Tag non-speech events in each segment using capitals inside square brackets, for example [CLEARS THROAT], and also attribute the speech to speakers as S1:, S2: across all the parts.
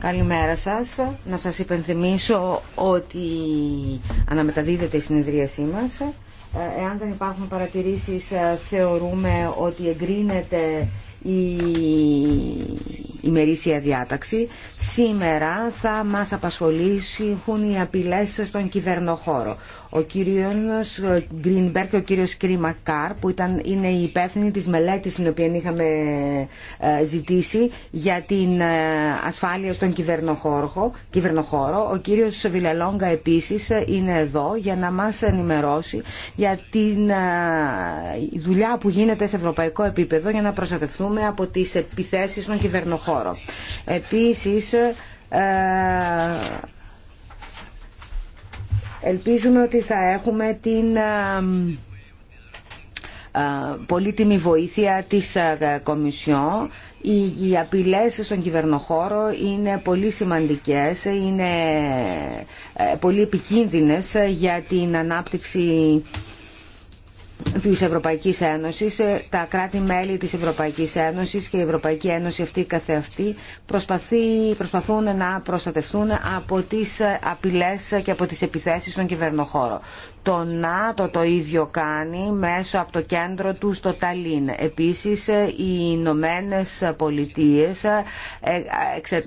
S1: Καλημέρα σας. Να σας υπενθυμίσω ότι αναμεταδίδεται η συνεδρίασή μας. Ε, εάν δεν υπάρχουν παρατηρήσεις, ε, θεωρούμε ότι εγκρίνεται η ημερήσια διάταξη. Σήμερα θα μας απασχολήσουν οι απειλές στον κυβερνοχώρο ο κύριος Γκρινμπερ και ο κύριος Κάρ, που ήταν, είναι οι υπεύθυνοι της μελέτης την οποία είχαμε ε, ζητήσει για την ε, ασφάλεια στον κυβερνοχώρο. κυβερνοχώρο. Ο κύριος Βιλελόγκα επίσης ε, είναι εδώ για να μας ενημερώσει για την δουλειά που γίνεται σε ευρωπαϊκό επίπεδο για να προστατευτούμε από τις επιθέσεις στον κυβερνοχώρο. Επίσης, Ελπίζουμε ότι θα έχουμε την ε, ε, πολύτιμη βοήθεια της ε, Κομισιόν. Οι απειλές στον κυβερνοχώρο είναι πολύ σημαντικές, είναι πολύ επικίνδυνες για την ανάπτυξη της Ευρωπαϊκής Ένωσης, ε, τα κράτη-μέλη της Ευρωπαϊκής Ένωσης και η Ευρωπαϊκή Ένωση αυτή καθεαυτή προσπαθεί, προσπαθούν να προστατευτούν από τις απειλές και από τις επιθέσεις στον κυβερνοχώρο. Το ΝΑΤΟ το ίδιο κάνει μέσω από το κέντρο του στο Ταλίν. Επίσης, ε, οι Ηνωμένε Πολιτείε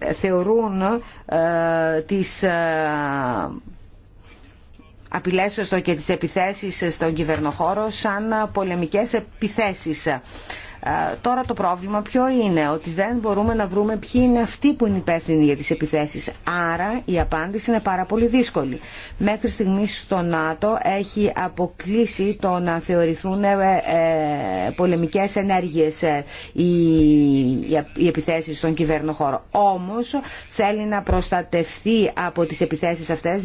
S1: ε, θεωρούν τις απειλές και τις επιθέσεις στον κυβερνοχώρο σαν πολεμικές επιθέσεις ε, τώρα το πρόβλημα ποιο είναι, ότι δεν μπορούμε να βρούμε ποιοι είναι αυτοί που είναι υπεύθυνοι για τις επιθέσεις. Άρα η απάντηση είναι πάρα πολύ δύσκολη. Μέχρι στιγμής στο ΝΑΤΟ έχει αποκλείσει το να θεωρηθούν ε, ε, πολεμικές ενέργειες οι επιθέσεις στον κυβέρνο χώρο. Όμως θέλει να προστατευτεί από τις επιθέσεις αυτές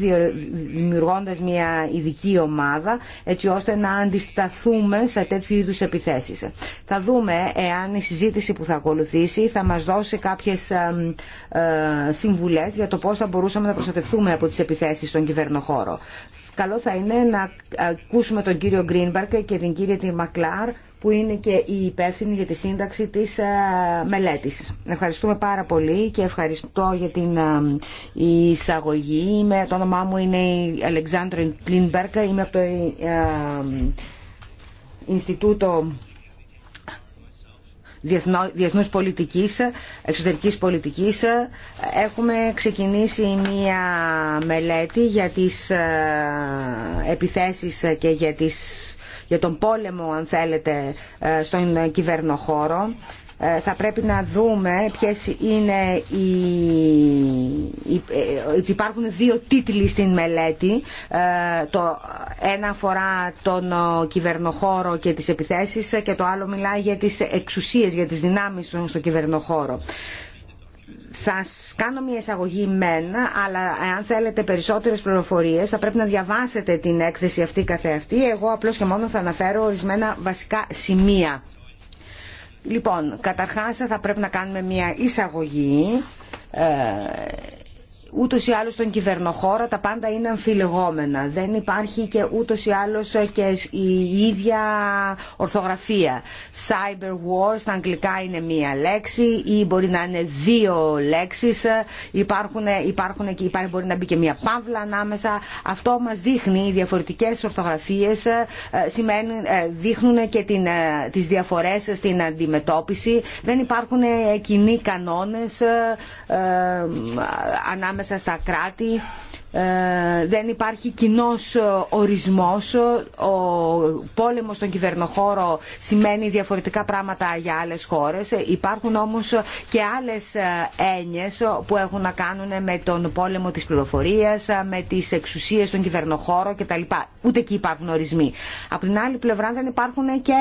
S1: δημιουργώντας μια ειδική ομάδα έτσι ώστε να αντισταθούμε σε τέτοιου είδους επιθέσεις. Θα δούμε εάν η συζήτηση που θα ακολουθήσει θα μας δώσει κάποιες ε, ε, συμβουλές για το πώς θα μπορούσαμε να προστατευτούμε από τις επιθέσεις στον κυβερνοχώρο. Καλό θα είναι να ακούσουμε τον κύριο Γκρίνμπαρκ και την κύρια την Μακλάρ που είναι και η υπεύθυνη για τη σύνταξη της ε, μελέτης. Ευχαριστούμε πάρα πολύ και ευχαριστώ για την εισαγωγή. το όνομά μου είναι η Αλεξάνδρου Κλίνμπερκα, είμαι από το Ινστιτούτο διεθνούς πολιτικής, εξωτερικής πολιτικής. Έχουμε ξεκινήσει μία μελέτη για τις ε, επιθέσεις και για τις για τον πόλεμο αν θέλετε ε, στον κυβερνοχώρο ε, θα πρέπει να δούμε ποιες είναι οι... Ε, υπάρχουν δύο τίτλοι στην μελέτη. Ε, το ένα αφορά τον κυβερνοχώρο και τις επιθέσεις και το άλλο μιλάει για τις εξουσίες, για τις δυνάμεις στον κυβερνοχώρο. Θα κάνω μια εισαγωγή μεν, αλλά αν θέλετε περισσότερες πληροφορίες θα πρέπει να διαβάσετε την έκθεση αυτή καθεαυτή. Εγώ απλώς και μόνο θα αναφέρω ορισμένα βασικά σημεία Λοιπόν, καταρχάς θα πρέπει να κάνουμε μια εισαγωγή ε, ούτως ή άλλως στον κυβερνοχώρο τα πάντα είναι αμφιλεγόμενα. Δεν υπάρχει και ούτως ή άλλως και η ίδια ορθογραφία. Cyber war στα αγγλικά είναι μία λέξη ή μπορεί να είναι δύο λέξεις. Υπάρχουν, υπάρχουν και υπάρχει, μπορεί να μπει και μία παύλα ανάμεσα. Αυτό μας δείχνει οι διαφορετικές ορθογραφίες ε, ε, δείχνουν και την, ε, τις διαφορές στην αντιμετώπιση. Δεν υπάρχουν κοινοί κανόνες ανάμεσα ανάμεσα στα κράτη ε, δεν υπάρχει κοινός ε, ορισμός, ε, ο πόλεμος στον κυβερνοχώρο σημαίνει διαφορετικά πράγματα για άλλες χώρες. Υπάρχουν όμως και άλλες έννοιες που έχουν να κάνουν με τον πόλεμο της πληροφορίας, με τις εξουσίες στον κυβερνοχώρο κτλ. Ούτε εκεί υπάρχουν ορισμοί. Από την άλλη πλευρά δεν υπάρχουν και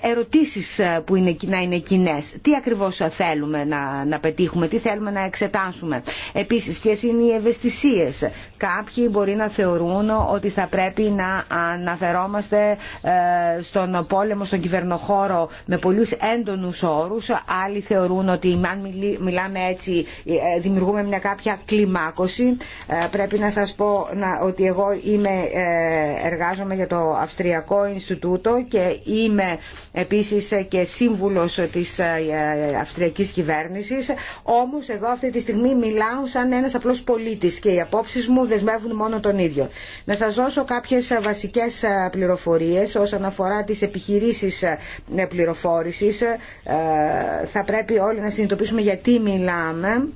S1: ερωτήσεις που είναι, να είναι κοινέ. Τι ακριβώς θέλουμε να, να πετύχουμε, τι θέλουμε να εξετάσουμε. Επίσης, ποιες είναι οι ευαισθησίες Κάποιοι μπορεί να θεωρούν ότι θα πρέπει να αναφερόμαστε ε, στον πόλεμο, στον κυβερνοχώρο με πολλού έντονους όρους. Άλλοι θεωρούν ότι αν μιλάμε έτσι ε, δημιουργούμε μια κάποια κλιμάκωση. Ε, πρέπει να σας πω ότι εγώ είμαι, εργάζομαι για το Αυστριακό Ινστιτούτο και είμαι επίσης και σύμβουλος της Αυστριακής Κυβέρνησης. Όμως εδώ αυτή τη στιγμή μιλάω σαν ένας απλός πολίτης και οι απόψεις μου δεσμεύουν μόνο τον ίδιο. Να σας δώσω κάποιες ε, βασικές ε, πληροφορίες όσον αφορά τις επιχειρήσεις ε, πληροφόρησης. Θα πρέπει όλοι να συνειδητοποιήσουμε γιατί μιλάμε.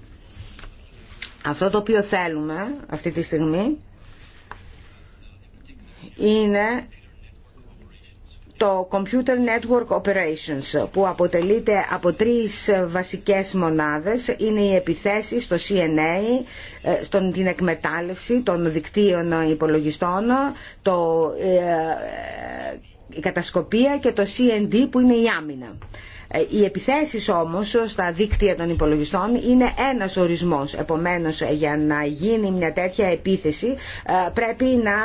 S1: Αυτό το οποίο θέλουμε αυτή τη στιγμή είναι το Computer Network Operations που αποτελείται από τρεις βασικές μονάδες είναι οι επιθέσεις στο CNA, ε, στον, την εκμετάλλευση των δικτύων υπολογιστών, το, ε, ε, η κατασκοπία και το CND που είναι η άμυνα. Οι επιθέσεις όμως στα δίκτυα των υπολογιστών είναι ένας ορισμός. Επομένως για να γίνει μια τέτοια επίθεση πρέπει να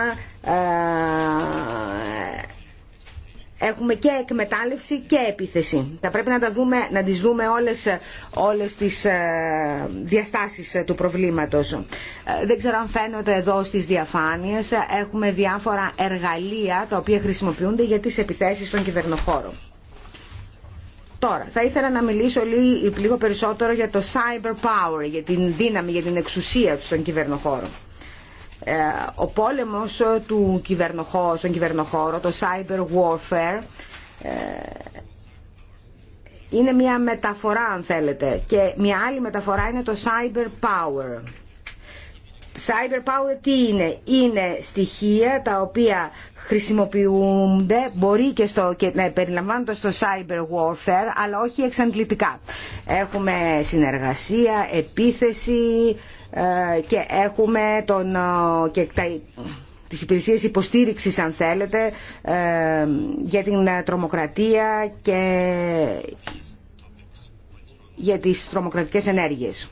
S1: έχουμε και εκμετάλλευση και επίθεση. Θα πρέπει να, τα δούμε, να τις δούμε όλες, όλες τις ε, διαστάσεις ε, του προβλήματος. Ε, δεν ξέρω αν φαίνονται εδώ στις διαφάνειες. Έχουμε διάφορα εργαλεία τα οποία χρησιμοποιούνται για τις επιθέσεις στον κυβερνοχώρο. Τώρα, θα ήθελα να μιλήσω λίγο περισσότερο για το cyber power, για την δύναμη, για την εξουσία του στον κυβερνοχώρο. Ε, ο πόλεμος ε, του κυβερνοχώρου, στον κυβερνοχώρο, το cyber warfare, ε, είναι μια μεταφορά αν θέλετε και μια άλλη μεταφορά είναι το cyber power. Cyber power τι είναι, είναι στοιχεία τα οποία χρησιμοποιούνται, μπορεί και, στο, και να περιλαμβάνονται στο cyber warfare, αλλά όχι εξαντλητικά. Έχουμε συνεργασία, επίθεση, ε, και έχουμε τον, ε, και τα, τις υπηρεσίες υποστήριξης αν θέλετε ε, για την τρομοκρατία και για τις τρομοκρατικές ενέργειες.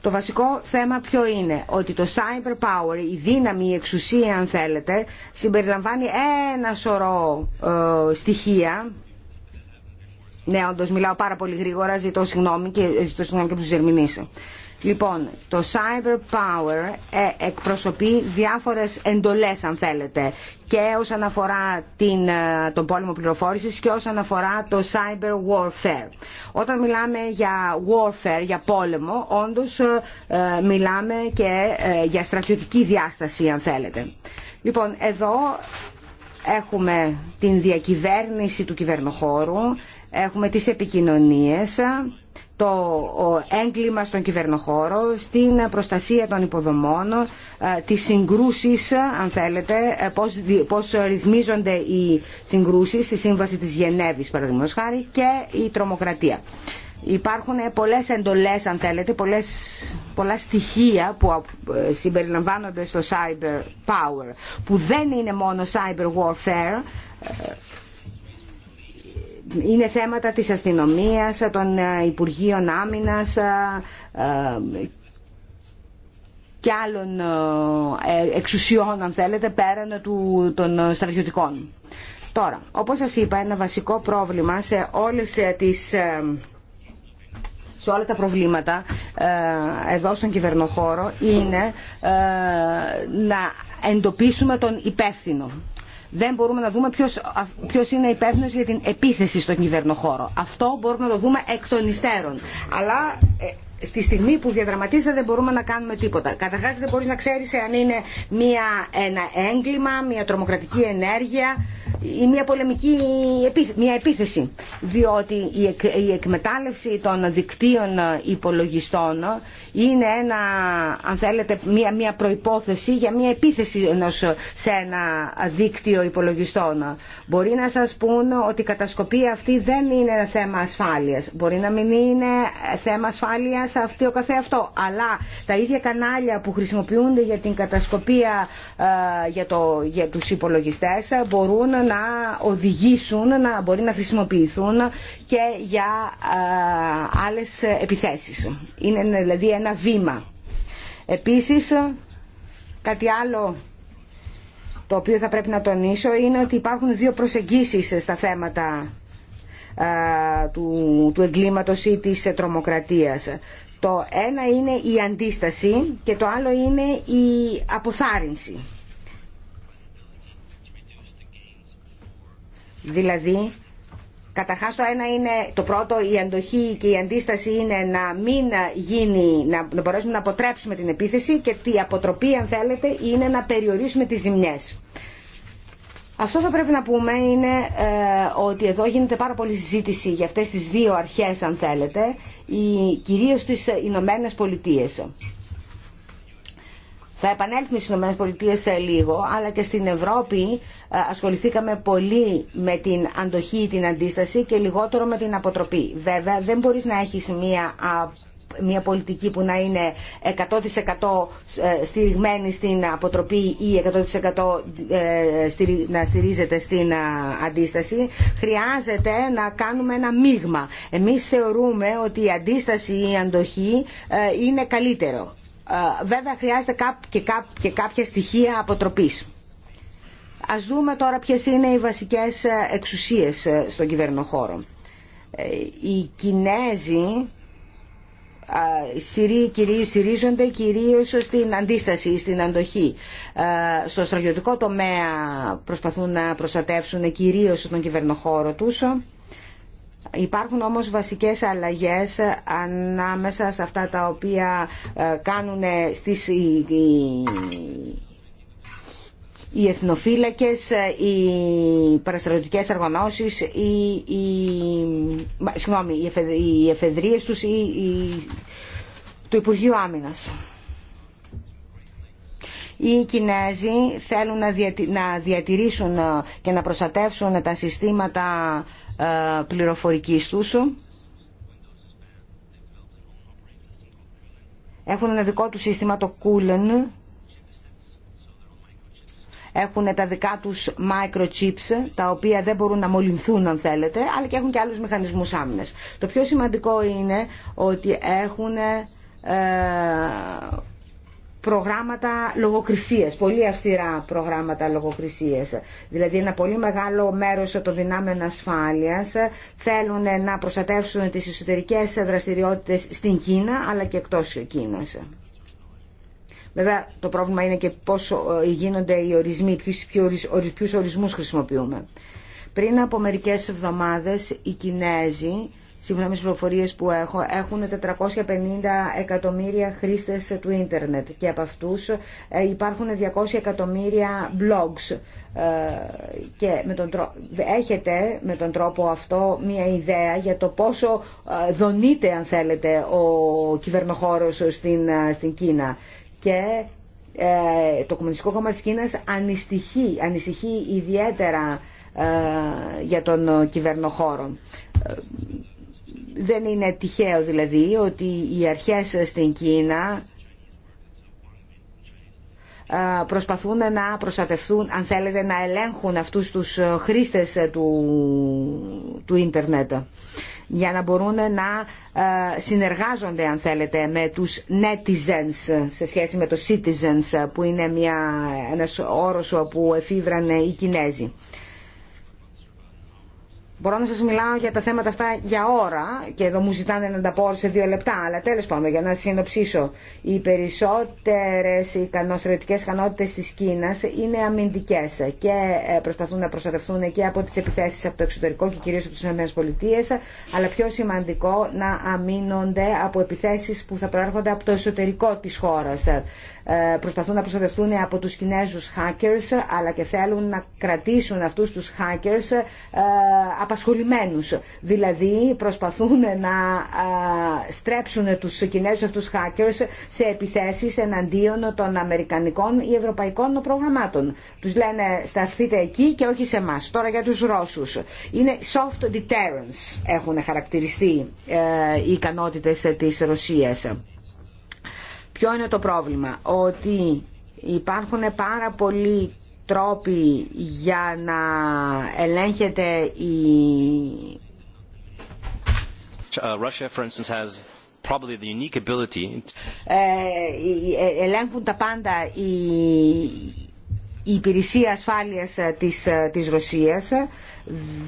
S1: Το βασικό θέμα ποιο είναι, ότι το cyber power, η δύναμη, η εξουσία αν θέλετε, συμπεριλαμβάνει ένα σωρό στοιχεία ναι, όντω μιλάω πάρα πολύ γρήγορα, ζητώ συγγνώμη και ζητώ συγγνώμη και του Λοιπόν, το Cyber Power ε, εκπροσωπεί διάφορες εντολές αν θέλετε και όσον αφορά την, ε, τον πόλεμο πληροφόρησης και όσον αφορά το Cyber Warfare. Όταν μιλάμε για warfare, για πόλεμο, όντως ε, μιλάμε και για στρατιωτική διάσταση αν θέλετε. Λοιπόν, εδώ έχουμε την διακυβέρνηση του κυβερνοχώρου, έχουμε τις επικοινωνίες, το έγκλημα στον κυβερνοχώρο, στην προστασία των υποδομών, ε, τις συγκρούσεις, αν θέλετε, ε, πώς, ρυθμίζονται οι συγκρούσεις, η σύμβαση της Γενέβης, παραδείγματος χάρη, και η τρομοκρατία. Υπάρχουν πολλές εντολές, αν θέλετε, πολλές, πολλά στοιχεία που ε, συμπεριλαμβάνονται στο cyber power, που δεν είναι μόνο cyber warfare, είναι θέματα της αστυνομίας, των ε, Υπουργείων Άμυνας ε, ε, και άλλων εξουσιών, αν θέλετε, πέραν του, των στρατιωτικών. Τώρα, όπως σας είπα, ένα βασικό πρόβλημα σε όλες τις σε όλα τα προβλήματα εδώ στον κυβερνοχώρο είναι να εντοπίσουμε τον υπεύθυνο δεν μπορούμε να δούμε ποιο είναι υπεύθυνο για την επίθεση στον κυβερνοχώρο. Αυτό μπορούμε να το δούμε εκ των υστέρων. Αλλά ε, στη στιγμή που διαδραματίζεται δεν μπορούμε να κάνουμε τίποτα. Καταρχάς δεν μπορείς να ξέρει αν είναι μια, ένα έγκλημα, μια τρομοκρατική ενέργεια ή μια πολεμική μια επίθεση. Διότι η εκμετάλλευση των δικτύων ε, υπολογιστών είναι ένα, αν θέλετε, μια, μια προϋπόθεση για μια επίθεση σε ένα δίκτυο υπολογιστών. Μπορεί να σας πούν ότι η κατασκοπία αυτή δεν είναι ένα θέμα ασφάλειας. Μπορεί να μην είναι θέμα ασφάλειας αυτό ο καθεαυτό. Αλλά τα ίδια κανάλια που χρησιμοποιούνται για την κατασκοπία ε, για, το, για τους υπολογιστές μπορούν να οδηγήσουν, να μπορεί να χρησιμοποιηθούν και για ε, άλλες επιθέσεις. Είναι δηλαδή ένα βήμα. Επίσης, κάτι άλλο το οποίο θα πρέπει να τονίσω είναι ότι υπάρχουν δύο προσεγγίσεις στα θέματα του, του εγκλήματος ή της τρομοκρατίας. Το ένα είναι η αντίσταση και το άλλο είναι η αποθάρρυνση. Δηλαδή καταρχάς το ένα είναι το πρώτο η αντοχή και η αντίσταση είναι να μην γίνει, να, να μπορέσουμε να αποτρέψουμε την επίθεση και η αποτροπή αν θέλετε είναι να περιορίσουμε τις ζημιές. Αυτό θα πρέπει να πούμε είναι ε, ότι εδώ γίνεται πάρα πολύ συζήτηση για αυτές τις δύο αρχές αν θέλετε, οι, κυρίως στις Ηνωμένε Πολιτείες. Θα επανέλθουμε στις ΗΠΑ σε λίγο, αλλά και στην Ευρώπη ε, ασχοληθήκαμε πολύ με την αντοχή ή την αντίσταση και λιγότερο με την αποτροπή. Βέβαια, δεν μπορείς να έχεις μία μια πολιτική που να είναι 100% ε, στηριγμένη στην αποτροπή ή 100% ε, να στηρίζεται στην αντίσταση, χρειάζεται να κάνουμε ένα μείγμα. Εμείς θεωρούμε ότι η αντίσταση ή η αντοχή είναι καλύτερο. Ε, βέβαια χρειάζεται και, και κάποια στοιχεία αποτροπής. Ας δούμε τώρα ποιες είναι οι βασικές ε, εξουσίες ε, στον κυβερνοχώρο. Οι Κινέζοι στηρίζονται κυρίως στην αντίσταση, στην αντοχή. Στο στρατιωτικό τομέα προσπαθούν να προστατεύσουν κυρίως τον κυβερνοχώρο τους Υπάρχουν όμως βασικές αλλαγές ανάμεσα σε αυτά τα οποία ε, κάνουν ε, στις, οι εθνοφύλακες, ε, οι παραστρατιωτικές οργανώσεις, οι, οι, συγγνώμη, εφεδρίες τους ή το Υπουργείο Άμυνας. Οι Κινέζοι θέλουν να διατηρήσουν και να προστατεύσουν τα συστήματα ε, πληροφορικής τους. Έχουν ένα δικό του σύστημα, το Coolen. Έχουν τα δικά τους microchips, τα οποία δεν μπορούν να μολυνθούν αν θέλετε, αλλά και έχουν και άλλους μηχανισμούς άμυνες. Το πιο σημαντικό είναι ότι έχουν ε, προγράμματα λογοκρισίας, πολύ αυστηρά προγράμματα λογοκρισίας. Δηλαδή ένα πολύ μεγάλο μέρος των δυνάμεων ασφάλειας θέλουν να προστατεύσουν τις εσωτερικές δραστηριότητες στην Κίνα αλλά και εκτός Κίνας. Βέβαια το πρόβλημα είναι και πώς ε, γίνονται οι ορισμοί, ποιους ορισμούς χρησιμοποιούμε. Πριν από μερικές εβδομάδες οι Κινέζοι σύμφωνα με τις πληροφορίες που έχω, έχουν 450 εκατομμύρια χρήστες του ίντερνετ και από αυτούς ε, υπάρχουν 200 εκατομμύρια blogs ε, και με τον έχετε με τον τρόπο αυτό μια ιδέα για το πόσο ε, δονείται αν θέλετε ο κυβερνοχώρος στην, στην Κίνα και το Κομμουνιστικό Κόμμα της Κίνας ανησυχεί, ανησυχεί ιδιαίτερα για τον κυβερνοχώρο δεν είναι τυχαίο δηλαδή ότι οι αρχές στην Κίνα προσπαθούν να προστατευτούν, αν θέλετε, να ελέγχουν αυτούς τους ε, χρήστες ε, του, του ίντερνετ για να μπορούν να ε, συνεργάζονται, αν θέλετε, με τους netizens σε σχέση με το citizens που είναι μια, ένας όρος που εφήβρανε οι Κινέζοι. Μπορώ να σα μιλάω για τα θέματα αυτά για ώρα και εδώ μου ζητάνε να τα πω σε δύο λεπτά, αλλά τέλο πάντων για να συνοψίσω. Οι περισσότερε ικανοστρατιωτικέ κανότητε τη Κίνας είναι αμυντικέ και ε, προσπαθούν να προστατευτούν και από τις επιθέσεις από το εξωτερικό και κυρίως από τις ΗΠΑ, αλλά πιο σημαντικό να αμήνονται από επιθέσει που θα προέρχονται από το εσωτερικό τη χώρα. Ε, προσπαθούν να προστατευτούν από τους Κινέζους hackers αλλά και θέλουν να κρατήσουν αυτούς τους hackers ε, απασχολημένους. Δηλαδή προσπαθούν να ε, στρέψουν τους Κινέζους αυτούς hackers σε επιθέσεις εναντίον των Αμερικανικών ή Ευρωπαϊκών προγραμμάτων. Τους λένε σταθείτε εκεί και όχι σε εμά. Τώρα για τους Ρώσους. Είναι soft deterrence έχουν χαρακτηριστεί οι ικανότητες της Ρωσίας. Ποιο είναι το πρόβλημα, ότι υπάρχουν πάρα πολλοί τρόποι για να ελέγχεται η... Uh, Russia, for instance, has probably the unique ability. Ε, ε, ελέγχουν τα πάντα η, η υπηρεσία ασφάλειας ε, της, της Ρωσίας.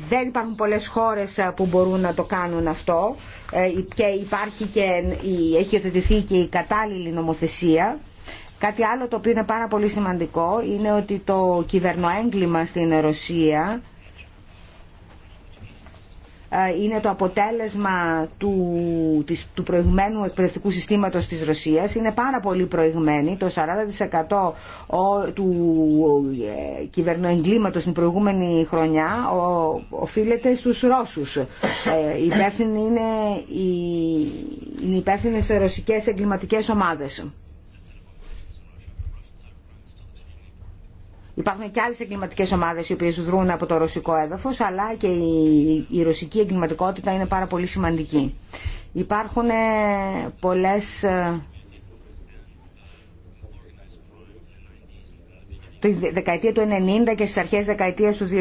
S1: Δεν υπάρχουν πολλές χώρες που μπορούν να το κάνουν αυτό. Ε, και υπάρχει και έχει οθετηθεί και η κατάλληλη νομοθεσία. Κάτι άλλο το οποίο είναι πάρα πολύ σημαντικό είναι ότι το κυβερνοέγκλημα στην Ρωσία ε, είναι το αποτέλεσμα του, της, του προηγμένου εκπαιδευτικού συστήματος της Ρωσίας. Είναι πάρα πολύ προηγμένη. Το 40% του ε, κυβερνοεγκλήματος την προηγούμενη χρονιά οφείλεται στους Ρώσους. Οι ε, υπεύθυνοι είναι οι, είναι υπεύθυνες ρωσικές εγκληματικές ομάδες. Υπάρχουν και άλλε εγκληματικέ ομάδες οι οποίες δρούν από το ρωσικό έδαφος, αλλά και η, η ρωσική εγκληματικότητα είναι πάρα πολύ σημαντική. Υπάρχουν ε, πολλές... Ε, το δεκαετία του 1990 και στις αρχές δεκαετία του 2000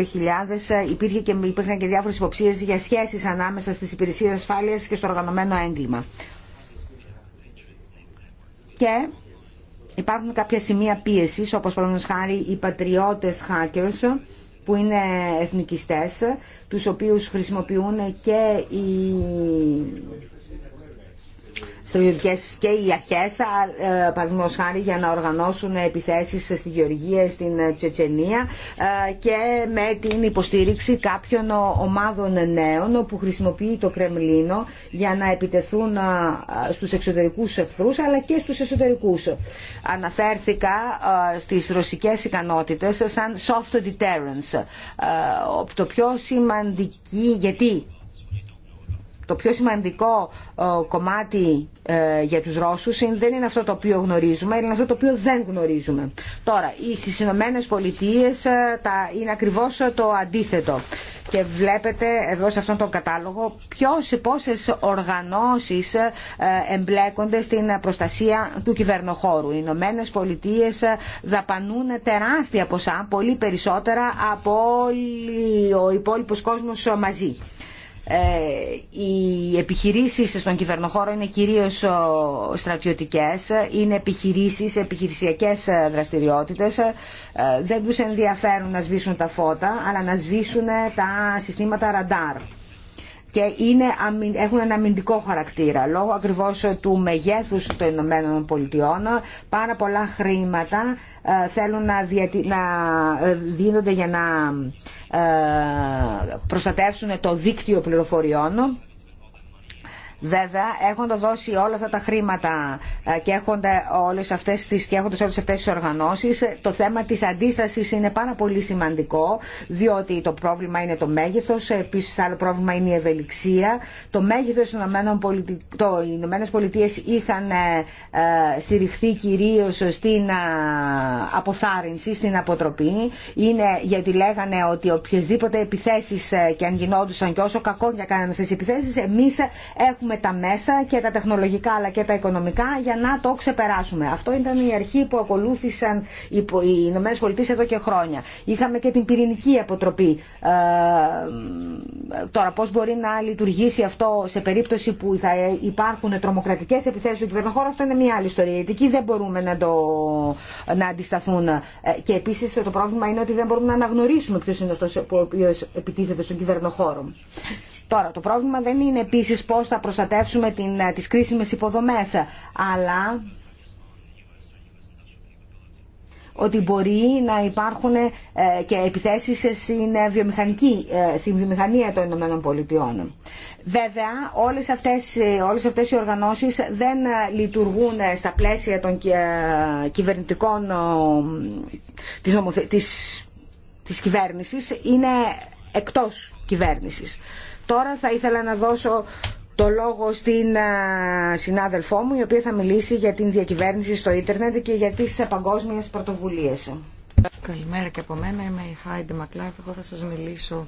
S1: ε, υπήρχε και, υπήρχαν και διάφορες υποψίες για σχέσεις ανάμεσα στις υπηρεσίες ασφάλειας και στο οργανωμένο έγκλημα. Και Υπάρχουν κάποια σημεία πίεση, όπω παραδείγματο χάρη οι πατριώτε hackers, που είναι εθνικιστές, τους οποίους χρησιμοποιούν και οι και οι αρχές ε, παραδείγματος χάρη για να οργανώσουν επιθέσεις στη Γεωργία, στην Τσετσενία ε, και με την υποστήριξη κάποιων ομάδων νέων που χρησιμοποιεί το Κρεμλίνο για να επιτεθούν στους εξωτερικούς εχθρούς αλλά και στους εσωτερικούς. Αναφέρθηκα στις ρωσικές ικανότητες σαν soft deterrence. Ε, το πιο σημαντική, γιατί το πιο σημαντικό ε, κομμάτι ε, για τους Ρώσους δεν είναι αυτό το οποίο γνωρίζουμε, είναι αυτό το οποίο δεν γνωρίζουμε. Τώρα, στις Ηνωμένε Πολιτείε ε, είναι ακριβώς το αντίθετο. Και βλέπετε εδώ σε αυτόν τον κατάλογο ποιος, πόσες οργανώσεις εμπλέκονται στην προστασία του κυβερνοχώρου. Οι Ηνωμένε Πολιτείε δαπανούν τεράστια ποσά, πολύ περισσότερα από όλοι ο υπόλοιπος κόσμος μαζί. Ε, οι επιχειρήσεις στον κυβερνοχώρο είναι κυρίως στρατιωτικές, είναι επιχειρήσεις, επιχειρησιακές ε, δραστηριότητες. Ε, δεν τους ενδιαφέρουν να σβήσουν τα φώτα, αλλά να σβήσουν τα συστήματα ραντάρ και είναι, έχουν ένα αμυντικό χαρακτήρα. Λόγω ακριβώς του μεγέθους των Ηνωμένων Πολιτειών πάρα πολλά χρήματα ε, θέλουν να, να ε, δίνονται για να ε, προστατεύσουν το δίκτυο πληροφοριών Βέβαια, έχοντα δώσει όλα αυτά τα χρήματα ε, και έχοντα όλε αυτές τι οργανώσει. όλες αυτές τις οργανώσεις, το θέμα της αντίστασης είναι πάρα πολύ σημαντικό, διότι το πρόβλημα είναι το μέγεθος, επίσης άλλο πρόβλημα είναι η ευελιξία. Το μέγεθος των Ηνωμένες Πολιτείε είχαν ε, ε, στηριχθεί κυρίως στην αποθάρρυνση, στην αποτροπή. Είναι γιατί λέγανε ότι οποιασδήποτε επιθέσεις και αν γινόντουσαν και όσο κακό για κάνανε αυτές επιθέσεις, εμείς έχουμε έχουμε τα μέσα και τα τεχνολογικά αλλά και τα οικονομικά για να το ξεπεράσουμε. Αυτό ήταν η αρχή που ακολούθησαν οι Ηνωμένε Πολιτείε εδώ και χρόνια. Είχαμε και την πυρηνική αποτροπή. Ε, τώρα πώ μπορεί να λειτουργήσει αυτό σε περίπτωση που θα υπάρχουν τρομοκρατικέ επιθέσει στον κυβερνοχώρο, αυτό είναι μια άλλη ιστορία. Εκεί δεν μπορούμε να, το, να αντισταθούν. Ε, και επίση το πρόβλημα είναι ότι δεν μπορούμε να αναγνωρίσουμε ποιο είναι αυτό ο οποίο επιτίθεται στον κυβερνοχώρο. Τώρα, το πρόβλημα δεν είναι επίση πώς θα προστατεύσουμε την, ε, τις κρίσιμες υποδομές, αλλά ότι μπορεί να υπάρχουν ε, και επιθέσεις στην, ε, βιομηχανική, στην βιομηχανία των Πολιτειών. Βέβαια, όλες αυτές, όλες αυτές οι οργανώσεις δεν λειτουργούν στα πλαίσια των κυβερνητικών της, της κυβέρνησης, είναι εκτός κυβέρνησης. Τώρα θα ήθελα να δώσω το λόγο στην συνάδελφό μου η οποία θα μιλήσει για την διακυβέρνηση στο ίντερνετ και για τις παγκόσμιες πρωτοβουλίες.
S2: Καλημέρα και από μένα, είμαι η Χάιντε Μακλάρθ, εγώ θα σας μιλήσω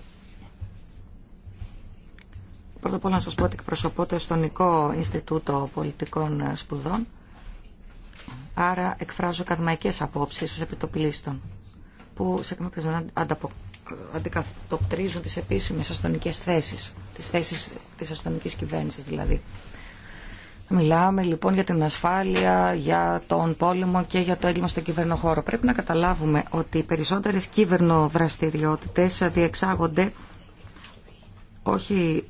S2: Πρώτα απ' όλα να σας πω ότι εκπροσωπώ το Εστονικό Ινστιτούτο Πολιτικών Σπουδών, άρα εκφράζω καθημαϊκές απόψεις ως επιτοπλίστων που σε ανταπο... αντικατοπτρίζουν τις επίσημες αστυνομικές θέσεις, τις θέσεις της αστυνομικής κυβέρνησης δηλαδή. Μιλάμε λοιπόν για την ασφάλεια, για τον πόλεμο και για το έγκλημα στον κυβερνοχώρο. Πρέπει να καταλάβουμε ότι οι περισσότερες κυβερνοδραστηριότητες διεξάγονται όχι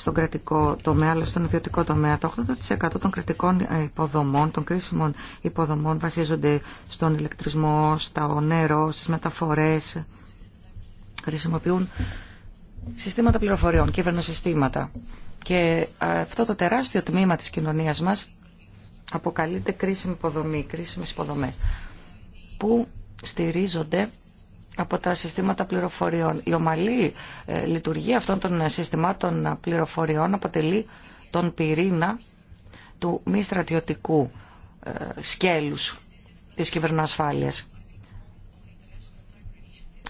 S2: στον κρατικό τομέα αλλά στον ιδιωτικό τομέα. Το 80% των κρατικών ε, υποδομών, των κρίσιμων υποδομών βασίζονται στον ηλεκτρισμό, στο νερό, στις μεταφορές. Χρησιμοποιούν συστήματα πληροφοριών, κυβερνοσυστήματα. Και ε, αυτό το τεράστιο τμήμα της κοινωνίας μας αποκαλείται κρίσιμη υποδομή, κρίσιμες υποδομές που στηρίζονται από τα συστήματα πληροφοριών. Η ομαλή ε, λειτουργία αυτών των συστημάτων πληροφοριών αποτελεί τον πυρήνα του μη στρατιωτικού ε, σκέλους της κυβερνοασφάλειας.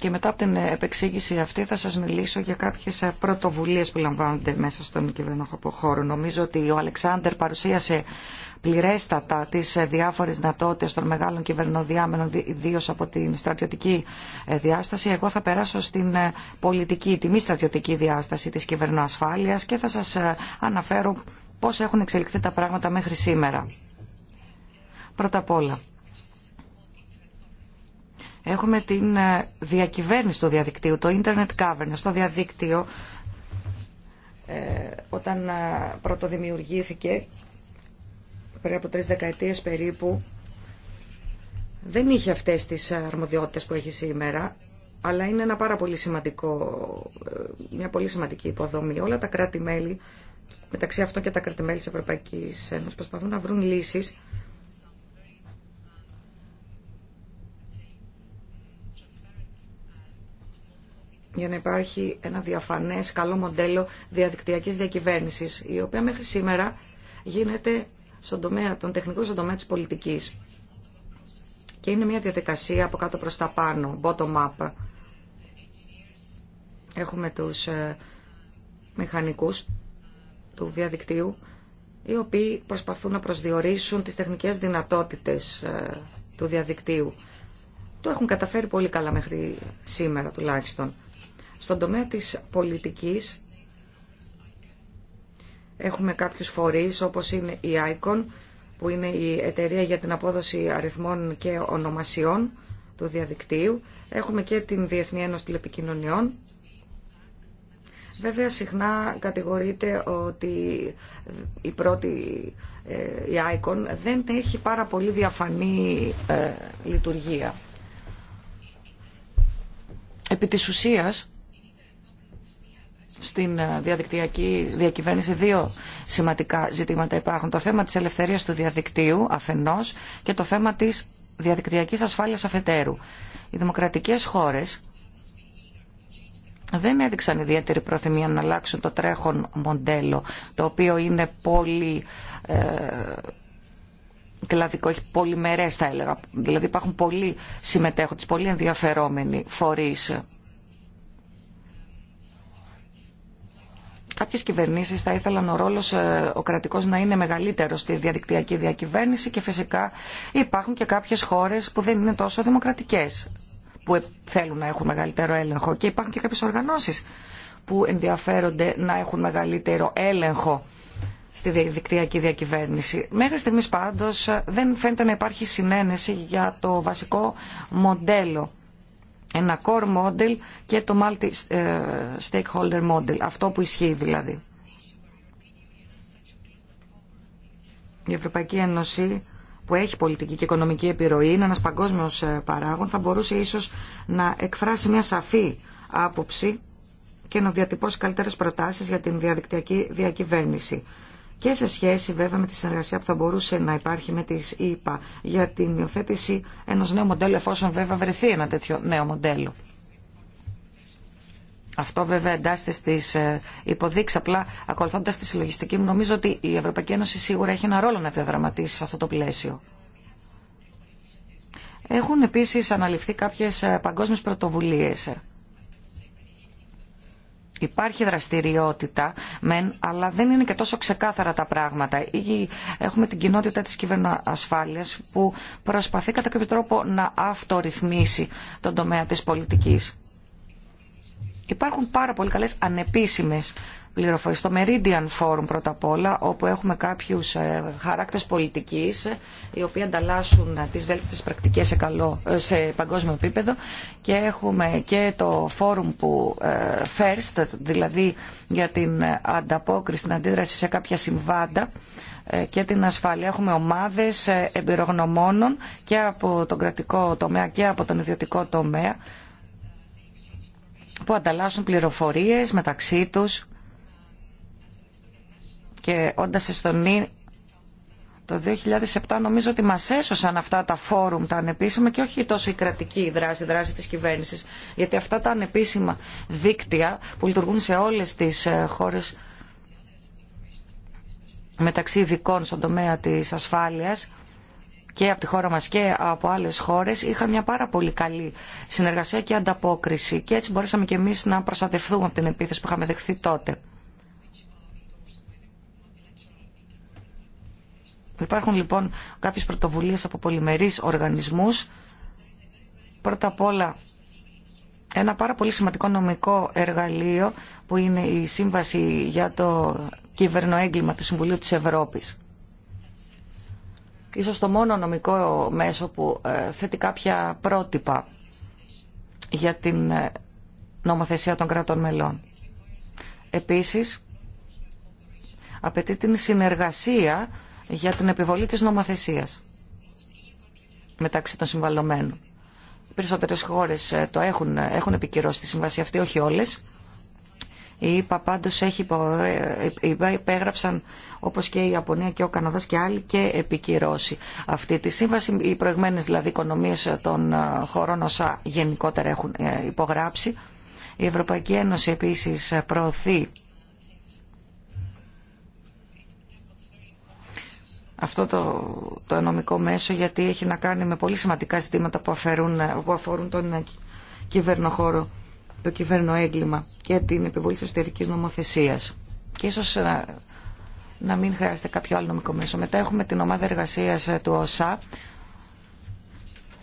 S2: Και μετά από την επεξήγηση αυτή θα σας μιλήσω για κάποιες πρωτοβουλίες που λαμβάνονται μέσα στον κυβερνοχώρο χώρο. Νομίζω ότι ο Αλεξάνδρ παρουσίασε πληρέστατα τις διάφορες δυνατότητε των μεγάλων κυβερνοδιάμενων, ιδίω από την στρατιωτική ε, διάσταση. Εγώ θα περάσω στην ε, πολιτική, τη μη στρατιωτική διάσταση της κυβερνοασφάλειας και θα σας ε, αναφέρω πώς έχουν εξελιχθεί τα πράγματα μέχρι σήμερα. Πρώτα απ' όλα, Έχουμε την ε, διακυβέρνηση του διαδικτύου, το Internet Governance. Το διαδίκτυο, ε, όταν ε, πρωτοδημιουργήθηκε, πριν από τρεις δεκαετίες περίπου, δεν είχε αυτές τις αρμοδιότητες που έχει σήμερα, αλλά είναι ένα πάρα πολύ σημαντικό, μια πολύ σημαντική υποδομή. Όλα τα κράτη-μέλη, μεταξύ αυτών και τα κράτη-μέλη της Ευρωπαϊκής Ένωσης, προσπαθούν να βρουν λύσεις για να υπάρχει ένα διαφανές καλό μοντέλο διαδικτυακής διακυβέρνησης, η οποία μέχρι σήμερα γίνεται στον τομέα, τον τεχνικό στον τομέα της πολιτικής. Και είναι μια διαδικασία από κάτω προς τα πάνω, bottom-up. Έχουμε τους ε, μηχανικούς του διαδικτύου, οι οποίοι προσπαθούν να προσδιορίσουν τις τεχνικές δυνατότητες ε, του διαδικτύου. Το έχουν καταφέρει πολύ καλά μέχρι σήμερα τουλάχιστον. Στον τομέα της πολιτικής έχουμε κάποιους φορείς όπως είναι η ICON που είναι η εταιρεία για την απόδοση αριθμών και ονομασιών του διαδικτύου. Έχουμε και την Διεθνή Ένωση Τηλεπικοινωνιών. Βέβαια συχνά κατηγορείται ότι η πρώτη, ε, η ICON δεν έχει πάρα πολύ διαφανή ε, λειτουργία. Επί της ουσίας, στην ε, διαδικτυακή διακυβέρνηση δύο σημαντικά ζητήματα υπάρχουν. Το θέμα της ελευθερίας του διαδικτύου αφενός και το θέμα της διαδικτυακής ασφάλειας αφετέρου. Οι δημοκρατικές χώρες δεν έδειξαν ιδιαίτερη προθυμία να αλλάξουν το τρέχον μοντέλο, το οποίο είναι πολύ ε, κλαδικό, έχει πολυμερές θα έλεγα. Δηλαδή υπάρχουν πολλοί συμμετέχοντες, πολύ ενδιαφερόμενοι φορείς Κάποιε κυβερνήσει θα ήθελαν ο ρόλο ε, ο κρατικό να είναι μεγαλύτερο στη διαδικτυακή διακυβέρνηση και φυσικά υπάρχουν και κάποιες χώρες που δεν είναι τόσο δημοκρατικές που ε, θέλουν να έχουν μεγαλύτερο έλεγχο και υπάρχουν και κάποιες οργανώσεις που ενδιαφέρονται να έχουν μεγαλύτερο έλεγχο στη διαδικτυακή διακυβέρνηση. Μέχρι στιγμής πάντως ε, δεν φαίνεται να υπάρχει συνένεση για το βασικό μοντέλο ένα core model και το multi ε, stakeholder model, αυτό που ισχύει δηλαδή. Η Ευρωπαϊκή Ένωση που έχει πολιτική και οικονομική επιρροή, είναι ένας παγκόσμιος ε, παράγων, θα μπορούσε ίσως να εκφράσει μια σαφή άποψη και να διατυπώσει καλύτερες προτάσεις για την διαδικτυακή διακυβέρνηση και σε σχέση βέβαια με τη συνεργασία που θα μπορούσε να υπάρχει με τις ΕΙΠΑ για την υιοθέτηση ενός νέου μοντέλου εφόσον βέβαια βρεθεί ένα τέτοιο νέο μοντέλο. Αυτό βέβαια εντάσσεται στι ε, υποδείξει. Απλά ακολουθώντα τη συλλογιστική μου, νομίζω ότι η Ευρωπαϊκή Ένωση σίγουρα έχει ένα ρόλο να διαδραματίσει σε αυτό το πλαίσιο. Έχουν επίση αναλυφθεί κάποιε παγκόσμιε πρωτοβουλίε Υπάρχει δραστηριότητα, μεν, αλλά δεν είναι και τόσο ξεκάθαρα τα πράγματα. Έχουμε την κοινότητα της κυβερνοασφάλειας που προσπαθεί κατά κάποιο τρόπο να αυτορυθμίσει τον τομέα της πολιτικής. Υπάρχουν πάρα πολύ καλές ανεπίσημες πληροφορίες. Στο Meridian Forum πρώτα απ' όλα, όπου έχουμε κάποιους ε, χαράκτε πολιτική οι οποίοι ανταλλάσσουν ε, τις βέλτιστες πρακτικές σε, ε, σε παγκόσμιο επίπεδο και έχουμε και το Forum που first, δηλαδή για την ανταπόκριση, την αντίδραση σε κάποια συμβάντα, και την ασφάλεια. Έχουμε ομάδες εμπειρογνωμόνων και από τον κρατικό τομέα και από τον ιδιωτικό τομέα που ανταλλάσσουν πληροφορίες μεταξύ τους και όντας εστονή το 2007 νομίζω ότι μας έσωσαν αυτά τα φόρουμ τα ανεπίσημα και όχι τόσο η κρατική δράση, η δράση της κυβέρνησης γιατί αυτά τα ανεπίσημα δίκτυα που λειτουργούν σε όλες τις ε, χώρες μεταξύ ειδικών στον τομέα της ασφάλειας και από τη χώρα μας και από άλλες χώρες είχαν μια πάρα πολύ καλή συνεργασία και ανταπόκριση και έτσι μπορέσαμε και εμείς να προστατευτούμε από την επίθεση που είχαμε δεχθεί τότε. Υπάρχουν λοιπόν κάποιες πρωτοβουλίες από πολυμερείς οργανισμούς. Πρώτα απ' όλα ένα πάρα πολύ σημαντικό νομικό εργαλείο που είναι η Σύμβαση για το Κυβερνοέγκλημα του Συμβουλίου της Ευρώπης. Ίσως το μόνο νομικό μέσο που ε, θέτει κάποια πρότυπα για την ε, νομοθεσία των κρατών μελών. Επίσης, απαιτεί την συνεργασία για την επιβολή της νομοθεσίας μεταξύ των συμβαλωμένων. Οι περισσότερες χώρες ε, το έχουν, ε, έχουν επικυρώσει τη σύμβαση αυτή, όχι όλες. Οι ΕΠΑ έχει, ε, υπέγραψαν όπως και η Ιαπωνία και ο Καναδάς και άλλοι και επικυρώσει αυτή τη σύμβαση. Οι προηγμένες δηλαδή οικονομίες των χωρών όσα γενικότερα έχουν υπογράψει. Η Ευρωπαϊκή Ένωση επίσης προωθεί αυτό το, το νομικό μέσο γιατί έχει να κάνει με πολύ σημαντικά ζητήματα που, αφορούν τον κυβερνοχώρο, το κυβερνοέγκλημα και την επιβολή της εσωτερικής νομοθεσίας. Και ίσως ε, να, μην χρειάζεται κάποιο άλλο νομικό μέσο. Μετά έχουμε την ομάδα εργασίας ε, του ΟΣΑ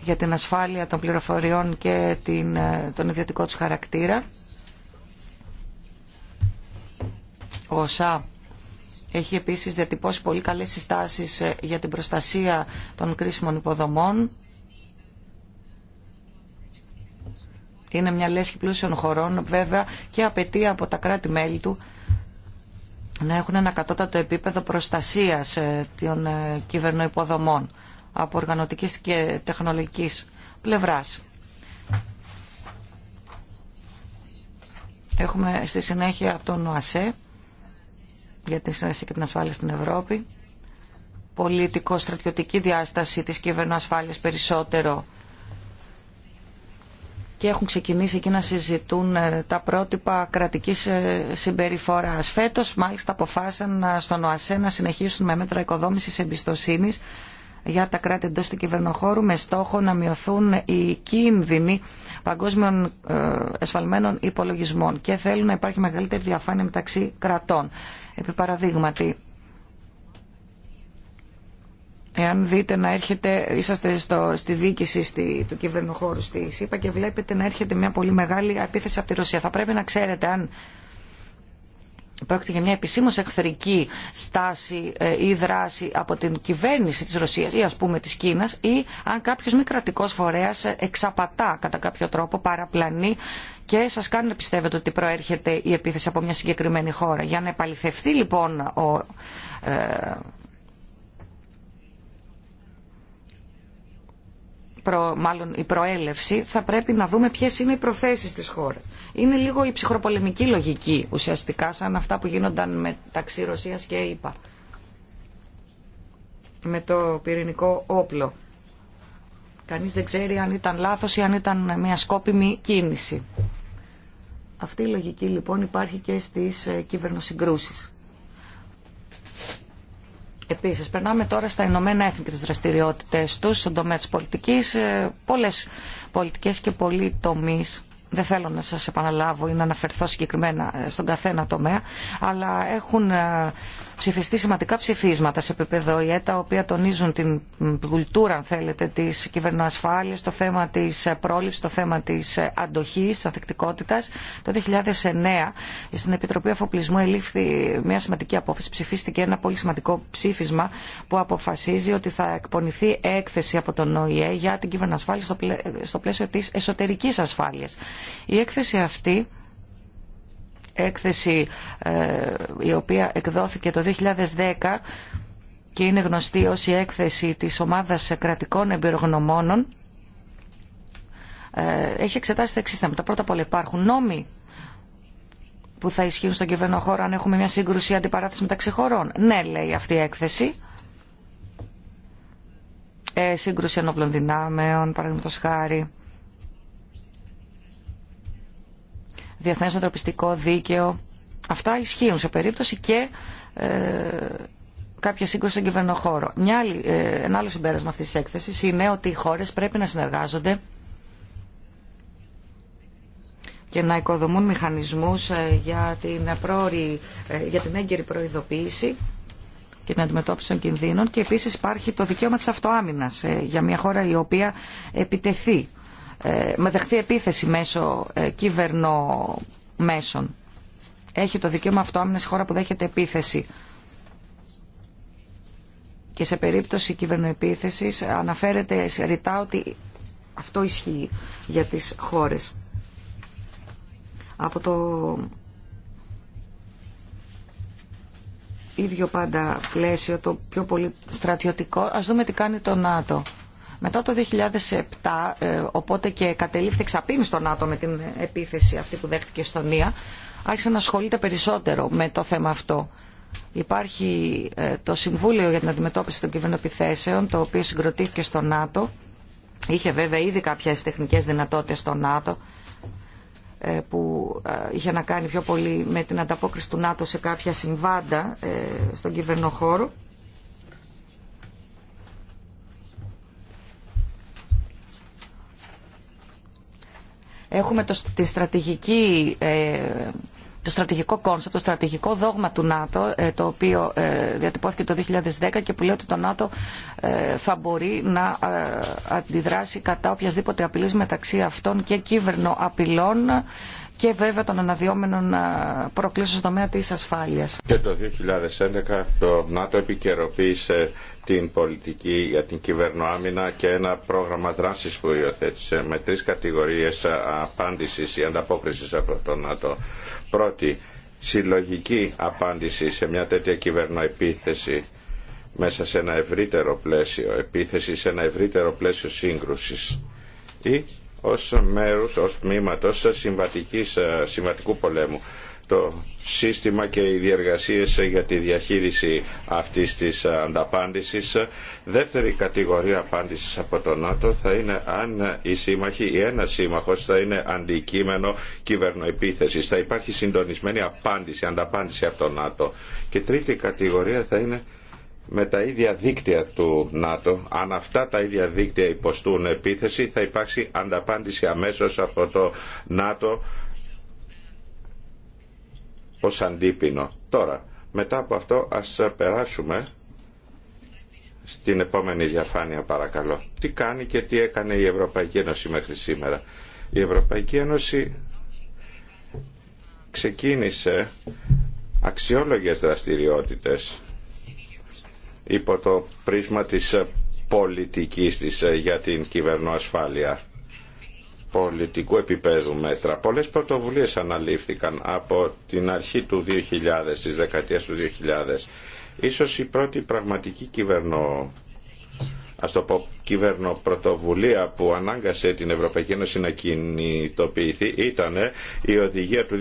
S2: για την ασφάλεια των πληροφοριών και την, ε, τον ιδιωτικό τους χαρακτήρα. Ο έχει επίσης διατυπώσει πολύ καλές συστάσεις ε, για την προστασία των κρίσιμων υποδομών. Είναι μια λέσχη πλούσιων χωρών βέβαια και απαιτεί από τα κράτη-μέλη του να έχουν ένα κατώτατο επίπεδο προστασίας ε, των ε, κυβερνοϊποδομών από οργανωτικής και τεχνολογικής πλευράς. Έχουμε στη συνέχεια τον ΟΑΣΕ για την συνεργασία και την ασφάλεια στην Ευρώπη. Πολιτικο-στρατιωτική διάσταση της κυβερνοασφάλειας περισσότερο. Και έχουν ξεκινήσει εκεί να συζητούν ε, τα πρότυπα κρατικής ε, συμπεριφοράς. Φέτος μάλιστα αποφάσισαν ε, στον ΟΑΣΕ να συνεχίσουν με μέτρα οικοδόμησης εμπιστοσύνης για τα κράτη εντό του κυβερνοχώρου με στόχο να μειωθούν οι κίνδυνοι παγκόσμιων ε, εσφαλμένων υπολογισμών και θέλουν να υπάρχει μεγαλύτερη διαφάνεια μεταξύ κρατών. Επί παραδείγματι, Εάν δείτε να έρχεται, είσαστε στο, στη διοίκηση στη, του κυβερνοχώρου στη ΣΥΠΑ και βλέπετε να έρχεται μια πολύ μεγάλη επίθεση από τη Ρωσία. Θα πρέπει να ξέρετε αν Πρόκειται για μια επισήμως εχθρική στάση ε, ή δράση από την κυβέρνηση της Ρωσίας ή ας πούμε της Κίνας ή αν κάποιος μη κρατικός φορέας ε, εξαπατά κατά κάποιο τρόπο, παραπλανεί και σας κάνει να πιστεύετε ότι προέρχεται η επίθεση από μια συγκεκριμένη χώρα. Για να επαληθευτεί λοιπόν ο, ε, μάλλον η προέλευση θα πρέπει να δούμε ποιε είναι οι προθέσει τη χώρα. Είναι λίγο η ψυχροπολεμική λογική ουσιαστικά, σαν αυτά που γίνονταν μεταξύ Ρωσίας και ΕΙΠΑ. Με το πυρηνικό όπλο. Κανείς δεν ξέρει αν ήταν λάθος ή αν ήταν μια σκόπιμη κίνηση. Αυτή η λογική λοιπόν υπάρχει και στις ε, κυβερνοσυγκρούσεις. Επίσης, περνάμε τώρα στα Ηνωμένα Έθνη και τις δραστηριότητες τους, στον τομέα της πολιτικής, ε, πολλές πολιτικές και πολλοί τομείς δεν θέλω να σας επαναλάβω ή να αναφερθώ συγκεκριμένα ε, στον καθένα τομέα, αλλά έχουν ε, ψηφιστεί σημαντικά ψηφίσματα σε επίπεδο ΙΕ, τα οποία τονίζουν την κουλτούρα, αν θέλετε, της κυβερνοασφάλειας, το θέμα της ε, πρόληψης, το θέμα της αντοχής, της ανθεκτικότητας. Το 2009 στην Επιτροπή Αφοπλισμού ελήφθη μια σημαντική απόφαση, ψηφίστηκε ένα πολύ σημαντικό ψήφισμα που αποφασίζει ότι θα εκπονηθεί έκθεση από τον ΟΗΕ για την κυβερνοασφάλεια στο πλαίσιο της εσωτερικής ασφάλειας. Η έκθεση αυτή έκθεση ε, η οποία εκδόθηκε το 2010 και είναι γνωστή ως η έκθεση της ομάδας κρατικών εμπειρογνωμόνων ε, έχει εξετάσει τα εξής θέματα. Πρώτα απ' όλα υπάρχουν νόμοι που θα ισχύουν στον χώρο αν έχουμε μια σύγκρουση αντιπαράθεση μεταξύ χωρών. Ναι, λέει αυτή η έκθεση. Ε, σύγκρουση ενόπλων δυνάμεων, παραδείγματο χάρη. διεθνές ανθρωπιστικό δίκαιο. Αυτά ισχύουν σε περίπτωση και ε, κάποια σύγκρουση στον κυβερνοχώρο. Μια ε, ένα άλλο συμπέρασμα αυτής της έκθεσης είναι ότι οι χώρες πρέπει να συνεργάζονται και να οικοδομούν μηχανισμούς ε, για την, πρόορη, για την έγκαιρη προειδοποίηση και την αντιμετώπιση των κινδύνων και επίσης υπάρχει το δικαίωμα της αυτοάμυνας για μια χώρα η οποία επιτεθεί με δεχθεί επίθεση μέσω ε, μέσων. Έχει το δικαίωμα αυτό άμυνα χώρα που δέχεται επίθεση. Και σε περίπτωση κυβερνοεπίθεσης αναφέρεται ρητά ότι αυτό ισχύει για τις χώρες. Από το ίδιο πάντα πλαίσιο, το πιο πολύ στρατιωτικό, ας δούμε τι κάνει το ΝΑΤΟ. Μετά το 2007, ε, οπότε και κατελήφθη ξαπίνη στο ΝΑΤΟ με την επίθεση αυτή που δέχτηκε η Εστονία, άρχισε να ασχολείται περισσότερο με το θέμα αυτό. Υπάρχει ε, το Συμβούλιο για την Αντιμετώπιση των Κυβερνοεπιθέσεων, το οποίο συγκροτήθηκε στο ΝΑΤΟ. Είχε βέβαια ήδη κάποιε τεχνικέ δυνατότητες στο ΝΑΤΟ, ε, που είχε να κάνει πιο πολύ με την ανταπόκριση του ΝΑΤΟ σε κάποια συμβάντα στον κυβερνοχώρο. Έχουμε το, τη στρατηγική, ε, το στρατηγικό κόνσεπτ, το στρατηγικό δόγμα του ΝΑΤΟ, ε, το οποίο ε, διατυπώθηκε το 2010 και που λέει ότι το ΝΑΤΟ ε, θα μπορεί να αντιδράσει κατά οποιασδήποτε απειλής μεταξύ αυτών και κύβερνο απειλών και βέβαια των αναδυόμενων προκλήσεων στο τομέα της ασφάλειας.
S3: Και το 2011 το ΝΑΤΟ επικαιροποίησε την πολιτική για την κυβερνοάμυνα και ένα πρόγραμμα δράσης που υιοθέτησε με τρεις κατηγορίες απάντησης ή ανταπόκρισης από το ΝΑΤΟ. Πρώτη, συλλογική απάντηση σε μια τέτοια κυβερνοεπίθεση μέσα σε ένα ευρύτερο πλαίσιο, επίθεση σε ένα ευρύτερο πλαίσιο σύγκρουσης ή ως μέρους, ως τμήματος συμβατικού πολέμου το σύστημα και οι διεργασίες για τη διαχείριση αυτής της ανταπάντησης. Δεύτερη κατηγορία απάντησης από το ΝΑΤΟ θα είναι αν η σύμμαχη ή ένα σύμμαχος θα είναι αντικείμενο κυβερνοεπίθεσης. Θα υπάρχει συντονισμένη απάντηση, ανταπάντηση από το ΝΑΤΟ. Και τρίτη κατηγορία θα είναι με τα ίδια δίκτυα του ΝΑΤΟ, αν αυτά τα ίδια δίκτυα υποστούν επίθεση, θα υπάρξει ανταπάντηση αμέσως από το ΝΑΤΟ ως Τώρα, μετά από αυτό ας περάσουμε στην επόμενη διαφάνεια παρακαλώ. Τι κάνει και τι έκανε η Ευρωπαϊκή Ένωση μέχρι σήμερα. Η Ευρωπαϊκή Ένωση ξεκίνησε αξιόλογες δραστηριότητες υπό το πρίσμα της πολιτικής της ε, για την κυβερνοασφάλεια πολιτικού επίπεδου μέτρα. Πολλές πρωτοβουλίες αναλήφθηκαν από την αρχή του 2000, της δεκαετίες του 2000. Ίσως η πρώτη πραγματική κυβερνό ας το πω, κυβερνοπρωτοβουλία που ανάγκασε την Ευρωπαϊκή Ένωση να κινητοποιηθεί ήταν η οδηγία του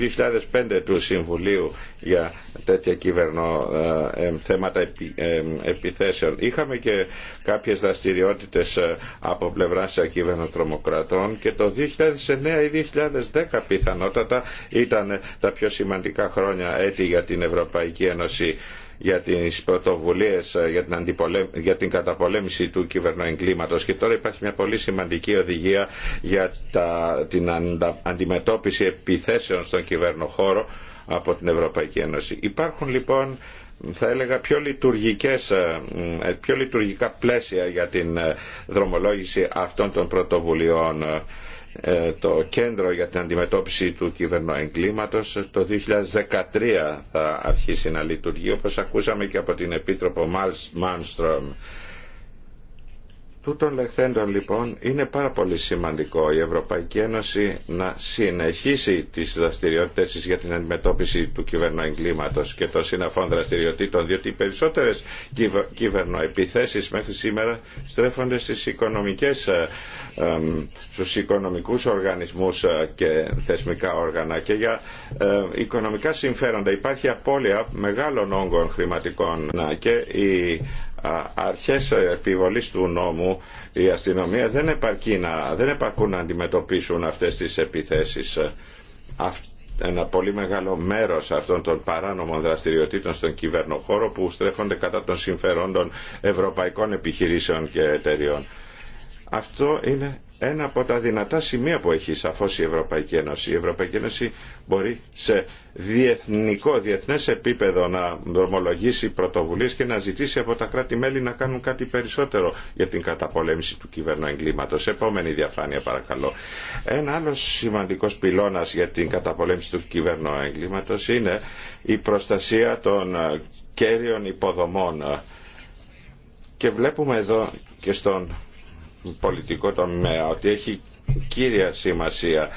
S3: 2005 του Συμβουλίου για τέτοια κυβερνο ε, ε, θέματα ε, επιθέσεων. Είχαμε και κάποιες δραστηριότητες από πλευράς κυβερνοτρομοκρατών και το 2009 ή 2010 πιθανότατα ήταν τα πιο σημαντικά χρόνια έτη για την Ευρωπαϊκή Ένωση για τις πρωτοβουλίες ε, για την, αντιπολέμ... για την καταπολέμηση του κυβερνοεγκλήματος και τώρα υπάρχει μια πολύ σημαντική οδηγία για τα... την αντιμετώπιση επιθέσεων στον κυβερνοχώρο από την Ευρωπαϊκή Ένωση. Υπάρχουν λοιπόν θα έλεγα πιο, λειτουργικές, ε, ε, πιο λειτουργικά πλαίσια για την ε, δρομολόγηση αυτών των πρωτοβουλειών το κέντρο για την αντιμετώπιση του κυβερνοεγκλήματος το 2013 θα αρχίσει να λειτουργεί όπως ακούσαμε και από την Επίτροπο Μάνστρομ Τούτων λεχθέντων λοιπόν είναι πάρα πολύ σημαντικό η Ευρωπαϊκή Ένωση να συνεχίσει τις δραστηριότητες για την αντιμετώπιση του κυβερνοεγκλήματος και των συναφών δραστηριοτήτων διότι οι περισσότερες κυβερνοεπιθέσεις μέχρι σήμερα στρέφονται στις οικονομικές, ε, στους οικονομικούς οργανισμούς ε, και θεσμικά όργανα και για ε, οικονομικά συμφέροντα υπάρχει απώλεια μεγάλων όγκων χρηματικών και η αρχές επιβολής του νόμου η αστυνομία δεν, επαρκεί να, δεν επαρκούν να αντιμετωπίσουν αυτές τις επιθέσεις. Ένα πολύ μεγάλο μέρος αυτών των παράνομων δραστηριοτήτων στον κυβερνοχώρο που στρέφονται κατά των συμφερόντων ευρωπαϊκών επιχειρήσεων και εταιριών. Αυτό είναι ένα από τα δυνατά σημεία που έχει σαφώς η Ευρωπαϊκή Ένωση. Η Ευρωπαϊκή Ένωση μπορεί σε διεθνικό, διεθνές επίπεδο να δρομολογήσει πρωτοβουλίες και να ζητήσει από τα κράτη-μέλη να κάνουν κάτι περισσότερο για την καταπολέμηση του κυβερνοεγκλήματος. Επόμενη διαφάνεια παρακαλώ. Ένα άλλο σημαντικός πυλώνας για την καταπολέμηση του κυβερνοεγκλήματος είναι η προστασία των κέριων υποδομών. Και βλέπουμε εδώ και στον πολιτικό τομέα ότι έχει κύρια σημασία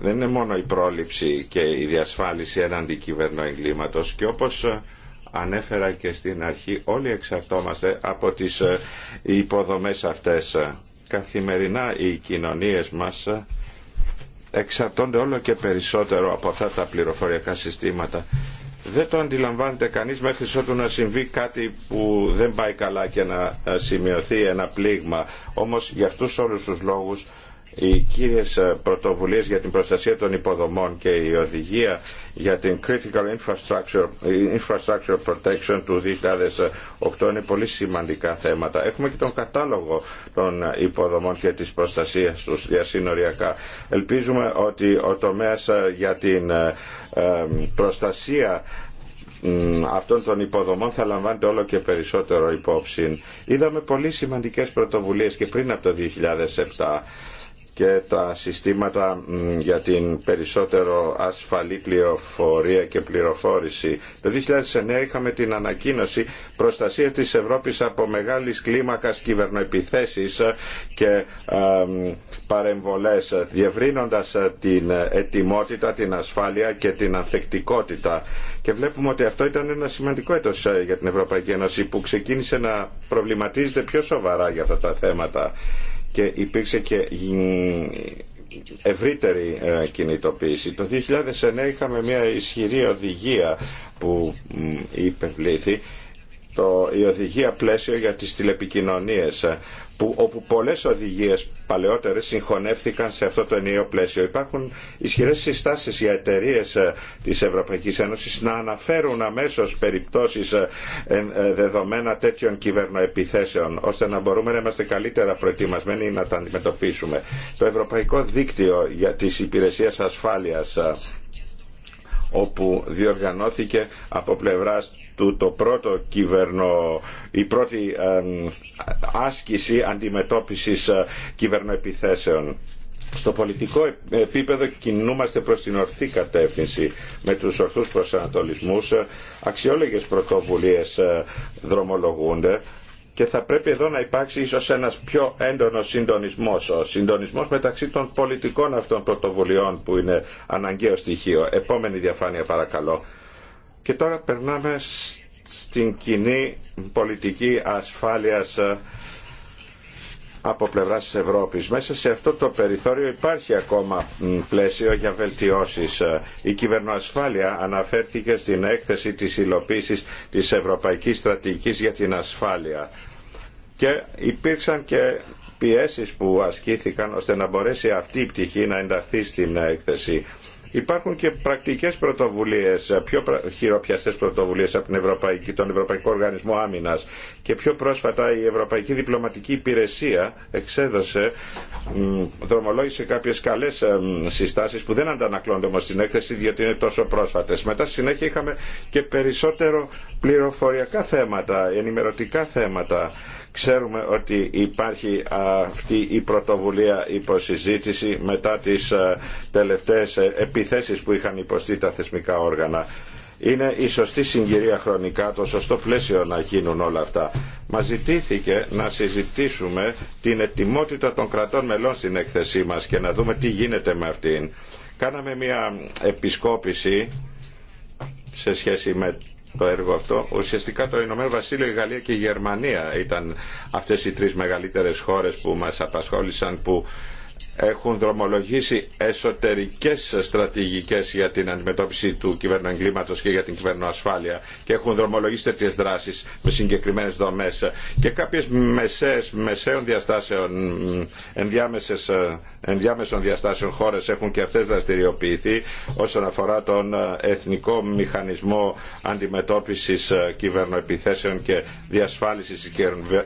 S3: δεν είναι μόνο η πρόληψη και η διασφάλιση έναντι εγκλήματος και όπως ε, ανέφερα και στην αρχή όλοι εξαρτώμαστε από τις ε, υποδομές αυτές. Καθημερινά οι κοινωνίες μας ε, εξαρτώνται όλο και περισσότερο από αυτά τα πληροφοριακά συστήματα δεν το αντιλαμβάνεται κανείς μέχρι ότου να συμβεί κάτι που δεν πάει καλά και να ε, σημειωθεί ένα πλήγμα. Όμως για αυτούς όλους τους λόγους οι κύριες ε, πρωτοβουλίες για την προστασία των υποδομών και η οδηγία για την Critical Infrastructure, Infrastructure Protection του 2008 είναι πολύ σημαντικά θέματα. Έχουμε και τον κατάλογο των υποδομών και της προστασίας τους διασύνοριακά. Ελπίζουμε ότι ο τομέας ε, για την προστασία αυτών των υποδομών θα λαμβάνεται όλο και περισσότερο υπόψη. Είδαμε πολύ σημαντικές πρωτοβουλίες και πριν από το 2007 και τα συστήματα για την περισσότερο ασφαλή πληροφορία και πληροφόρηση. Το 2009 είχαμε την ανακοίνωση προστασία της Ευρώπης από μεγάλης κλίμακας κυβερνοεπιθέσεις και ε, παρεμβολές, διευρύνοντας ε, την ετοιμότητα, την ασφάλεια και την ανθεκτικότητα. Και βλέπουμε ότι αυτό ήταν ένα σημαντικό έτος ε, για την Ευρωπαϊκή Ένωση που ξεκίνησε να προβληματίζεται πιο σοβαρά για αυτά τα θέματα και υπήρξε και ευρύτερη ε, κινητοποίηση. Το 2009 είχαμε μια ισχυρή οδηγία που υπερβλήθη το, η οδηγία πλαίσιο για τις τηλεπικοινωνίες όπου πολλές οδηγίες παλαιότερες συγχωνεύθηκαν σε αυτό το ενιαίο πλαίσιο. Υπάρχουν ισχυρές συστάσεις για εταιρείε ε, της Ευρωπαϊκής Ένωσης να αναφέρουν αμέσως περιπτώσεις ε, ε, δεδομένα τέτοιων κυβερνοεπιθέσεων ώστε να μπορούμε να είμαστε καλύτερα προετοιμασμένοι να τα αντιμετωπίσουμε. Το Ευρωπαϊκό Δίκτυο για τις Υπηρεσίες Ασφάλειας όπου διοργανώθηκε από πλευράς του το πρώτο κυβερνο, η πρώτη άσκηση αντιμετώπισης ε, κυβερνοεπιθέσεων. Στο πολιτικό επίπεδο κινούμαστε προς την ορθή κατεύθυνση με τους ορθούς προσανατολισμούς. Ε, αξιόλογες πρωτοβουλίες ε, δρομολογούνται και θα πρέπει εδώ να υπάρξει ίσως ένας πιο έντονος συντονισμός, ο συντονισμός μεταξύ των πολιτικών αυτών πρωτοβουλειών που είναι αναγκαίο στοιχείο. Επόμενη διαφάνεια παρακαλώ. Και τώρα περνάμε στην κοινή πολιτική ασφάλειας ε, από πλευρά τη Ευρώπης. Μέσα σε αυτό το περιθώριο υπάρχει ακόμα πλαίσιο για βελτιώσεις. Ε. Η κυβερνοασφάλεια αναφέρθηκε στην έκθεση της υλοποίηση της Ευρωπαϊκής Στρατηγικής για την Ασφάλεια. Και υπήρξαν και πιέσεις που ασκήθηκαν ώστε να μπορέσει αυτή η πτυχή να ενταχθεί στην έκθεση. Υπάρχουν και πρακτικές πρωτοβουλίες, πιο χειροπιαστές πρωτοβουλίες από την Ευρωπαϊκή, τον Ευρωπαϊκό Οργανισμό Άμυνας και πιο πρόσφατα η Ευρωπαϊκή Διπλωματική Υπηρεσία εξέδωσε, δρομολόγησε κάποιες καλές συστάσεις που δεν αντανακλώνται όμω στην έκθεση διότι είναι τόσο πρόσφατες. Μετά στη συνέχεια είχαμε και περισσότερο πληροφοριακά θέματα, ενημερωτικά θέματα Ξέρουμε ότι υπάρχει αυτή η πρωτοβουλία υποσυζήτηση μετά τις ε, τελευταίες ε, επιθέσεις που είχαν υποστεί τα θεσμικά όργανα. Είναι η σωστή συγκυρία χρονικά, το σωστό πλαίσιο να γίνουν όλα αυτά. Μα ζητήθηκε να συζητήσουμε την ετοιμότητα των κρατών μελών στην έκθεσή μας και να δούμε τι γίνεται με αυτήν. Κάναμε μια επισκόπηση σε σχέση με το έργο αυτό. Ουσιαστικά το Ηνωμένο Βασίλειο, η Γαλλία και η Γερμανία ήταν αυτές οι τρεις μεγαλύτερες χώρες που μας απασχόλησαν που έχουν δρομολογήσει εσωτερικές στρατηγικές για την αντιμετώπιση του κυβερνοεγκλήματος και για την κυβερνοασφάλεια και έχουν δρομολογήσει τέτοιες δράσεις με συγκεκριμένες δομές και κάποιες μεσαίων διαστάσεων, ενδιάμεσες, ε, ενδιάμεσων διαστάσεων χώρες έχουν και αυτές δραστηριοποιηθεί όσον αφορά τον ε, εθνικό μηχανισμό αντιμετώπισης ε, κυβερνοεπιθέσεων και διασφάλισης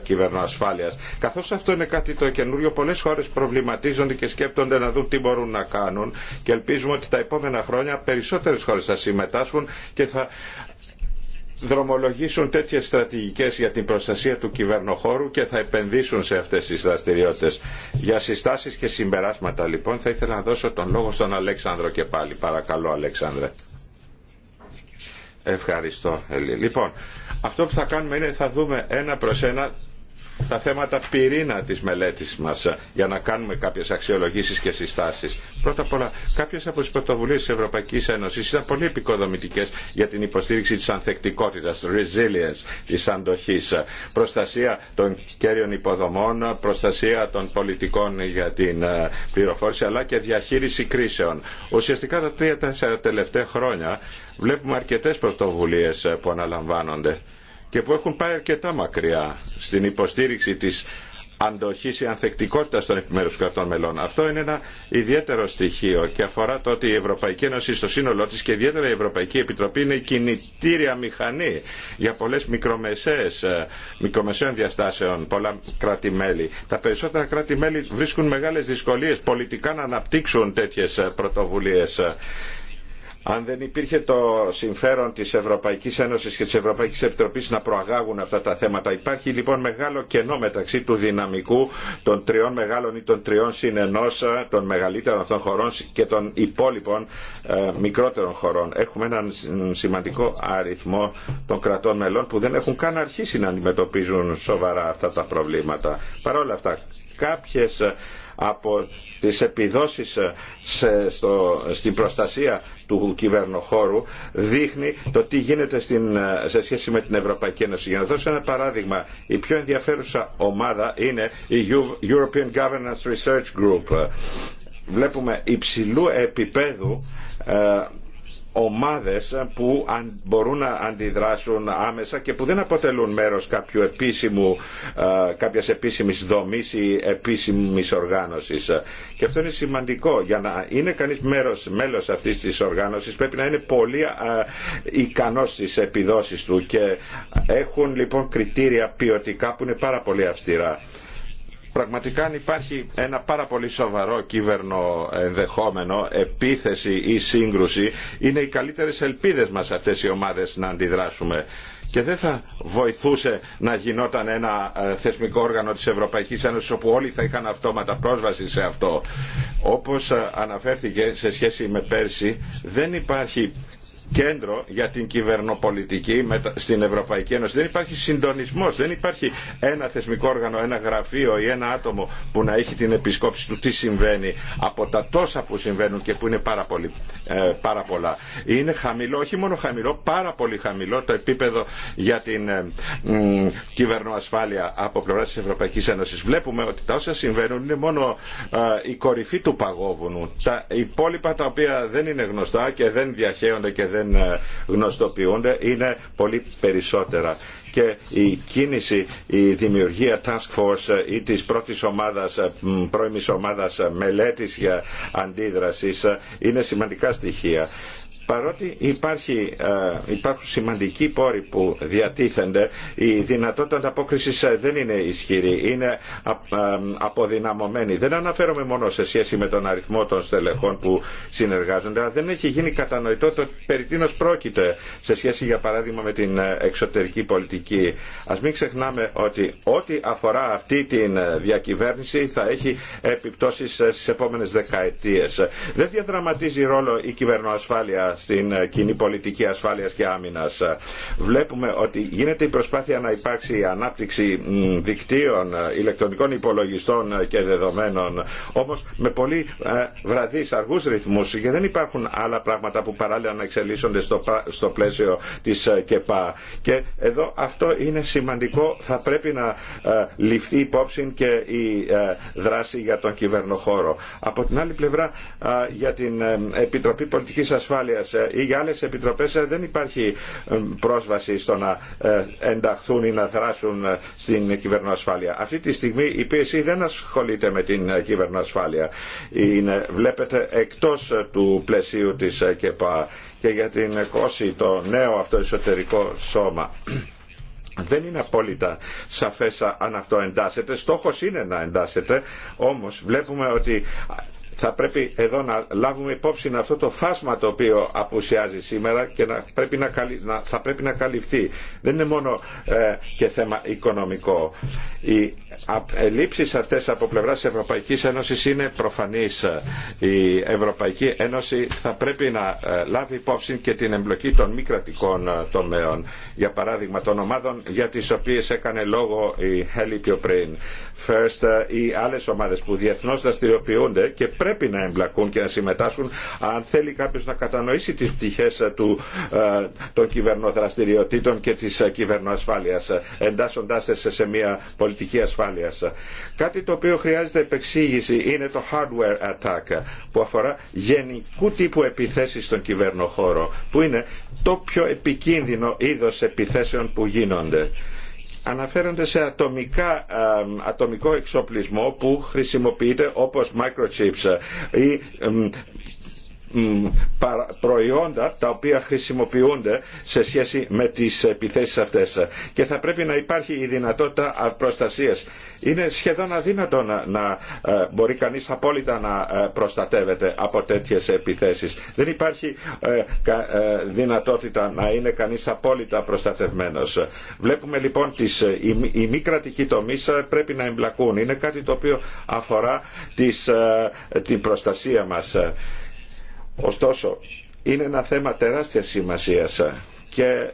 S3: κυβερνοασφάλειας. Καθώς αυτό είναι κάτι το καινούριο, πολλές χώρες προβληματίζονται και σκέπτονται να δουν τι μπορούν να κάνουν και ελπίζουμε ότι τα επόμενα χρόνια περισσότερες χώρες θα συμμετάσχουν και θα δρομολογήσουν τέτοιες στρατηγικές για την προστασία του κυβερνοχώρου και θα επενδύσουν σε αυτές τις δραστηριότητες. Για συστάσεις και συμπεράσματα λοιπόν θα ήθελα να δώσω τον λόγο στον Αλέξανδρο και πάλι. Παρακαλώ Αλέξανδρε. Ευχαριστώ. Λοιπόν, αυτό που θα κάνουμε είναι θα δούμε ένα προς ένα τα θέματα πυρήνα της μελέτης μας ε, για να κάνουμε κάποιες αξιολογήσεις και συστάσεις. Πρώτα απ' όλα, κάποιες από τις πρωτοβουλίες της Ευρωπαϊκής Ένωσης ήταν πολύ επικοδομητικές για την υποστήριξη της ανθεκτικότητας, resilience, της αντοχής, ε, προστασία των κέριων υποδομών, προστασία των πολιτικών για την ε, πληροφόρηση, αλλά και διαχείριση κρίσεων. Ουσιαστικά τα τρία-τέσσερα τελευταία χρόνια βλέπουμε αρκετές πρωτοβουλίες που αναλαμβάνονται και που έχουν πάει αρκετά μακριά στην υποστήριξη της αντοχής ή ανθεκτικότητας των επιμέρους κρατών μελών. Αυτό είναι ένα ιδιαίτερο στοιχείο και αφορά το ότι η Ευρωπαϊκή Ένωση στο σύνολό της και ιδιαίτερα η Ευρωπαϊκή Επιτροπή είναι η κινητήρια μηχανή για πολλές μικρομεσαίες, ε, μικρομεσαίων διαστάσεων, πολλά κράτη-μέλη. Τα περισσότερα κράτη-μέλη βρίσκουν μεγάλες δυσκολίες πολιτικά να αναπτύξουν τέτοιες ε, πρωτοβουλίες αν δεν υπήρχε το συμφέρον της Ευρωπαϊκής Ένωσης και της Ευρωπαϊκής Επιτροπής να προαγάγουν αυτά τα θέματα. Υπάρχει λοιπόν μεγάλο κενό μεταξύ του δυναμικού των τριών μεγάλων ή των τριών συνενός ε, των μεγαλύτερων αυτών χωρών και των υπόλοιπων ε, μικρότερων χωρών. Έχουμε έναν σημαντικό αριθμό των κρατών μελών που δεν έχουν καν αρχίσει να αντιμετωπίζουν σοβαρά αυτά τα προβλήματα. Παρ' όλα αυτά, κάποιες ε, από τις επιδόσεις ε, στο, στην προστασία του κυβερνοχώρου δείχνει το τι γίνεται στην, σε σχέση με την Ευρωπαϊκή Ένωση. Για να δώσω ένα παράδειγμα, η πιο ενδιαφέρουσα ομάδα είναι η European Governance Research Group. Βλέπουμε υψηλού επίπεδου ε, ομάδες που μπορούν να αντιδράσουν άμεσα και που δεν αποτελούν μέρος κάποιου επίσημου, κάποιας επίσημης δομής ή επίσημης οργάνωσης. Και αυτό είναι σημαντικό. Για να είναι κανείς μέρος, μέλος αυτής της οργάνωσης πρέπει να είναι πολύ ικανός στις επιδόσεις του και έχουν λοιπόν κριτήρια ποιοτικά που είναι πάρα πολύ αυστηρά πραγματικά αν υπάρχει ένα πάρα πολύ σοβαρό κύβερνο ενδεχόμενο, επίθεση ή σύγκρουση, είναι οι καλύτερες ελπίδες μας αυτές οι ομάδες να αντιδράσουμε και δεν θα βοηθούσε να γινόταν ένα ε, θεσμικό όργανο της Ευρωπαϊκής Ένωσης όπου όλοι θα είχαν αυτόματα πρόσβαση σε αυτό. Όπως ε, αναφέρθηκε σε σχέση με πέρσι, δεν υπάρχει κέντρο για την κυβερνοπολιτική στην Ευρωπαϊκή Ένωση. Δεν υπάρχει συντονισμός, δεν υπάρχει ένα θεσμικό όργανο, ένα γραφείο ή ένα άτομο που να έχει την επισκόψη του τι συμβαίνει από τα τόσα που συμβαίνουν και που είναι πάρα, πολύ, ε, πολλά. Είναι χαμηλό, όχι μόνο χαμηλό, πάρα πολύ χαμηλό το επίπεδο για την ε, κυβερνοασφάλεια από πλευρά της Ευρωπαϊκής Ένωσης. Βλέπουμε ότι τα όσα συμβαίνουν είναι μόνο ε, η κορυφή του παγόβουνου. Τα υπόλοιπα τα οποία δεν είναι γνωστά και δεν διαχέονται και δεν ε, γνωστοποιούνται είναι πολύ περισσότερα και η κίνηση, η δημιουργία task force ε, ή της πρώτης ομάδας, ε, πρώιμης ομάδας μελέτης για αντίδρασης είναι σημαντικά στοιχεία παρότι υπάρχει, ε, υπάρχουν σημαντικοί πόροι που διατίθενται, η δυνατότητα ανταπόκριση ε, δεν είναι ισχυρή, είναι ε, αποδυναμωμένη. Δεν αναφέρομαι μόνο σε σχέση με τον αριθμό των στελεχών που συνεργάζονται, αλλά δεν έχει γίνει κατανοητό το περί τίνος πρόκειται σε σχέση για παράδειγμα με την εξωτερική πολιτική. Α μην ξεχνάμε ότι ό,τι αφορά αυτή την διακυβέρνηση θα έχει επιπτώσει στι επόμενε δεκαετίε. Δεν διαδραματίζει ρόλο η κυβερνοασφάλεια στην ε, κοινή πολιτική ασφάλειας και άμυνας. Ε, βλέπουμε ότι γίνεται η προσπάθεια να υπάρξει ανάπτυξη δικτύων ε, ηλεκτρονικών υπολογιστών και δεδομένων, όμως με πολύ βραδείς αργούς ρυθμούς και δεν υπάρχουν άλλα πράγματα που παράλληλα να εξελίσσονται στο πλαίσιο της ΚΕΠΑ. Και εδώ αυτό είναι σημαντικό, θα πρέπει να ληφθεί υπόψη και η δράση για τον κυβερνοχώρο. Από την άλλη πλευρά για την Επιτροπή Πολιτικής Ασφάλειας ε, ή για άλλες επιτροπές ε, δεν υπάρχει ε, πρόσβαση στο να ενταχθούν ή να δράσουν στην κυβερνοασφάλεια. Αυτή τη στιγμή η πιεση δεν ασχολείται με την κυβερνοασφάλεια. Είναι, βλέπετε εκτός του πλαισίου της ΚΕΠΑ και για την ΚΟΣΗ το νέο αυτό εσωτερικό σώμα. [CLEARS THROAT] Δεν είναι απόλυτα σαφές αν αυτό εντάσσεται. Στόχος είναι να εντάσσεται, όμως βλέπουμε ότι θα πρέπει εδώ να λάβουμε υπόψη αυτό το φάσμα το οποίο απουσιάζει σήμερα και να πρέπει να, να, θα πρέπει να καλυφθεί. Δεν είναι μόνο ε, και θέμα οικονομικό. Οι ελλείψεις αυτές από πλευράς της Ευρωπαϊκής Ένωσης είναι προφανής. Η Ευρωπαϊκή Ένωση θα πρέπει να ε, λάβει υπόψη και την εμπλοκή των μη κρατικών ε, τομέων. Για παράδειγμα των ομάδων για τις οποίες έκανε λόγο η Χέλη πιο πριν. First, οι άλλες ομάδες που διεθνώς δραστηριοποιούνται και πρέπει να εμπλακούν και να συμμετάσχουν αν θέλει κάποιος να κατανοήσει τι πτυχέ ε, ε, των κυβερνοδραστηριοτήτων και της ε, κυβερνοασφάλειας, εντάσσοντάς σε μια πολιτική ασφάλειας. Κάτι το οποίο χρειάζεται επεξήγηση είναι το hardware attack που αφορά γενικού τύπου επιθέσεις στον κυβερνοχώρο, που είναι το πιο επικίνδυνο είδος επιθέσεων που γίνονται αναφέρονται σε ατομικά, ε, ατομικό εξοπλισμό που χρησιμοποιείται όπως microchips ή προϊόντα τα οποία χρησιμοποιούνται σε σχέση με τις επιθέσεις αυτές και θα πρέπει να υπάρχει η δυνατότητα προστασίας. Είναι σχεδόν αδύνατο να, ε, μπορεί κανείς απόλυτα να ε, προστατεύεται από τέτοιες επιθέσεις. Δεν υπάρχει ε, δυνατότητα να είναι κανείς απόλυτα προστατευμένος. Βλέπουμε λοιπόν ότι οι, μη κρατικοί τομείς πρέπει να εμπλακούν. Είναι κάτι το οποίο αφορά τις, την προστασία μας. Ωστόσο, είναι ένα θέμα τεράστιας σημασίας και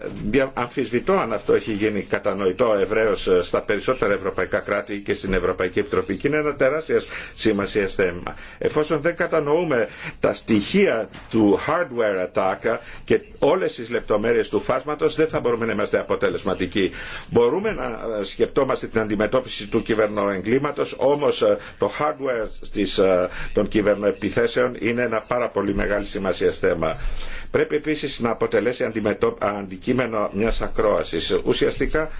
S3: αμφισβητώ αν αυτό έχει γίνει κατανοητό ευρέω ε, στα περισσότερα ευρωπαϊκά κράτη και στην Ευρωπαϊκή Επιτροπή και είναι ένα τεράστια σημασία θέμα. Εφόσον δεν κατανοούμε τα στοιχεία του hardware attack και όλε τι λεπτομέρειε του φάσματο, δεν θα μπορούμε να είμαστε αποτελεσματικοί. Μπορούμε να ε, σκεπτόμαστε την αντιμετώπιση του κυβερνοεγκλήματο, όμω ε, το hardware των κυβερνοεπιθέσεων είναι ένα πάρα πολύ μεγάλη σημασία θέμα πρέπει επίσης να αποτελέσει αντικείμενο μιας ακρόασης. Ουσιαστικά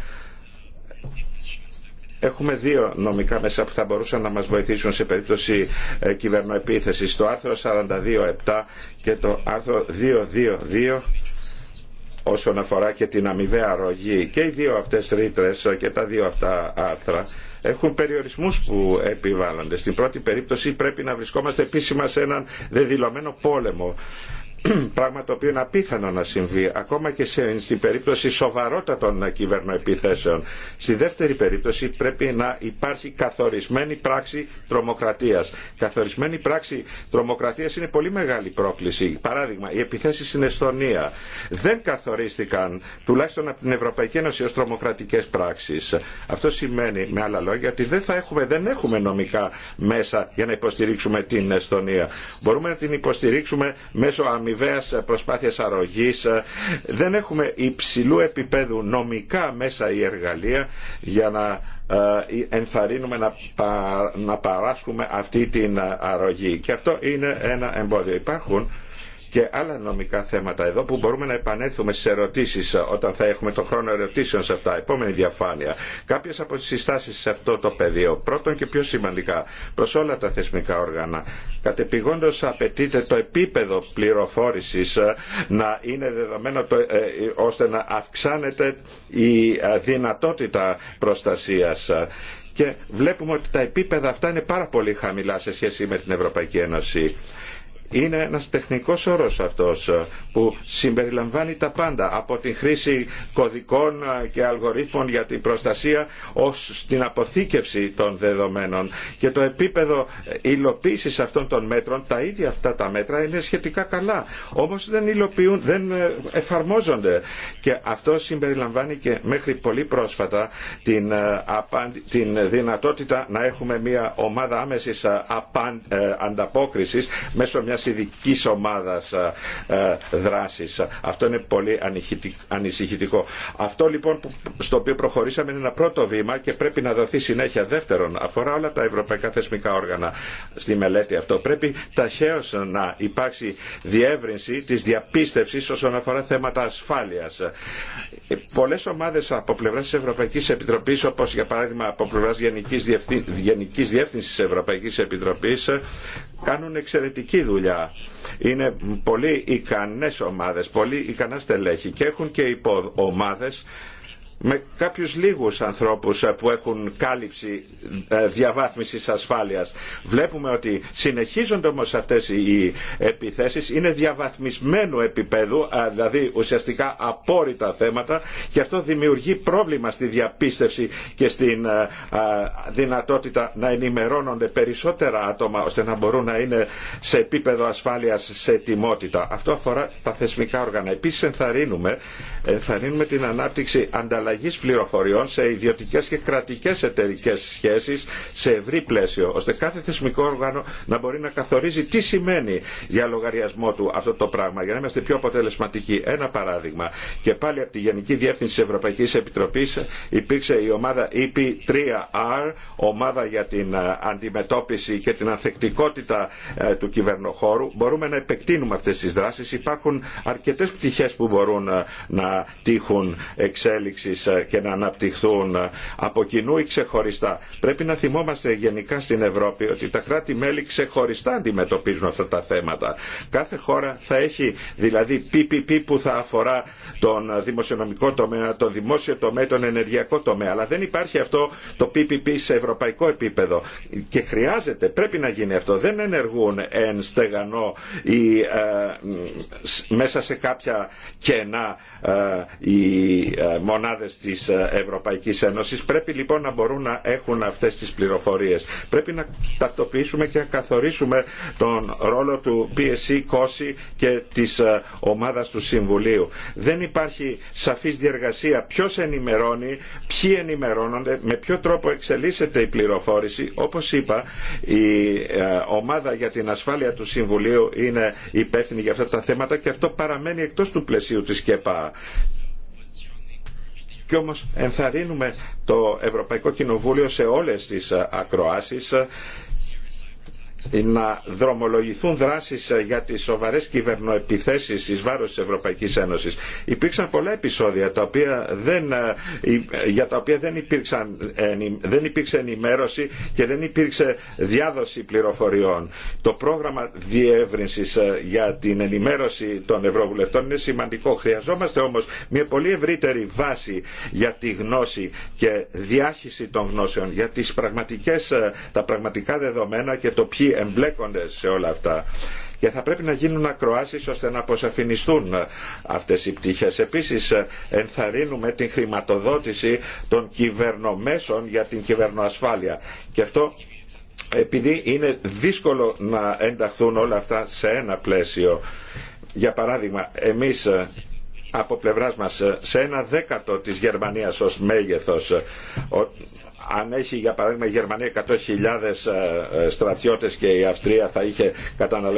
S3: Έχουμε δύο νομικά μέσα που θα μπορούσαν να μας βοηθήσουν σε περίπτωση ε, κυβερνοεπίθεσης. Το άρθρο 42.7 και το άρθρο 222 όσον αφορά και την αμοιβαία αρρωγή. Και οι δύο αυτές ρήτρες και τα δύο αυτά άρθρα έχουν περιορισμούς που επιβάλλονται. Στην πρώτη περίπτωση πρέπει να βρισκόμαστε επίσημα σε έναν δεδηλωμένο πόλεμο [CLEARS THROAT] πράγμα το οποίο είναι απίθανο να συμβεί ακόμα και στην περίπτωση σοβαρότατων κυβερνοεπιθέσεων. Στη δεύτερη περίπτωση πρέπει να υπάρχει καθορισμένη πράξη τρομοκρατίας. Καθορισμένη πράξη τρομοκρατίας είναι πολύ μεγάλη πρόκληση. Παράδειγμα, οι επιθέσεις στην Εστονία δεν καθορίστηκαν τουλάχιστον από την Ευρωπαϊκή Ένωση ως τρομοκρατικές πράξεις. Αυτό σημαίνει με άλλα λόγια ότι δεν, έχουμε, δεν έχουμε νομικά μέσα για να υποστηρίξουμε την Εστονία. Μπορούμε να την υποστηρίξουμε μέσω αμοιβαίας προσπάθειας αρρωγής. Δεν έχουμε υψηλού επίπεδου νομικά μέσα ή εργαλεία για να ε, ε, ενθαρρύνουμε να, να παράσχουμε αυτή την αρρωγή. Και αυτό είναι ένα εμπόδιο. Υπάρχουν και άλλα νομικά θέματα εδώ που μπορούμε να επανέλθουμε στι ερωτήσει, ε, όταν θα έχουμε τον χρόνο ερωτήσεων σε αυτά. Επόμενη διαφάνεια. κάποιε από τι συστάσει σε αυτό το πεδίο. Πρώτον και πιο σημαντικά προ όλα τα θεσμικά όργανα. Κατεπηγόντω απαιτείται το επίπεδο πληροφόρηση ε, να είναι δεδομένο ε, ώστε να αυξάνεται η δυνατότητα προστασίας και βλέπουμε ότι τα επίπεδα αυτά είναι πάρα πολύ χαμηλά σε σχέση με την Ευρωπαϊκή Ένωση είναι ένας τεχνικός όρος αυτός ε, που συμπεριλαμβάνει τα πάντα από την χρήση κωδικών ε, και αλγορίθμων για την προστασία ως την αποθήκευση των δεδομένων και το επίπεδο ε, υλοποίησης αυτών των μέτρων τα ίδια αυτά τα μέτρα είναι σχετικά καλά όμως δεν υλοποιούν, δεν εφαρμόζονται και αυτό συμπεριλαμβάνει και μέχρι πολύ πρόσφατα την, την δυνατότητα να έχουμε μια ομάδα άμεσης ανταπόκρισης μέσω μιας μιας ειδική ομάδας ε, ε, δράσης. Αυτό είναι πολύ ανησυχητικό. Αυτό λοιπόν στο οποίο προχωρήσαμε είναι ένα πρώτο βήμα και πρέπει να δοθεί συνέχεια. Δεύτερον, αφορά όλα τα ευρωπαϊκά θεσμικά όργανα στη μελέτη αυτό. Πρέπει ταχαίως να υπάρξει διεύρυνση της διαπίστευσης όσον αφορά θέματα ασφάλειας. Ε, Πολλέ ομάδε από πλευρά τη Ευρωπαϊκή Επιτροπή, όπω για παράδειγμα από πλευρά γενική διεύθυνση τη Ευρωπαϊκή Επιτροπή, κάνουν εξαιρετική δουλειά. Είναι πολύ ικανές ομάδες, πολύ ικανά στελέχη και έχουν και ομάδες με κάποιους λίγους ανθρώπους ε, που έχουν κάλυψη ε, διαβάθμισης ασφάλειας. Βλέπουμε ότι συνεχίζονται όμως αυτές οι επιθέσεις, είναι διαβαθμισμένου επίπεδου, ε, δηλαδή ουσιαστικά απόρριτα θέματα και αυτό δημιουργεί πρόβλημα στη διαπίστευση και στην δυνατότητα να ενημερώνονται περισσότερα άτομα ώστε να μπορούν να είναι σε επίπεδο ασφάλειας σε ετοιμότητα. Αυτό αφορά τα θεσμικά όργανα. Επίσης ενθαρρύνουμε, ενθαρρύνουμε την ανάπτυξη ανταλλαγή αλλαγή πληροφοριών σε ιδιωτικές και κρατικές εταιρικέ σχέσεις σε ευρύ πλαίσιο, ώστε κάθε θεσμικό όργανο να μπορεί να καθορίζει τι σημαίνει για λογαριασμό του αυτό το πράγμα, για να είμαστε πιο αποτελεσματικοί. Ένα παράδειγμα, και πάλι από τη Γενική Διεύθυνση της Ευρωπαϊκής Επιτροπής υπήρξε η ομάδα EP3R, ομάδα για την ε, αντιμετώπιση και την ανθεκτικότητα ε, του κυβερνοχώρου. Μπορούμε να επεκτείνουμε αυτέ τι δράσει. Υπάρχουν αρκετέ πτυχέ που μπορούν ε, να τύχουν εξέλιξη ε, και να αναπτυχθούν ε, από κοινού ή ξεχωριστά. Πρέπει να θυμόμαστε γενικά στην Ευρώπη ότι τα κράτη-μέλη ξεχωριστά αντιμετωπίζουν αυτά τα θέματα. Κάθε χώρα θα έχει δηλαδή PPP που θα αφορά τον δημοσιονομικό τομέα, τον δημόσιο τομέα, τον ενεργειακό τομέα. Αλλά δεν υπάρχει αυτό το PPP σε ευρωπαϊκό επίπεδο. Και χρειάζεται, πρέπει να γίνει αυτό. Δεν ενεργούν εν στεγανό ή ε, μέσα σε κάποια κενά ε, οι μονάδε χώρες της ε, Ευρωπαϊκής Ένωσης πρέπει λοιπόν να μπορούν να έχουν αυτές τις πληροφορίες. Πρέπει να τακτοποιήσουμε και να καθορίσουμε τον ρόλο του PSC, COSI και της ε, ομάδας του Συμβουλίου. Δεν υπάρχει σαφής διεργασία ποιος ενημερώνει, ποιοι ενημερώνονται, με ποιο τρόπο εξελίσσεται η πληροφόρηση. Όπως είπα, η ε, ομάδα για την ασφάλεια του Συμβουλίου είναι υπεύθυνη για αυτά τα θέματα και αυτό παραμένει εκτός του πλαισίου της ΚΕΠΑ κι όμως ενθαρρύνουμε το Ευρωπαϊκό Κοινοβούλιο σε όλες τις ακροάσεις ε, να δρομολογηθούν δράσει ε, για τι σοβαρέ κυβερνοεπιθέσει εις βάρο τη Ευρωπαϊκή Ένωση. Υπήρξαν πολλά επεισόδια τα οποία δεν, ε, για τα οποία δεν, υπήρξαν, δεν υπήρξε ενημέρωση και δεν υπήρξε διάδοση πληροφοριών. Το πρόγραμμα διεύρυνσης για την ενημέρωση των Ευρωβουλευτών είναι σημαντικό. Χρειαζόμαστε όμω μια πολύ ευρύτερη βάση για τη γνώση και διάχυση των γνώσεων, για τις πραγματικές, τα πραγματικά δεδομένα και το ποιοι εμπλέκονται σε όλα αυτά και θα πρέπει να γίνουν ακροάσεις ώστε να αποσαφινιστούν αυτές οι πτυχές. Επίσης ενθαρρύνουμε την χρηματοδότηση των κυβερνομέσων για την κυβερνοασφάλεια και αυτό επειδή είναι δύσκολο να ενταχθούν όλα αυτά σε ένα πλαίσιο. Για παράδειγμα, εμείς ε, από πλευράς μας ε, σε ένα δέκατο της Γερμανίας ως μέγεθος αν έχει για παράδειγμα η Γερμανία 100.000 ε, ε, στρατιώτες και η Αυστρία θα είχε κατά 10.000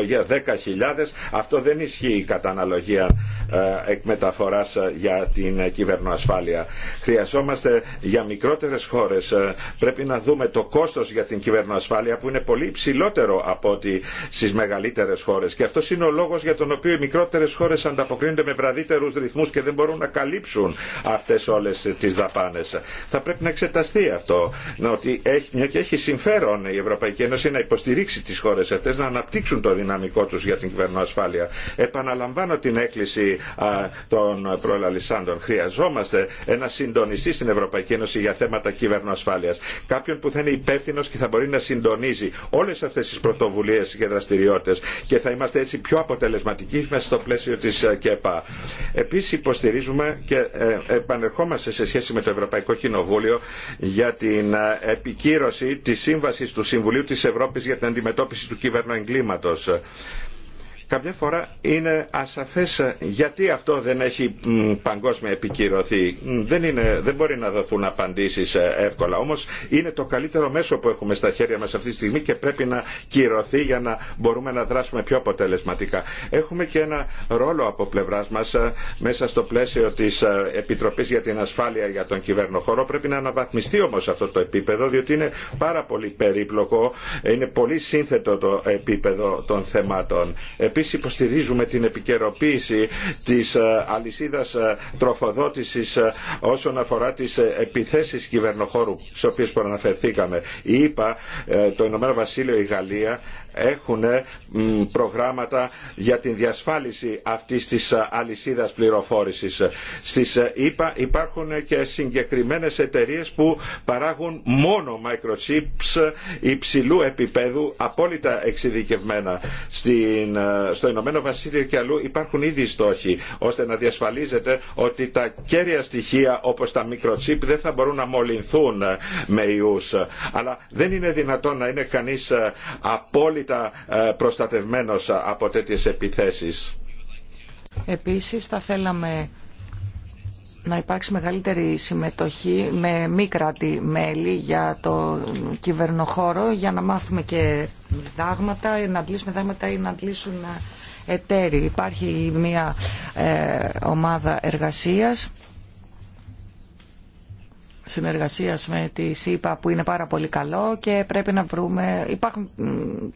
S3: αυτό δεν ισχύει κατά αναλογία ε, εκμεταφοράς για την κυβερνοασφάλεια. Χρειαζόμαστε για μικρότερες χώρες πρέπει να δούμε το κόστος για την κυβερνοασφάλεια που είναι πολύ υψηλότερο από ότι στις μεγαλύτερες χώρες και αυτό είναι ο λόγος για τον οποίο οι μικρότερες χώρες ανταποκρίνονται με βραδύτερους ρυθμούς και δεν μπορούν να καλύψουν αυτές όλες τις δαπάνες. Θα πρέπει να εξεταστεί αυτό αυτό, να ότι έχει, μια και έχει συμφέρον η Ευρωπαϊκή Ένωση να υποστηρίξει τι χώρε αυτέ, να αναπτύξουν το δυναμικό του για την κυβερνοασφάλεια. Επαναλαμβάνω την έκκληση α, των προελλαλισσάντων. Χρειαζόμαστε ένα συντονιστή στην Ευρωπαϊκή Ένωση για θέματα κυβερνοασφάλεια. Κάποιον που θα είναι υπεύθυνο και θα μπορεί να συντονίζει όλε αυτέ τι πρωτοβουλίε και δραστηριότητε και θα είμαστε έτσι πιο αποτελεσματικοί μέσα στο πλαίσιο τη ε, ΚΕΠΑ. Επίση υποστηρίζουμε και ε, επανερχόμαστε σε σχέση με το Ευρωπαϊκό Κοινοβούλιο για την ε, επικύρωση της Σύμβασης του Συμβουλίου της Ευρώπης για την αντιμετώπιση του κυβερνοεγκλήματος Καμιά φορά είναι ασαφές ε, γιατί αυτό δεν έχει παγκόσμια επικυρωθεί. Δεν, είναι, δεν μπορεί να δοθούν απαντήσεις ε, εύκολα. Όμως είναι το καλύτερο μέσο που έχουμε στα χέρια μας αυτή τη στιγμή και πρέπει να κυρωθεί για να μπορούμε να δράσουμε πιο αποτελεσματικά. Έχουμε και ένα ρόλο από πλευρά μας ε, μέσα στο πλαίσιο της Επιτροπής για την Ασφάλεια για τον Κυβερνοχώρο. Πρέπει να αναβαθμιστεί όμως αυτό το επίπεδο διότι είναι πάρα πολύ περίπλοκο, είναι πολύ σύνθετο το επίπεδο των θεμάτων Επίσης υποστηρίζουμε την επικαιροποίηση της ε, αλυσίδας ε, τροφοδότησης ε, όσον αφορά τις επιθέσεις κυβερνοχώρου σε οποίες προαναφερθήκαμε. Η ΕΠΑ, το Ηνωμένο Βασίλειο, η Γαλλία έχουν ε, προγράμματα για την διασφάλιση αυτής της ε, αλυσίδας πληροφόρησης. Στις ΕΠΑ υπάρχουν ε, και συγκεκριμένες εταιρείες που παράγουν μόνο microchips υψηλού επίπεδου, απόλυτα εξειδικευμένα. Στην, στο Ηνωμένο Βασίλειο και αλλού υπάρχουν ήδη στόχοι ώστε να διασφαλίζεται ότι τα κέρια στοιχεία όπως τα microchip δεν θα μπορούν να μολυνθούν με ιούς. Αλλά δεν είναι δυνατόν να είναι κανείς απόλυτα ε, προστατευμένος ε, από τέτοιες επιθέσεις.
S2: Επίσης θα θέλαμε να υπάρξει μεγαλύτερη συμμετοχή με μη κράτη-μέλη για το κυβερνοχώρο για να μάθουμε και δάγματα, να αντλήσουμε δάγματα ή να αντλήσουν ε, εταίροι. Υπάρχει μια ομάδα εργασίας Συνεργασία με τη ΣΥΠΑ που είναι πάρα πολύ καλό και πρέπει να βρούμε, υπάρχουν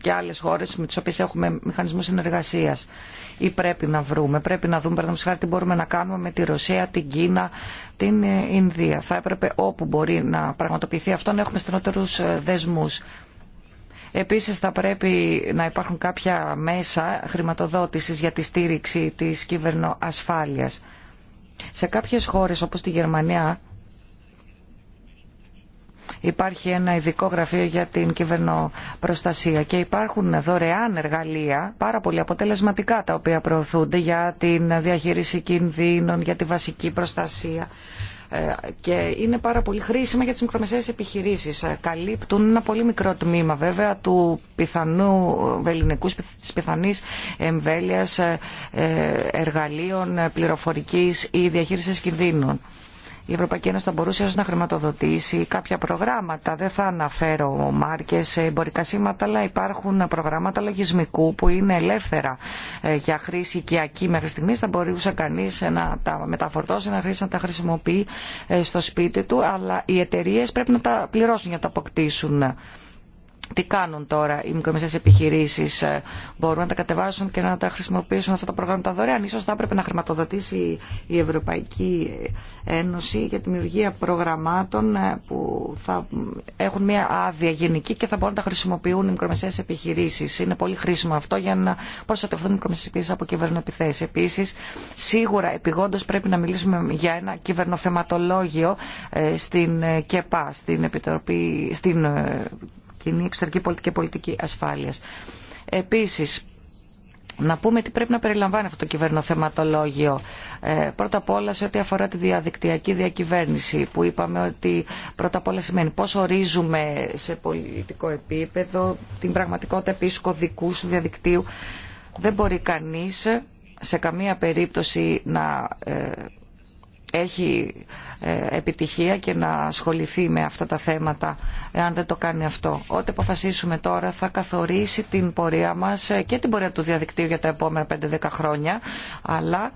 S2: και άλλε χώρε με τι οποίε έχουμε μηχανισμού συνεργασία. ή πρέπει να βρούμε, πρέπει να δούμε παραδείγματο χάρη τι μπορούμε να κάνουμε με τη Ρωσία, την Κίνα, την ε, Ινδία. Θα έπρεπε όπου μπορεί να πραγματοποιηθεί αυτό να έχουμε στενότερους ε, δεσμού. Επίσης θα πρέπει να υπάρχουν κάποια μέσα χρηματοδότησης για τη στήριξη της κυβερνοασφάλειας. Σε κάποιες χώρες όπως τη Γερμανία υπάρχει ένα ειδικό γραφείο για την κυβερνοπροστασία και υπάρχουν δωρεάν εργαλεία πάρα πολύ αποτελεσματικά τα οποία προωθούνται για την διαχείριση κινδύνων, για τη βασική προστασία ε, και είναι πάρα πολύ χρήσιμα για τις μικρομεσαίες επιχειρήσεις. Ε, καλύπτουν ένα πολύ μικρό τμήμα βέβαια του πιθανού ε, της πιθανής εμβέλειας εργαλείων πληροφορικής ή διαχείρισης κινδύνων η Ευρωπαϊκή Ένωση θα μπορούσε να χρηματοδοτήσει κάποια προγράμματα. Δεν θα αναφέρω μάρκες, ε, εμπορικά σήματα, αλλά υπάρχουν προγράμματα λογισμικού που είναι ελεύθερα ε, για χρήση οικιακή μέχρι στιγμή. Θα μπορούσε κανεί να τα μεταφορτώσει, να, χρήσει, να τα χρησιμοποιεί ε, στο σπίτι του, αλλά οι εταιρείε πρέπει να τα πληρώσουν για να τα αποκτήσουν τι κάνουν τώρα οι μικρομεσαίες επιχειρήσεις, ε, μπορούν να τα κατεβάσουν και να τα χρησιμοποιήσουν αυτά τα προγράμματα δωρεάν. Ίσως θα έπρεπε να χρηματοδοτήσει η Ευρωπαϊκή Ένωση για τη δημιουργία προγραμμάτων ε, που θα έχουν μια άδεια γενική και θα μπορούν να τα χρησιμοποιούν οι μικρομεσαίες επιχειρήσεις. Είναι πολύ χρήσιμο αυτό για να προστατευτούν οι μικρομεσαίες επιχειρήσεις από κυβερνοεπιθέσεις. Επίσης, σίγουρα επιγόντως πρέπει να μιλήσουμε για ένα κυβερνοθεματολόγιο ε, στην ΚΕΠΑ, στην Επιτροπή, στην κοινή εξωτερική πολιτική και πολιτική ασφάλειας. Επίσης, να πούμε τι πρέπει να περιλαμβάνει αυτό το κυβερνοθεματολόγιο. Ε, πρώτα απ' όλα σε ό,τι αφορά τη διαδικτυακή διακυβέρνηση που είπαμε ότι πρώτα απ' όλα σημαίνει πώς ορίζουμε σε πολιτικό επίπεδο την πραγματικότητα επίση κωδικού του διαδικτύου. Δεν μπορεί κανείς σε καμία περίπτωση να ε, έχει ε, επιτυχία και να ασχοληθεί με αυτά τα θέματα εάν δεν το κάνει αυτό. Ό,τι αποφασίσουμε τώρα θα καθορίσει την πορεία μας ε, και την πορεία του διαδικτύου για τα επόμενα 5-10 χρόνια αλλά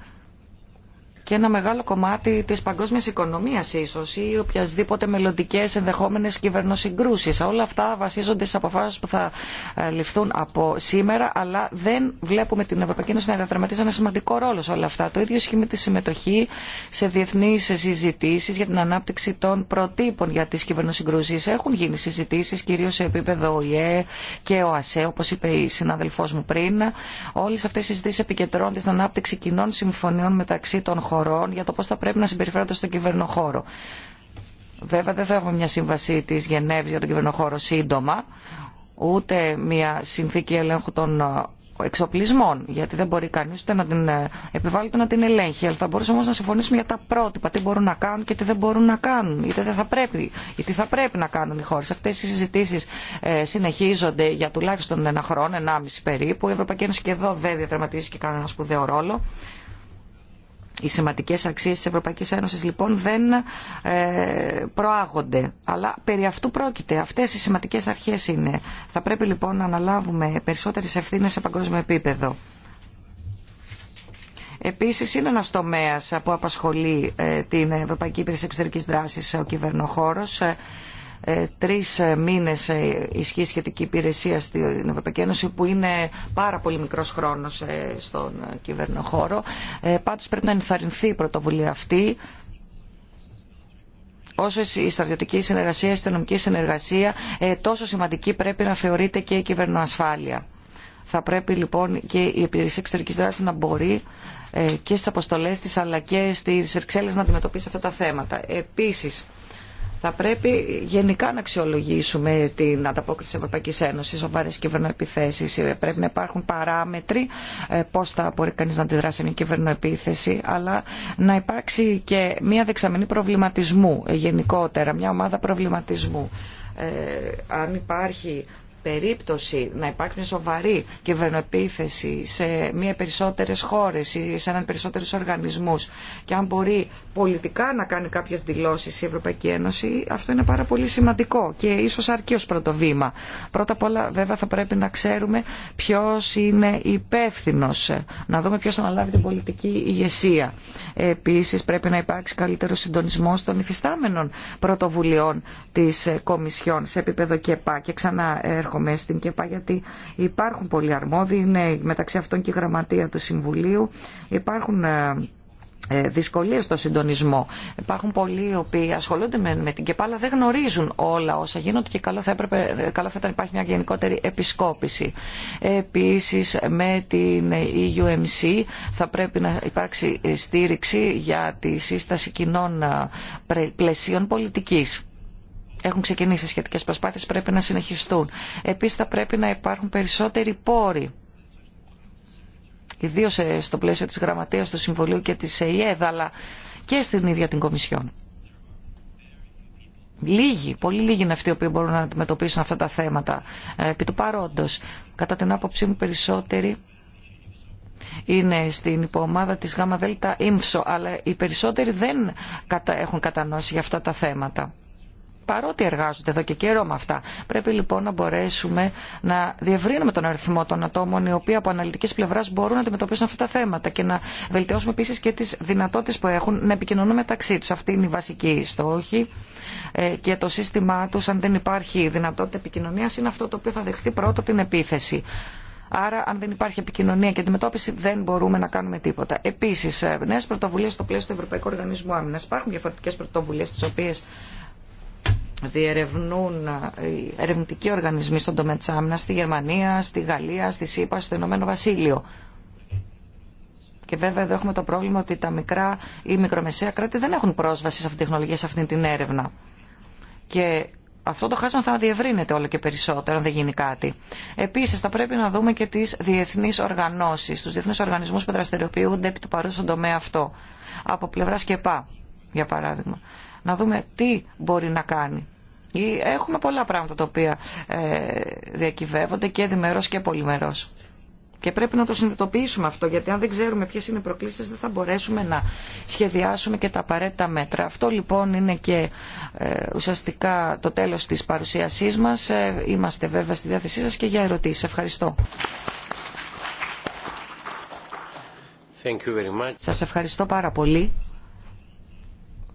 S2: και ένα μεγάλο κομμάτι της παγκόσμιας οικονομίας ίσως ή οποιασδήποτε μελλοντικέ ενδεχόμενες κυβερνοσυγκρούσεις. Όλα αυτά βασίζονται στις αποφάσεις που θα ε, ληφθούν από σήμερα αλλά δεν βλέπουμε την Ευρωπαϊκή Ένωση να διαδραματίζει ένα σημαντικό ρόλο σε όλα αυτά. Το ίδιο ισχύει με τη συμμετοχή σε διεθνείς συζητήσεις για την ανάπτυξη των προτύπων για τις κυβερνοσυγκρούσεις. Έχουν γίνει συζητήσεις κυρίως σε επίπεδο ΟΗΕ και ΟΑΣΕ όπως είπε η συναδελφός μου πριν. Όλες αυτές οι συζητήσεις επικεντρώνονται στην ανάπτυξη κοινών συμφωνιών μεταξύ των χωρών χωρών για το πώς θα πρέπει να συμπεριφέρονται στον κυβερνοχώρο. Βέβαια δεν θα έχουμε μια σύμβαση της Γενέβη για τον κυβερνοχώρο σύντομα, ούτε μια συνθήκη ελέγχου των ε, εξοπλισμών, γιατί δεν μπορεί κανεί ούτε να την ε, επιβάλλει να την ελέγχει. Αλλά θα μπορούσαμε όμω να συμφωνήσουμε για τα πρότυπα, τι μπορούν να κάνουν και τι δεν μπορούν να κάνουν, είτε θα πρέπει, ή τι θα πρέπει να κάνουν οι χώρε. Αυτέ οι συζητήσει ε, συνεχίζονται για τουλάχιστον ένα χρόνο, ενάμιση περίπου. Η Ευρωπαϊκή Ένωση και εδώ δεν διαδραματίζει και κανένα σπουδαίο ρόλο οι σημαντικές αξίες της Ευρωπαϊκής Ένωσης λοιπόν δεν ε, προάγονται. Αλλά περί αυτού πρόκειται. Αυτές οι σημαντικές αρχές είναι. Θα πρέπει λοιπόν να αναλάβουμε περισσότερες ευθύνες σε παγκόσμιο επίπεδο. Επίσης είναι ένας τομέας που απασχολεί ε, την Ευρωπαϊκή Υπηρεσία Εξωτερικής Δράσης ο κυβερνοχώρος ε, ε, τρεις ε, μήνες ε, ισχύει σχετική υπηρεσία στην Ευρωπαϊκή Ένωση που είναι πάρα πολύ μικρός χρόνος στον κυβερνοχώρο. Πάντως πρέπει να ενθαρρυνθεί η πρωτοβουλία αυτή όσο η στρατιωτική συνεργασία, η αστυνομική συνεργασία, τόσο σημαντική πρέπει να θεωρείται και η κυβερνοασφάλεια. Θα πρέπει λοιπόν και η υπηρεσία εξωτερική δράση να μπορεί και στι αποστολέ τη αλλά και στι Βρυξέλλε να αντιμετωπίσει αυτά τα θέματα. Επίση, θα πρέπει γενικά να αξιολογήσουμε την ανταπόκριση της Ευρωπαϊκής Ένωσης, σοβαρές κυβερνοεπιθέσεις. Πρέπει να υπάρχουν παράμετροι ε, πώς θα μπορεί κανείς να αντιδράσει σε μια κυβερνοεπίθεση, αλλά να υπάρξει και μια δεξαμενή προβληματισμού γενικότερα, μια ομάδα προβληματισμού. Ε, αν υπάρχει περίπτωση να υπάρχει σοβαρή κυβερνοεπίθεση σε μία περισσότερες χώρες ή σε έναν περισσότερους οργανισμούς και αν μπορεί πολιτικά να κάνει κάποιες δηλώσεις η Ευρωπαϊκή Ένωση, αυτό είναι πάρα πολύ σημαντικό και ίσως αρκεί ως πρώτο βήμα. Πρώτα απ' όλα βέβαια θα πρέπει να ξέρουμε ποιος είναι υπεύθυνο, να δούμε ποιος αναλάβει την πολιτική ηγεσία. Επίσης πρέπει να υπάρξει καλύτερο συντονισμό των υφιστάμενων πρωτοβουλειών της Κομισιόν σε επίπεδο ΚΕΠΑ και ξανά στην ΚΕΠΑ γιατί υπάρχουν πολλοί αρμόδιοι, είναι μεταξύ αυτών και η γραμματεία του Συμβουλίου. Υπάρχουν ε, ε, δυσκολίες στο συντονισμό. Υπάρχουν πολλοί οι οποίοι ασχολούνται με, την ΚΕΠΑ αλλά δεν γνωρίζουν όλα όσα γίνονται και καλό θα, έπρεπε, καλό θα ήταν υπάρχει μια γενικότερη επισκόπηση. Επίσης με την EUMC θα πρέπει να υπάρξει στήριξη για τη σύσταση κοινών ε, πλαισίων πολιτικής έχουν ξεκινήσει σχετικές προσπάθειες, πρέπει να συνεχιστούν. Επίσης θα πρέπει να υπάρχουν περισσότεροι πόροι ιδίω ε, στο πλαίσιο της Γραμματείας του Συμβουλίου και της ΕΙΕΔ, αλλά και στην ίδια την Κομισιόν. Λίγοι, πολύ λίγοι είναι αυτοί που μπορούν να αντιμετωπίσουν αυτά τα θέματα. Ε, επί του παρόντος, κατά την άποψή μου περισσότεροι είναι στην υποομάδα της ΓΔ αλλά οι περισσότεροι δεν έχουν κατανόηση για αυτά τα θέματα παρότι εργάζονται εδώ και καιρό με αυτά. Πρέπει λοιπόν να μπορέσουμε να διευρύνουμε τον αριθμό των ατόμων οι οποίοι από αναλυτική πλευρά μπορούν να αντιμετωπίσουν αυτά τα θέματα και να βελτιώσουμε επίση και τι δυνατότητε που έχουν να επικοινωνούν μεταξύ του. Αυτή είναι η βασική στόχη ε, και το σύστημά του, αν δεν υπάρχει δυνατότητα επικοινωνία, είναι αυτό το οποίο θα δεχθεί πρώτο την επίθεση. Άρα, αν δεν υπάρχει επικοινωνία και αντιμετώπιση, δεν μπορούμε να κάνουμε τίποτα. Επίση, ε, νέε πρωτοβουλίε στο πλαίσιο του Ευρωπαϊκού Οργανισμού Άμυνα. Υπάρχουν διαφορετικέ πρωτοβουλίε, τι οποίε διερευνούν ε, οι ερευνητικοί οργανισμοί στον τομέα της άμυνας στη Γερμανία, στη Γαλλία, στη ΣΥΠΑ, στο Ηνωμένο Βασίλειο. Και βέβαια εδώ έχουμε το πρόβλημα ότι τα μικρά ή μικρομεσαία κράτη δεν έχουν πρόσβαση σε αυτή την τεχνολογία, σε αυτήν την έρευνα. Και αυτό το χάσμα θα διευρύνεται όλο και περισσότερο αν δεν γίνει κάτι. Επίση, θα πρέπει να δούμε και τι διεθνεί οργανώσει, του διεθνεί οργανισμού που δραστηριοποιούνται επί του παρόντο στον τομέα αυτό. Από πλευρά ΚΕΠΑ, για παράδειγμα. Να δούμε τι μπορεί να κάνει Έχουμε πολλά πράγματα τα οποία ε, διακυβεύονται και διμερός και πολυμερός. Και πρέπει να το συνειδητοποιήσουμε αυτό, γιατί αν δεν ξέρουμε ποιε είναι οι προκλήσει, δεν θα μπορέσουμε να σχεδιάσουμε και τα απαραίτητα μέτρα. Αυτό λοιπόν είναι και ε, ουσιαστικά το τέλο τη παρουσίασή μα. Ε, είμαστε βέβαια στη διάθεσή σα και για ερωτήσει. Ευχαριστώ. Thank Σας ευχαριστώ πάρα πολύ.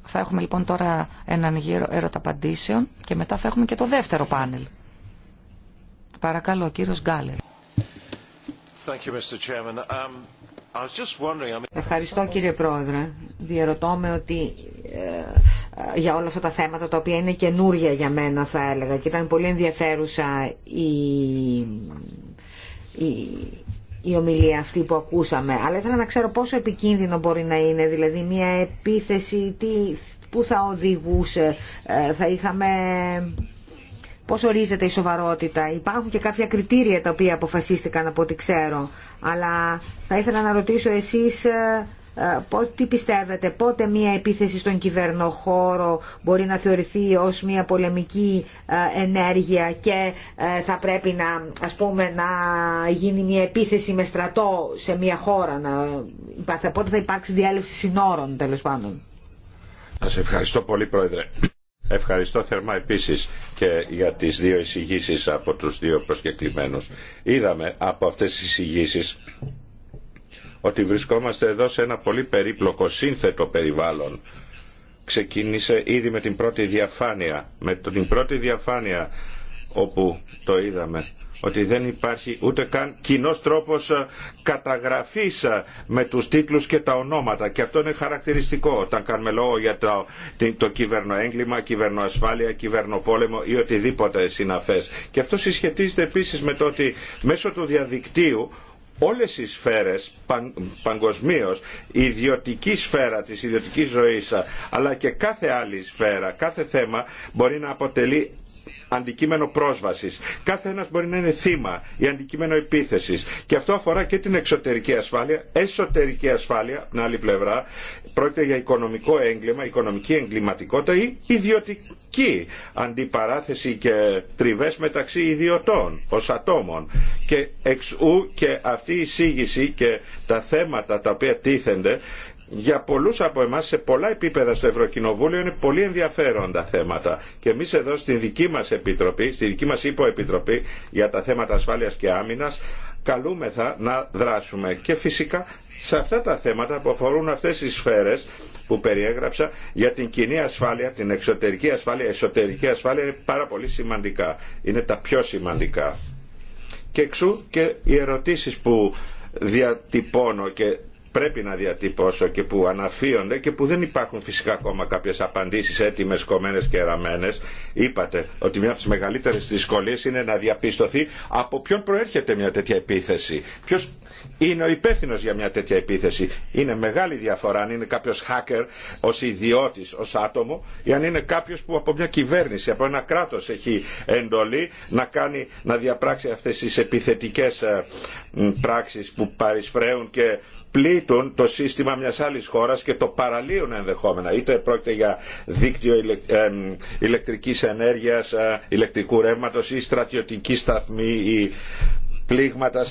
S2: Θα έχουμε λοιπόν τώρα έναν γύρο έρωτα απαντήσεων και μετά θα έχουμε και το δεύτερο πάνελ. Παρακαλώ, ο κύριος Γκάλερ. Um,
S1: Ευχαριστώ κύριε Πρόεδρε. Διερωτώ με ότι ε, για όλα αυτά τα θέματα τα οποία είναι καινούργια για μένα θα έλεγα και ήταν πολύ ενδιαφέρουσα η, η, η ομιλία αυτή που ακούσαμε, αλλά ήθελα να ξέρω πόσο επικίνδυνο μπορεί να είναι, δηλαδή μια επίθεση τι, που θα οδηγούσε, ε, θα είχαμε... Πώς ορίζεται η σοβαρότητα. Υπάρχουν και κάποια κριτήρια τα οποία αποφασίστηκαν από ό,τι ξέρω. Αλλά θα ήθελα να ρωτήσω εσείς ε, τι πιστεύετε, πότε μια επίθεση στον κυβερνοχώρο μπορεί να θεωρηθεί ως μια πολεμική ε, ενέργεια και ε, θα πρέπει να, ας πούμε, να γίνει μια επίθεση με στρατό σε μια χώρα, να, πότε θα υπάρξει διέλευση συνόρων τέλος πάντων.
S3: Σας ευχαριστώ πολύ Πρόεδρε. Ευχαριστώ θερμά επίσης και για τις δύο εισηγήσεις από τους δύο προσκεκλημένους. Είδαμε από αυτές τις εισηγήσεις ότι βρισκόμαστε εδώ σε ένα πολύ περίπλοκο σύνθετο περιβάλλον. Ξεκίνησε ήδη με την πρώτη διαφάνεια, με την πρώτη διαφάνεια όπου το είδαμε ότι δεν υπάρχει ούτε καν κοινό τρόπος ε, καταγραφής ε, με τους τίτλους και τα ονόματα και αυτό είναι χαρακτηριστικό όταν κάνουμε λόγο για το, το κυβερνοέγκλημα, κυβερνοασφάλεια, κυβερνοπόλεμο ή οτιδήποτε συναφές και αυτό συσχετίζεται επίσης με το ότι μέσω του διαδικτύου όλες οι σφαίρες παν, παγκοσμίως, η ιδιωτική σφαίρα της ιδιωτικής ζωής αλλά και κάθε άλλη σφαίρα, κάθε θέμα μπορεί να αποτελεί αντικείμενο πρόσβασης. Κάθε ένας μπορεί να είναι θύμα ή αντικείμενο επίθεσης. Και αυτό αφορά και την εξωτερική ασφάλεια, εσωτερική ασφάλεια, την άλλη πλευρά, πρόκειται για οικονομικό έγκλημα, οικονομική εγκληματικότητα ή ιδιωτική αντιπαράθεση και τριβές μεταξύ ιδιωτών ως ατόμων. Και εξου και αυτή η εισήγηση και τα θέματα τα οποία τίθενται για πολλούς από εμάς σε πολλά επίπεδα στο Ευρωκοινοβούλιο είναι πολύ ενδιαφέροντα θέματα. Και εμείς εδώ στην δική μας επιτροπή, στη δική μας υποεπιτροπή για τα θέματα ασφάλειας και άμυνας, καλούμεθα να δράσουμε. Και φυσικά σε αυτά τα θέματα που αφορούν αυτές τις σφαίρες που περιέγραψα για την κοινή ασφάλεια, την εξωτερική ασφάλεια, εσωτερική ασφάλεια είναι πάρα πολύ σημαντικά. Είναι τα πιο σημαντικά. Και εξού και οι ερωτήσεις που διατυπώνω και πρέπει να διατυπώσω και που αναφύονται και που δεν υπάρχουν φυσικά ακόμα κάποιες απαντήσεις έτοιμες, κομμένες και ραμμένες. Είπατε ότι μια από τις μεγαλύτερες δυσκολίες είναι να διαπιστωθεί από ποιον προέρχεται μια τέτοια επίθεση. Ποιος είναι ο υπεύθυνο για μια τέτοια επίθεση. Είναι μεγάλη διαφορά αν είναι κάποιο hacker ω ιδιώτη, ω άτομο, ή αν είναι κάποιο που από μια κυβέρνηση, από ένα κράτο έχει εντολή να, κάνει, να διαπράξει αυτέ τι επιθετικέ ε, πράξει που παρισφρέουν και πλήττουν το σύστημα μιας άλλης χώρας και το παραλύουν ενδεχόμενα. Είτε πρόκειται για δίκτυο ε, ηλεκτρικής ενέργειας, ε, ηλεκτρικού ρεύματος ή στρατιωτική σταθμή ή πλήγματα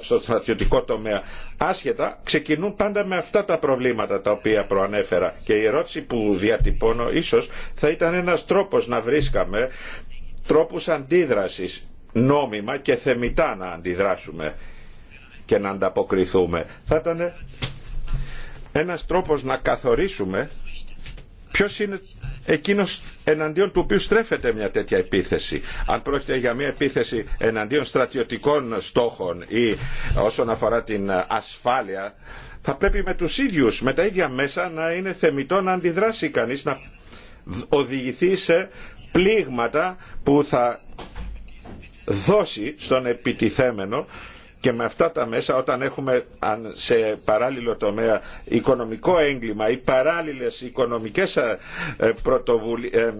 S3: στο στρατιωτικό τομέα. Άσχετα, ξεκινούν πάντα με αυτά τα προβλήματα τα οποία προανέφερα. Και η ερώτηση που διατυπώνω ίσως θα ήταν ένας τρόπος να βρίσκαμε τρόπους αντίδρασης νόμιμα και θεμητά να αντιδράσουμε και να ανταποκριθούμε. Θα ήταν ένας τρόπος να καθορίσουμε Ποιο είναι εκείνος εναντίον του οποίου στρέφεται μια τέτοια επίθεση. Αν πρόκειται για μια επίθεση εναντίον στρατιωτικών στόχων ή όσον αφορά την ασφάλεια, θα πρέπει με τους ίδιους, με τα ίδια μέσα να είναι θεμητό να αντιδράσει κανείς, να οδηγηθεί σε πλήγματα που θα δώσει στον επιτιθέμενο και με αυτά τα μέσα όταν έχουμε σε παράλληλο τομέα οικονομικό έγκλημα ή παράλληλες οικονομικές ε, ε, πρωτοβουλ... Ε,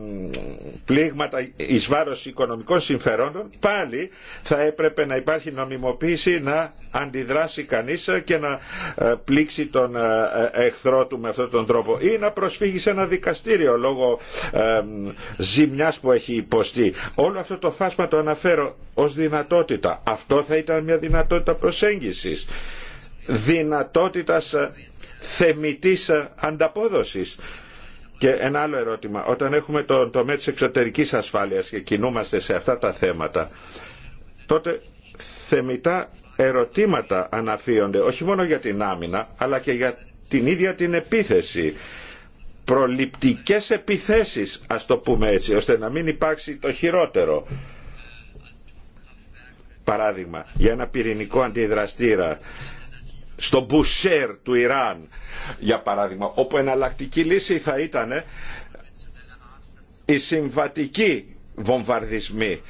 S3: πλήγματα εις βάρος οικονομικών συμφερόντων πάλι θα έπρεπε να υπάρχει νομιμοποίηση να αντιδράσει κανείς και να πλήξει τον εχθρό του με αυτόν τον τρόπο ή να προσφύγει σε ένα δικαστήριο λόγω ζημιάς που έχει υποστεί. Όλο αυτό το φάσμα το αναφέρω ως δυνατότητα. Αυτό θα ήταν μια δυνατότητα δυνατότητα προσέγγισης, δυνατότητας ε, θεμητής ε, ανταπόδοσης. Και ένα άλλο ερώτημα, όταν έχουμε το τομέα της εξωτερικής ασφάλειας και κινούμαστε σε αυτά τα θέματα, τότε θεμητά ερωτήματα αναφύονται, όχι μόνο για την άμυνα, αλλά και για την ίδια την επίθεση προληπτικές επιθέσεις ας το πούμε έτσι ώστε να μην υπάρξει το χειρότερο παράδειγμα, για ένα πυρηνικό αντιδραστήρα στο Μπουσέρ του Ιράν, για παράδειγμα, όπου εναλλακτική λύση θα ήταν οι συμβατική βομβαρδισμοί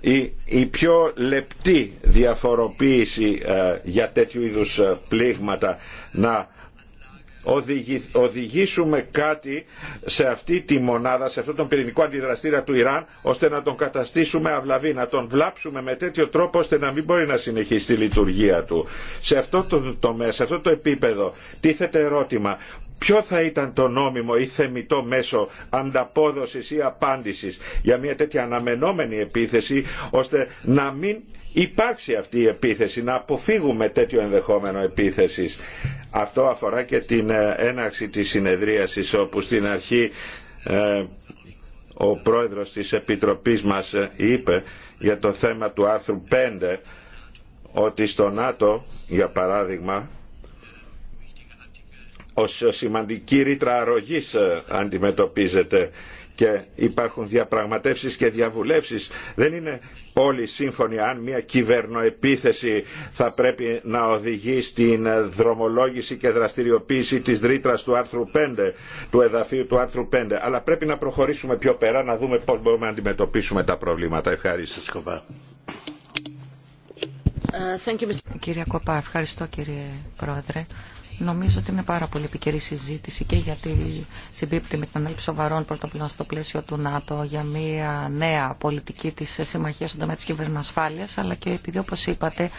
S3: ή η πιο λεπτή διαφοροποίηση ε, για τέτοιου είδους ε, πλήγματα να οδηγήσουμε κάτι σε αυτή τη μονάδα, σε αυτόν τον πυρηνικό αντιδραστήρα του Ιράν, ώστε να τον καταστήσουμε αυλαβή, να τον βλάψουμε με τέτοιο τρόπο ώστε να μην μπορεί να συνεχίσει τη λειτουργία του. Σε αυτό το τομέα, σε αυτό το επίπεδο, τίθεται ερώτημα. Ποιο θα ήταν το νόμιμο ή θεμητό μέσο ανταπόδοσης ή απάντησης για μια τέτοια αναμενόμενη επίθεση, ώστε να μην υπάρξει αυτή η επίθεση, να αποφύγουμε τέτοιο ενδεχόμενο επίθεσης. Αυτό αφορά και την έναρξη της συνεδρίασης όπου στην αρχή ε, ο πρόεδρος της Επιτροπής μας είπε για το θέμα του άρθρου 5 ότι στο ΝΑΤΟ, για παράδειγμα, ως σημαντική ρήτρα αρρωγής ε, αντιμετωπίζεται και υπάρχουν διαπραγματεύσεις και διαβουλεύσεις. Δεν είναι όλοι σύμφωνοι αν μια κυβερνοεπίθεση θα πρέπει να οδηγεί στην δρομολόγηση και δραστηριοποίηση της ρήτρα του άρθρου 5, του εδαφίου του άρθρου 5. Αλλά πρέπει να προχωρήσουμε πιο πέρα, να δούμε πώς μπορούμε να αντιμετωπίσουμε τα προβλήματα. Ευχαριστώ.
S2: Ε, κύριε Κοπά, ευχαριστώ κύριε Πρόεδρε. Νομίζω ότι είναι πάρα πολύ επικαιρή συζήτηση και γιατί συμπίπτει με την ανάληψη σοβαρών πρωτοπλών στο πλαίσιο του ΝΑΤΟ για μια νέα πολιτική τη συμμαχία στον τομέα της κυβερνοασφάλεια, αλλά και επειδή όπω είπατε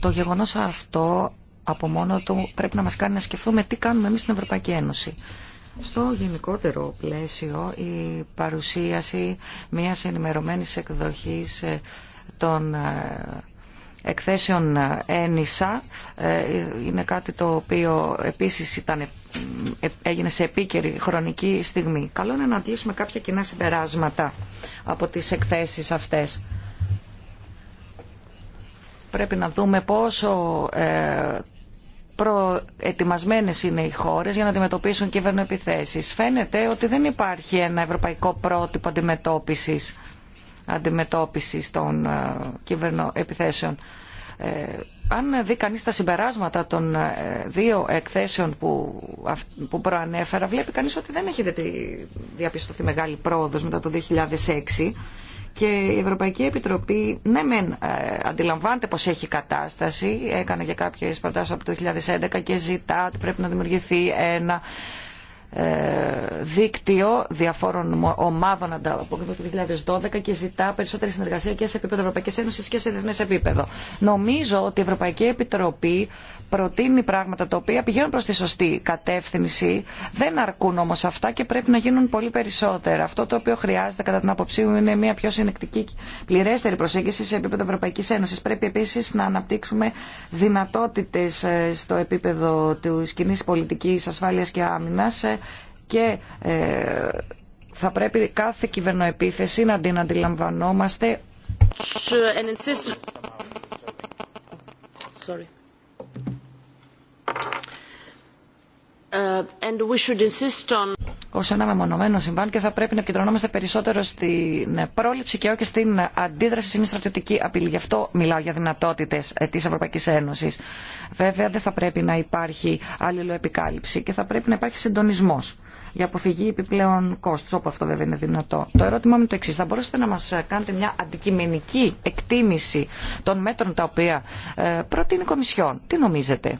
S2: το γεγονός αυτό από μόνο του πρέπει να μας κάνει να σκεφτούμε τι κάνουμε εμείς στην Ευρωπαϊκή Ένωση. Στο γενικότερο πλαίσιο η παρουσίαση μια ενημερωμένη εκδοχή ε, των ε, εκθέσεων ε, ένισα ε, είναι κάτι το οποίο επίσης ήταν, ε, έγινε σε επίκαιρη χρονική στιγμή. Καλό είναι να αντλήσουμε κάποια κοινά συμπεράσματα από τις εκθέσεις αυτές. Πρέπει να δούμε πόσο προετοιμασμένες είναι οι χώρες για να αντιμετωπίσουν κυβερνοεπιθέσεις. Φαίνεται ότι δεν υπάρχει ένα ευρωπαϊκό πρότυπο αντιμετώπισης αντιμετώπισης των ε, επιθέσεων. Ε, αν δει κανείς τα συμπεράσματα των ε, δύο εκθέσεων που προανέφερα, βλέπει κανείς ότι δεν έχει διαπιστωθεί μεγάλη πρόοδος μετά το 2006 και η Ευρωπαϊκή Επιτροπή, ναι μεν αντιλαμβάνεται πως έχει κατάσταση, έκανε και κάποιες προτάσεις από το 2011 και ζητά ότι πρέπει να δημιουργηθεί ένα ε, δίκτυο διαφόρων ομάδων από το 2012 και ζητά περισσότερη συνεργασία και σε επίπεδο Ευρωπαϊκής Ένωσης και σε διεθνέ επίπεδο. Νομίζω ότι η Ευρωπαϊκή Επιτροπή προτείνει πράγματα τα οποία πηγαίνουν προς τη σωστή κατεύθυνση. Δεν αρκούν όμως αυτά και πρέπει να γίνουν πολύ περισσότερα. Αυτό το οποίο χρειάζεται κατά την άποψή μου είναι μια πιο συνεκτική, πληρέστερη προσέγγιση σε επίπεδο Ευρωπαϊκής Ένωσης. Πρέπει επίσης να αναπτύξουμε δυνατότητες ε, στο επίπεδο της κοινή πολιτικής ασφάλειας και άμυνας ε, και ε, θα πρέπει κάθε κυβερνοεπίθεση να την αντιλαμβανόμαστε
S1: Sorry. Uh,
S2: Ω ένα μεμονωμένο συμβάν και θα πρέπει να επικεντρωνόμαστε περισσότερο στην πρόληψη και όχι στην αντίδραση σε μια στρατιωτική απειλή. Γι' αυτό μιλάω για δυνατότητε ε, τη Ευρωπαϊκή Ένωση. Βέβαια, δεν θα πρέπει να υπάρχει αλληλοεπικάλυψη και θα πρέπει να υπάρχει συντονισμό για αποφυγή επιπλέον κόστου, όπου αυτό βέβαια είναι δυνατό. Το ερώτημά μου είναι το εξή. Θα μπορούσατε να μα κάνετε μια αντικειμενική εκτίμηση των μέτρων τα οποία ε, προτείνει η Κομισιόν. Τι νομίζετε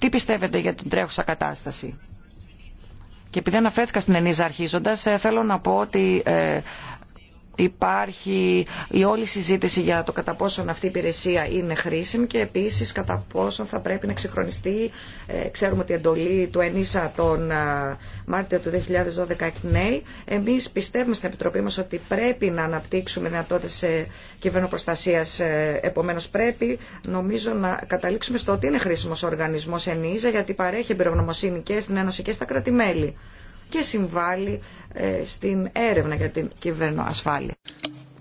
S2: Τι πιστεύετε για την τρέχουσα κατάσταση. Και επειδή αναφέρθηκα στην Ενίζα αρχίζοντας, ε, θέλω να πω ότι ε, υπάρχει η όλη συζήτηση για το κατά πόσον αυτή η υπηρεσία είναι χρήσιμη και επίσης κατά πόσον θα πρέπει να ξεχρονιστεί ε, Ξέρουμε ότι η εντολή του ΕΝΙΣΑ τον ε, Μάρτιο του 2012 νέη. Εμείς πιστεύουμε στην Επιτροπή μας ότι πρέπει να αναπτύξουμε δυνατότητες κυβερνοπροστασίας. Ε, επομένως πρέπει νομίζω να καταλήξουμε στο ότι είναι χρήσιμος ο οργανισμός ΕΝΙΖΑ γιατί παρέχει εμπειρογνωμοσύνη και στην Ένωση και στα κρατημέλη και συμβάλλει ε, στην έρευνα για την κυβέρνηση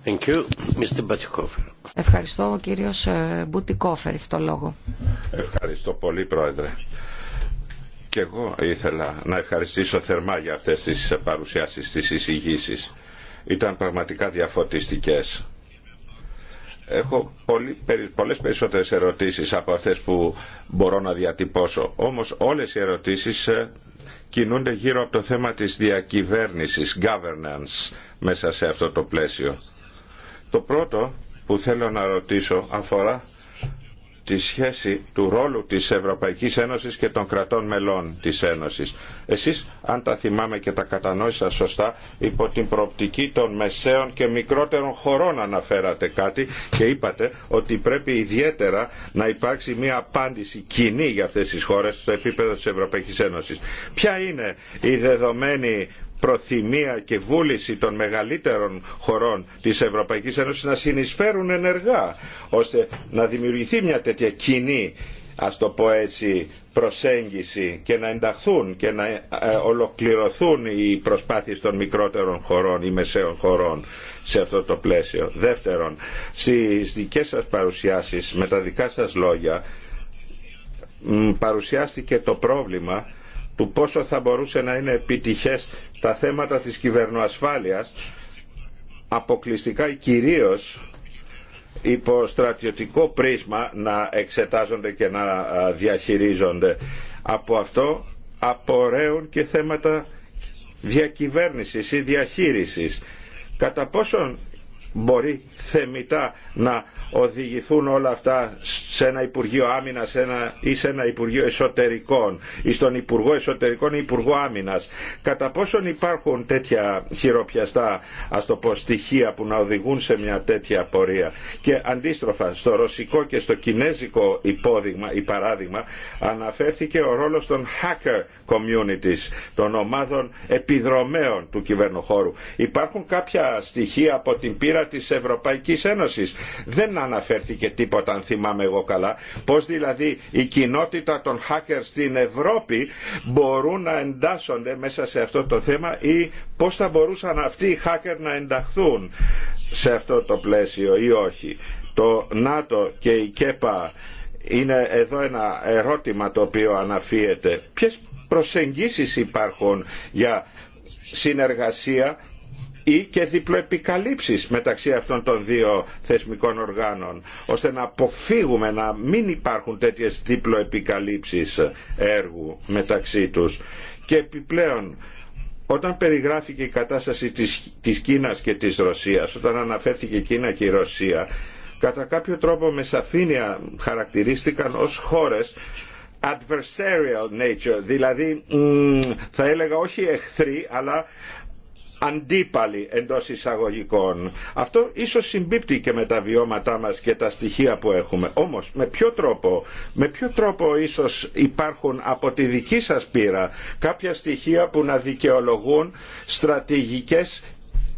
S3: Thank you, Mr.
S2: Ευχαριστώ. Ο κύριος ε, Μπουτικόφερ έχει το λόγο.
S3: Ευχαριστώ πολύ, Πρόεδρε. Και εγώ ήθελα να ευχαριστήσω θερμά για αυτές τις παρουσιάσεις, τις εισηγήσεις. Ήταν πραγματικά διαφωτιστικές. Έχω πολύ, πολλές περισσότερες ερωτήσεις από αυτές που μπορώ να διατυπώσω. Όμως όλες οι ερωτήσεις ε, κινούνται γύρω από το θέμα της διακυβέρνησης, governance, μέσα σε αυτό το πλαίσιο. Το πρώτο που θέλω να ρωτήσω αφορά τη σχέση του ρόλου της Ευρωπαϊκής Ένωσης και των κρατών μελών της Ένωσης. Εσείς, αν τα θυμάμαι και τα κατανόησα σωστά, υπό την προοπτική των μεσαίων και μικρότερων χωρών αναφέρατε κάτι και είπατε ότι πρέπει ιδιαίτερα να υπάρξει μια απάντηση κοινή για αυτές τις χώρες στο επίπεδο της Ευρωπαϊκής Ένωσης. Ποια είναι η δεδομένη προθυμία και βούληση των μεγαλύτερων χωρών της Ευρωπαϊκής Ένωσης να συνεισφέρουν ενεργά ώστε να δημιουργηθεί μια τέτοια κοινή ας το πω έτσι, προσέγγιση και να ενταχθούν και να ε, ολοκληρωθούν οι προσπάθειες των μικρότερων χωρών ή μεσαίων χωρών σε αυτό το πλαίσιο. Δεύτερον, στις δικές σας παρουσιάσεις, με τα δικά σας λόγια, παρουσιάστηκε το πρόβλημα του πόσο θα μπορούσε να είναι επιτυχές τα θέματα της κυβερνοασφάλειας αποκλειστικά ή κυρίως υπό στρατιωτικό πρίσμα να εξετάζονται και να διαχειρίζονται. Από αυτό απορρέουν και θέματα διακυβέρνησης ή διαχείρισης. Κατά πόσον μπορεί θεμητά να οδηγηθούν όλα αυτά σε ένα Υπουργείο Άμυνα ή σε ένα Υπουργείο Εσωτερικών ή στον Υπουργό Εσωτερικών ή Υπουργό Άμυνα. Κατά πόσον υπάρχουν τέτοια χειροπιαστά α το πω, στοιχεία που να οδηγούν σε μια τέτοια πορεία. Και αντίστροφα, στο ρωσικό και στο κινέζικο υπόδειγμα ή παράδειγμα αναφέρθηκε ο ρόλο των hacker communities, των ομάδων επιδρομέων του κυβερνοχώρου. Υπάρχουν κάποια στοιχεία από την πείρα τη Ευρωπαϊκή Ένωση. Δεν αναφέρθηκε τίποτα αν θυμάμαι εγώ καλά. Πώς δηλαδή η κοινότητα των hackers στην Ευρώπη μπορούν να εντάσσονται μέσα σε αυτό το θέμα ή πώς θα μπορούσαν αυτοί οι hacker να ενταχθούν σε αυτό το πλαίσιο ή όχι. Το ΝΑΤΟ και η ΚΕΠΑ είναι εδώ ένα ερώτημα το οποίο αναφύεται. Ποιες προσεγγίσεις υπάρχουν για συνεργασία ή και διπλοεπικαλύψεις μεταξύ αυτών των δύο θεσμικών οργάνων ώστε να αποφύγουμε να μην υπάρχουν τέτοιες διπλοεπικαλύψεις έργου μεταξύ τους και επιπλέον όταν περιγράφηκε η κατάσταση της, της Κίνας και της Ρωσίας όταν αναφέρθηκε η Κίνα και η Ρωσία κατά κάποιο τρόπο με σαφήνεια χαρακτηρίστηκαν ως χώρες adversarial nature, δηλαδή θα έλεγα όχι εχθροί αλλά αντίπαλοι εντό εισαγωγικών. Αυτό ίσω συμπίπτει και με τα βιώματά μας και τα στοιχεία που έχουμε. Όμως με ποιο τρόπο, με ποιο τρόπο ίσως υπάρχουν από τη δική σα πείρα κάποια στοιχεία που να δικαιολογούν στρατηγικέ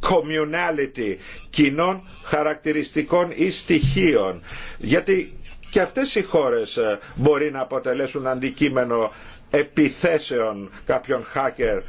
S3: communality κοινών χαρακτηριστικών ή στοιχείων. Γιατί και αυτές οι χώρες ε, μπορεί να αποτελέσουν αντικείμενο επιθέσεων κάποιων hacker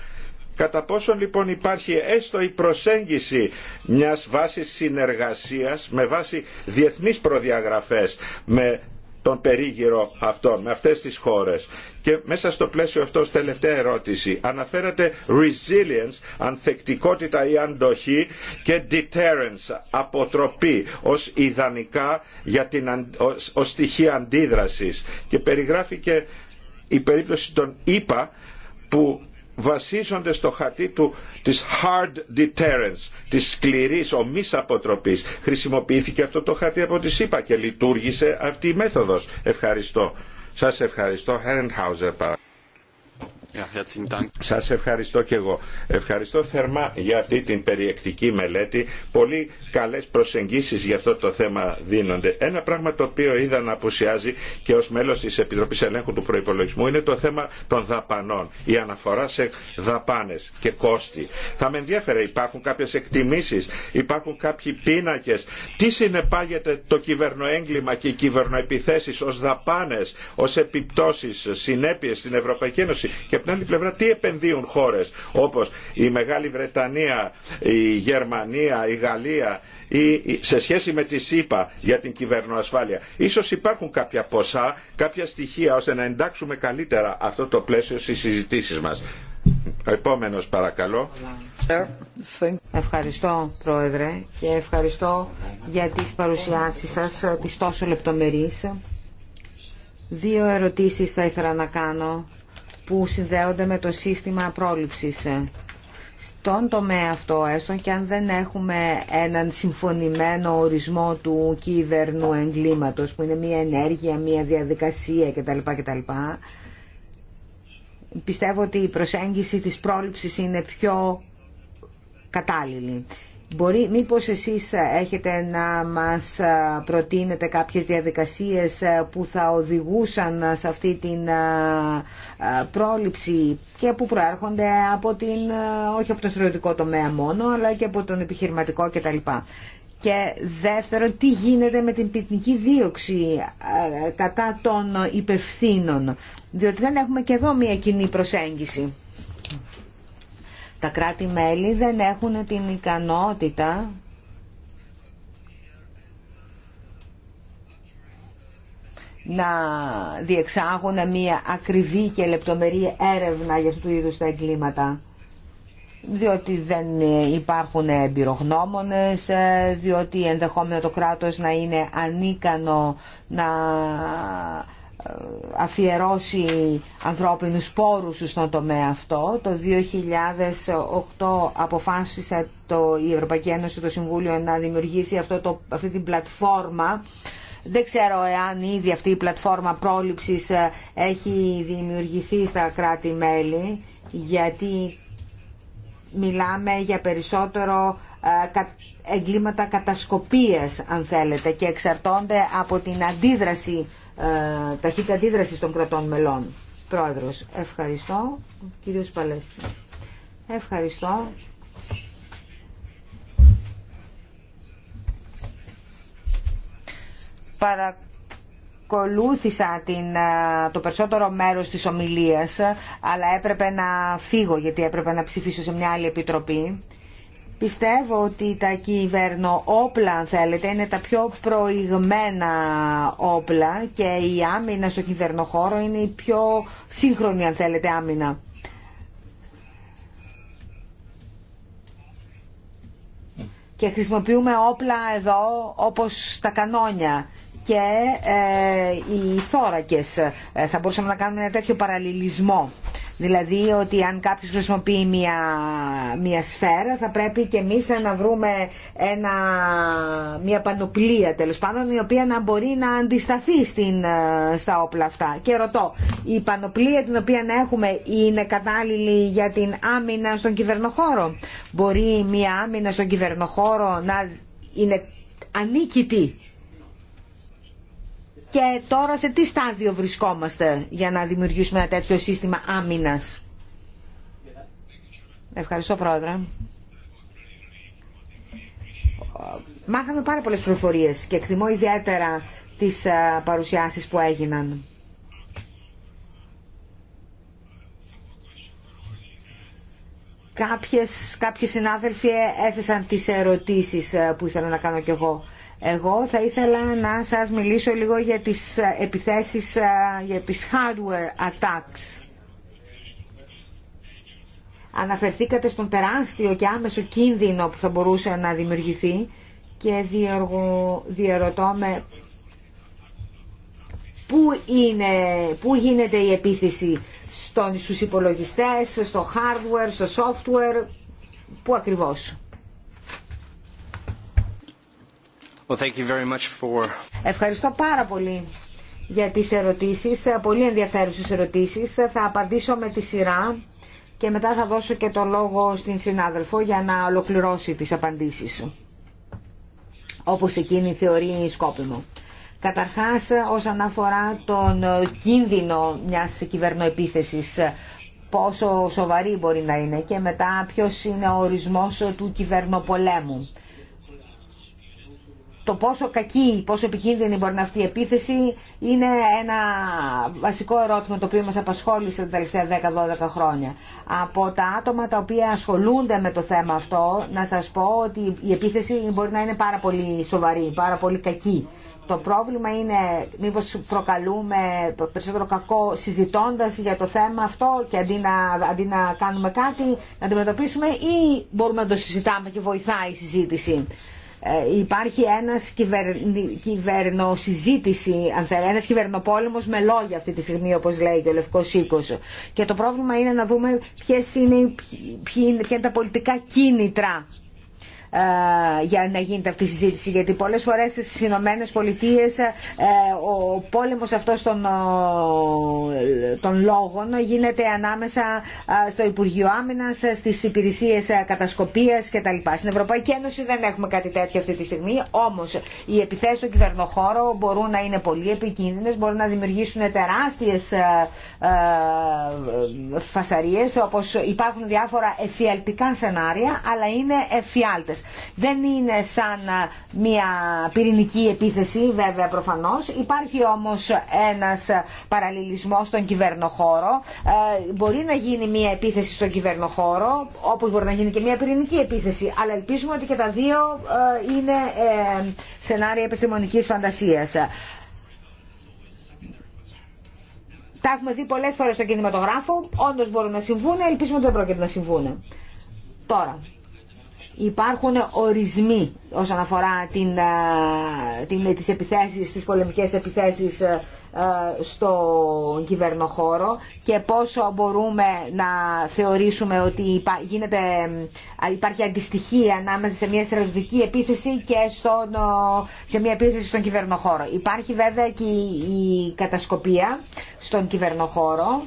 S3: Κατά πόσον λοιπόν υπάρχει έστω η προσέγγιση μιας βάσης συνεργασίας με βάση διεθνείς προδιαγραφές με τον περίγυρο αυτών, με αυτές τις χώρες. Και μέσα στο πλαίσιο αυτό, τελευταία ερώτηση. Αναφέρατε resilience, ανθεκτικότητα ή αντοχή και deterrence, αποτροπή, ως ιδανικά για την, ως, ως στοιχεία αντίδρασης. Και περιγράφηκε η περίπτωση των ΙΠΑ που βασίζονται στο χαρτί του της hard deterrence, της σκληρής ομής αποτροπής. Χρησιμοποιήθηκε αυτό το χαρτί από τη ΣΥΠΑ και λειτουργήσε αυτή η μέθοδος. Ευχαριστώ. Σας ευχαριστώ. Herrenhauser, σας ευχαριστώ και εγώ. Ευχαριστώ θερμά για αυτή την περιεκτική μελέτη. Πολύ καλές προσεγγίσεις για αυτό το θέμα δίνονται. Ένα πράγμα το οποίο είδα να απουσιάζει και ως μέλος της Επιτροπής Ελέγχου του Προϋπολογισμού είναι το θέμα των δαπανών. Η αναφορά σε δαπάνες και κόστη. Θα με ενδιαφέρε, υπάρχουν κάποιες εκτιμήσεις, υπάρχουν κάποιοι πίνακες. Τι συνεπάγεται το κυβερνοέγκλημα και οι κυβερνοεπιθέσεις ως δαπάνες, ως επιπτώσεις, συνέπειες στην Ευρωπαϊκή Ένωση από την άλλη πλευρά τι επενδύουν χώρες όπως η Μεγάλη Βρετανία, η Γερμανία, η Γαλλία ή σε σχέση με τη ΣΥΠΑ για την κυβερνοασφάλεια. Ίσως υπάρχουν κάποια ποσά, κάποια στοιχεία ώστε να εντάξουμε καλύτερα αυτό το πλαίσιο στις συζητήσεις μας. Επόμενο παρακαλώ.
S1: Ευχαριστώ Πρόεδρε και ευχαριστώ για τις παρουσιάσεις σας, τις τόσο λεπτομερείς. Δύο ερωτήσεις θα ήθελα να κάνω που συνδέονται με το σύστημα πρόληψης. Στον τομέα αυτό, έστω και αν δεν έχουμε έναν συμφωνημένο ορισμό του κυβερνού εγκλήματος, που είναι μια ενέργεια, μια διαδικασία κτλ. κτλ πιστεύω ότι η προσέγγιση της πρόληψης είναι πιο κατάλληλη. Μπορεί, μήπως εσείς έχετε να μας προτείνετε κάποιες διαδικασίες που θα οδηγούσαν σε αυτή την πρόληψη και που προέρχονται από την, όχι από τον στρατιωτικό τομέα μόνο, αλλά και από τον επιχειρηματικό κτλ. Και δεύτερο, τι γίνεται με την ποινική δίωξη κατά των υπευθύνων, διότι δεν έχουμε και εδώ μια κοινή προσέγγιση. Τα κράτη-μέλη δεν έχουν την ικανότητα να διεξάγουν μια ακριβή και λεπτομερή έρευνα για αυτού του είδους τα εγκλήματα διότι δεν υπάρχουν εμπειρογνώμονες, ε, διότι ενδεχόμενο το κράτος να είναι ανίκανο να αφιερώσει ανθρώπινους πόρους στον τομέα αυτό. Το 2008 αποφάσισε το, η Ευρωπαϊκή Ένωση, το Συμβούλιο να δημιουργήσει αυτό το, αυτή την πλατφόρμα δεν ξέρω εάν ήδη αυτή η πλατφόρμα πρόληψης ε, έχει δημιουργηθεί στα κράτη-μέλη, γιατί μιλάμε για περισσότερο ε, εγκλήματα κατασκοπίας, αν θέλετε, και εξαρτώνται από την αντίδραση ε, ταχύτητα αντίδρασης των κρατών μελών. Πρόεδρος, ευχαριστώ. Κύριος Παλέσκη. Ευχαριστώ. Παρακολούθησα την, ε, το περισσότερο μέρος της ομιλίας, αλλά έπρεπε να φύγω γιατί έπρεπε να ψηφίσω σε μια άλλη επιτροπή. Πιστεύω ότι τα κυβέρνο όπλα, αν θέλετε, είναι τα πιο προηγμένα όπλα και η άμυνα στο κυβερνοχώρο είναι η πιο σύγχρονη, αν θέλετε, άμυνα. Και χρησιμοποιούμε όπλα εδώ όπως τα κανόνια και ε, οι θώρακες. Ε, θα μπορούσαμε να κάνουμε ένα τέτοιο παραλληλισμό. Δηλαδή ότι αν κάποιος χρησιμοποιεί μια, μια σφαίρα θα πρέπει και εμείς να βρούμε ένα, μια πανοπλία τέλος πάντων η οποία να μπορεί να αντισταθεί στην, ε, στα όπλα αυτά. Και ρωτώ, η πανοπλία την οποία έχουμε είναι κατάλληλη για την άμυνα στον κυβερνοχώρο. Μπορεί μια άμυνα στον κυβερνοχώρο να είναι ανίκητη και τώρα σε τι στάδιο βρισκόμαστε για να δημιουργήσουμε ένα τέτοιο σύστημα άμυνας. Ευχαριστώ πρόεδρε. Μάθαμε πάρα πολλές πληροφορίες και εκτιμώ ιδιαίτερα τις ε, παρουσιάσεις που έγιναν. Κάποιες, κάποιοι συνάδελφοι έθεσαν τις ερωτήσεις ε, που ήθελα να κάνω κι εγώ. Εγώ θα ήθελα να σας μιλήσω λίγο για τις ε, επιθέσεις, ε, για τις hardware attacks. Αναφερθήκατε στον τεράστιο και άμεσο κίνδυνο που θα μπορούσε να δημιουργηθεί και διερωτώ με πού, είναι, πού γίνεται η επίθεση στον, στους υπολογιστές, στο hardware, στο software, πού ακριβώς. Ευχαριστώ πάρα πολύ για τις ερωτήσεις, ε, πολύ ενδιαφέρουσες ερωτήσεις. Θα απαντήσω με τη σειρά και μετά θα δώσω και το λόγο στην συνάδελφο για να ολοκληρώσει τις απαντήσεις όπως εκείνη θεωρεί σκόπιμο. Καταρχάς, όσον αφορά τον κίνδυνο μιας κυβερνοεπίθεσης, πόσο σοβαρή μπορεί να είναι και μετά ποιος είναι ο ορισμός του κυβερνοπολέμου το πόσο κακή, πόσο επικίνδυνη μπορεί να αυτή η επίθεση είναι ένα βασικό ερώτημα το οποίο μας απασχόλησε τα τελευταία 10-12 χρόνια. Από τα άτομα τα οποία ασχολούνται με το θέμα αυτό, να σας πω ότι η επίθεση μπορεί να είναι πάρα πολύ σοβαρή, πάρα πολύ κακή. Το πρόβλημα είναι μήπως προκαλούμε περισσότερο κακό συζητώντας για το θέμα αυτό και αντί να, αντί να κάνουμε κάτι, να αντιμετωπίσουμε ή μπορούμε να το συζητάμε και βοηθάει η συζήτηση. Ε, υπάρχει ένας κυβερνο, κυβερνοσυζήτηση, αν θέλει, ένας κυβερνοπόλεμος με λόγια αυτή τη στιγμή, όπως λέει και ο Λευκός Και το πρόβλημα είναι να δούμε ποιες είναι, ποια είναι τα πολιτικά κίνητρα ε, για να γίνεται αυτή η συζήτηση γιατί πολλέ φορέ στι Ηνωμένε Πολιτείε ε, ο πόλεμο αυτό των, των λόγων γίνεται ανάμεσα ε, στο Υπουργείο Άμυνα, στι υπηρεσίε κατασκοπία κτλ. Στην Ευρωπαϊκή Ένωση δεν έχουμε κάτι τέτοιο αυτή τη στιγμή, όμω οι επιθέσει στον κυβερνοχώρο μπορούν να είναι πολύ επικίνδυνες, μπορούν να δημιουργήσουν τεράστιες φασαρίες, όπως υπάρχουν διάφορα εφιαλτικά σενάρια, αλλά είναι εφιάλτες. Δεν είναι σαν μια πυρηνική επίθεση βέβαια προφανώς. Υπάρχει όμως ένας παραλληλισμός στον κυβερνοχώρο. Ε, μπορεί να γίνει μια επίθεση στον κυβερνοχώρο όπως μπορεί να γίνει και μια πυρηνική επίθεση. Αλλά ελπίζουμε ότι και τα δύο είναι ε, σενάρια επιστημονικής φαντασίας. Τα έχουμε δει πολλέ φορέ στον κινηματογράφο. Όντω μπορούν να συμβούν. Ελπίζουμε ότι δεν πρόκειται να συμβούν. Τώρα, υπάρχουν ορισμοί όσον αφορά την, ε, την, ε, τις επιθέσεις, τις πολεμικές επιθέσεις ε, στο κυβερνοχώρο και πόσο μπορούμε να θεωρήσουμε ότι γίνεται, υπάρχει αντιστοιχία ανάμεσα σε μια στρατιωτική επίθεση και στον, σε μια επίθεση στον κυβερνοχώρο. Υπάρχει βέβαια και η κατασκοπία στον κυβερνοχώρο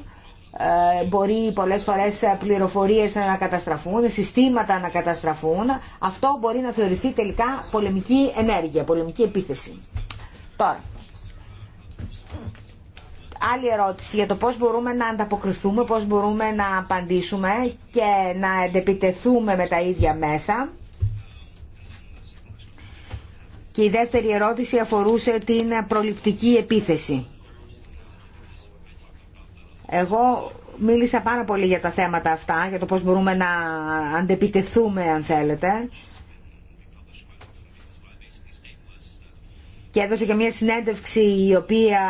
S1: ε, μπορεί πολλές φορές ε, πληροφορίες να καταστραφούν, συστήματα να καταστραφούν. Αυτό μπορεί να θεωρηθεί τελικά πολεμική ενέργεια, πολεμική επίθεση. Τώρα, άλλη ερώτηση για το πώς μπορούμε να ανταποκριθούμε, πώς μπορούμε να απαντήσουμε και να εντεπιτεθούμε με τα ίδια μέσα. Και η δεύτερη ερώτηση αφορούσε την προληπτική επίθεση. Εγώ μίλησα πάρα πολύ για τα θέματα αυτά, για το πώς μπορούμε να αντεπιτεθούμε αν θέλετε. Και έδωσε και μια συνέντευξη η οποία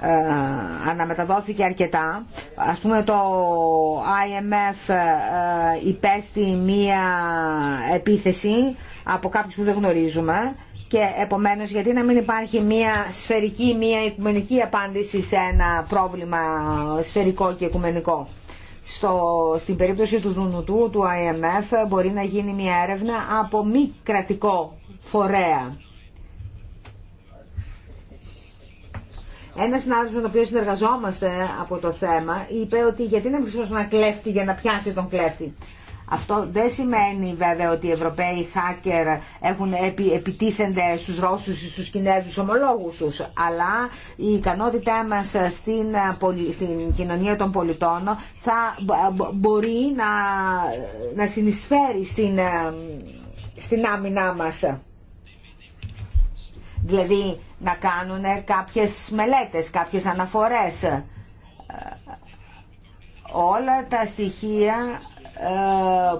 S1: ε, αναμεταδόθηκε αρκετά. Ας πούμε το IMF ε, υπέστη μία επίθεση από κάποιους που δεν γνωρίζουμε και επομένως γιατί να μην υπάρχει μια σφαιρική, μια οικουμενική απάντηση σε ένα πρόβλημα σφαιρικό και οικουμενικό. Στο, στην περίπτωση του Δουνουτού, του IMF, μπορεί να γίνει μια έρευνα από μη κρατικό φορέα. Ένα συνάδελφο με τον οποίο συνεργαζόμαστε από το θέμα είπε ότι γιατί να μην χρησιμοποιήσουμε ένα κλέφτη για να πιάσει τον κλέφτη. Αυτό δεν σημαίνει βέβαια ότι οι Ευρωπαίοι hacker έχουν επιτίθενται στους Ρώσους ή στους Κινέζους ομολόγους τους, αλλά η ικανότητά μας στην, ε, κοινωνία των πολιτών θα ε, μπορεί να, να συνεισφέρει στην, ε, στην άμυνά μας. Δηλαδή να κάνουν κάποιες μελέτες, κάποιες αναφορές όλα τα στοιχεία ε,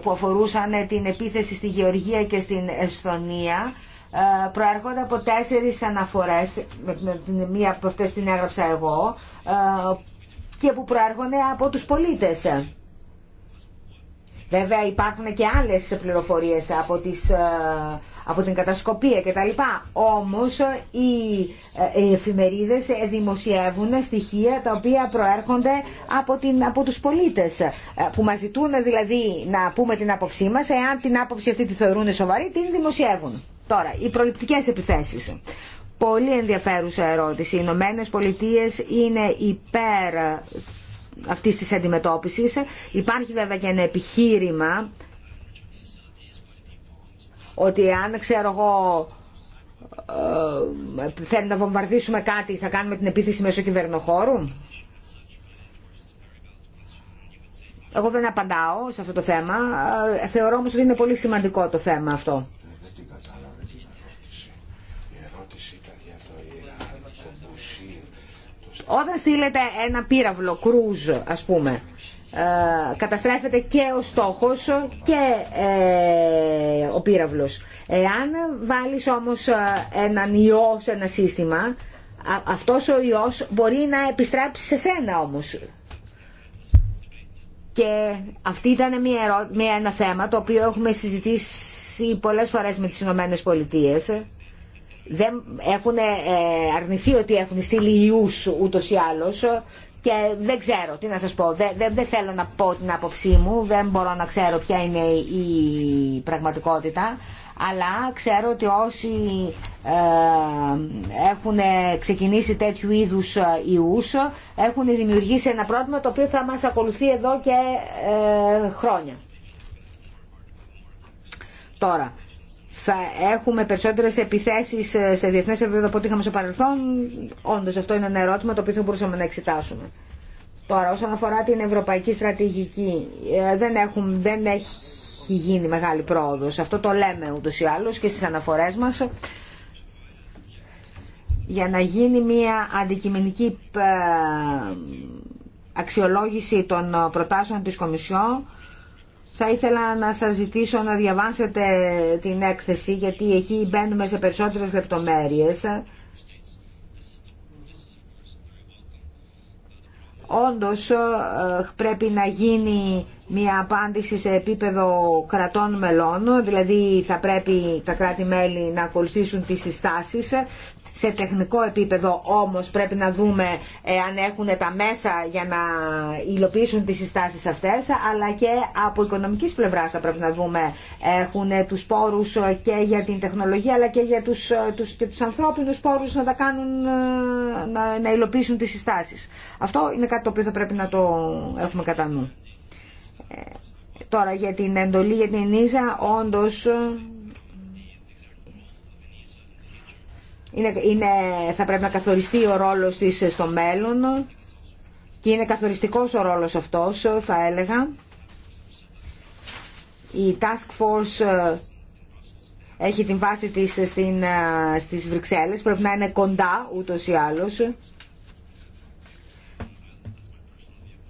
S1: που αφορούσαν την επίθεση στη Γεωργία και στην Εσθονία ε, προέρχονται από τέσσερις αναφορές, μία από αυτές την έγραψα εγώ, ε, και που προέρχονται από τους πολίτες. Βέβαια υπάρχουν και άλλες πληροφορίες από, τις, ε, από την κατασκοπία κτλ. Όμως ε, οι, εφημερίδες δημοσιεύουν στοιχεία τα οποία προέρχονται από, την, από τους πολίτες ε, που μας ζητούν δηλαδή να πούμε την άποψή μας εάν την άποψη αυτή τη θεωρούν σοβαρή την δημοσιεύουν. Τώρα, οι προληπτικές επιθέσεις. Πολύ ενδιαφέρουσα ερώτηση. Οι Ηνωμένε Πολιτείε είναι υπέρ αυτή τη αντιμετώπιση. Υπάρχει βέβαια και ένα επιχείρημα ότι αν ξέρω εγώ ε, θέλει να βομβαρδίσουμε κάτι θα κάνουμε την επίθεση μέσω κυβερνοχώρου. Εγώ δεν απαντάω σε αυτό το θέμα. Ε, θεωρώ όμως ότι είναι πολύ σημαντικό το θέμα αυτό.
S3: Όταν στείλετε
S1: ένα πύραυλο κρούζ, ας πούμε, ε, καταστρέφεται και ο στόχος και ε, ο πύραυλος. Εάν βάλεις όμως ε, έναν ιό σε ένα σύστημα, αυτός ο ιός μπορεί να επιστρέψει σε σένα όμως. Και αυτή ήταν μια, ένα θέμα το οποίο έχουμε συζητήσει πολλές φορές με τις Ηνωμένε Πολιτείες δεν έχουν ε, αρνηθεί ότι έχουν στείλει ιούς ούτως ή άλλως και δεν ξέρω τι να σας πω, δεν, δεν, θέλω να πω την άποψή μου, δεν μπορώ να ξέρω ποια είναι η πραγματικότητα αλλά ξέρω ότι όσοι ε, έχουν ξεκινήσει τέτοιου είδους ε, ιούς έχουν δημιουργήσει ένα πρόβλημα το οποίο θα μας ακολουθεί εδώ και χρόνια. Τώρα, θα έχουμε περισσότερες επιθέσεις σε διεθνέ επίπεδο από ό,τι είχαμε στο παρελθόν. όντω αυτό είναι ένα ερώτημα το οποίο θα μπορούσαμε να εξετάσουμε. Τώρα, όσον αφορά την ευρωπαϊκή στρατηγική, ε, δεν, έχουν, δεν έχει γίνει μεγάλη πρόοδο. Αυτό το λέμε ούτω ή άλλω και στι αναφορέ μας. Για να γίνει μια αντικειμενική ε, αξιολόγηση των προτάσεων της Κομισιόν, θα ήθελα να σας ζητήσω να διαβάσετε την έκθεση γιατί εκεί μπαίνουμε σε περισσότερες λεπτομέρειες. Όντως ε, πρέπει να γίνει μια απάντηση σε επίπεδο κρατών μελών, δηλαδή θα πρέπει τα κράτη-μέλη να ακολουθήσουν τις συστάσεις σε τεχνικό επίπεδο όμως πρέπει να δούμε ε, αν έχουν τα μέσα για να υλοποιήσουν τις συστάσεις αυτές, αλλά και από οικονομικής πλευράς θα πρέπει να δούμε έχουν τους πόρους ε, και για την τεχνολογία, αλλά και για τους, ε, τους, και τους ανθρώπινους πόρους να τα κάνουν, να, να υλοποιήσουν τις συστάσεις. Αυτό είναι κάτι το οποίο θα πρέπει να το έχουμε κατά νου. Τώρα για την εντολή για την Ενίζα, όντως είναι, θα πρέπει να καθοριστεί ο ρόλος της στο μέλλον και είναι καθοριστικός ο ρόλος αυτός, θα έλεγα. Η Task Force ε, έχει την βάση της στην, ε, στις Βρυξέλλες, πρέπει να είναι κοντά ούτως ή άλλως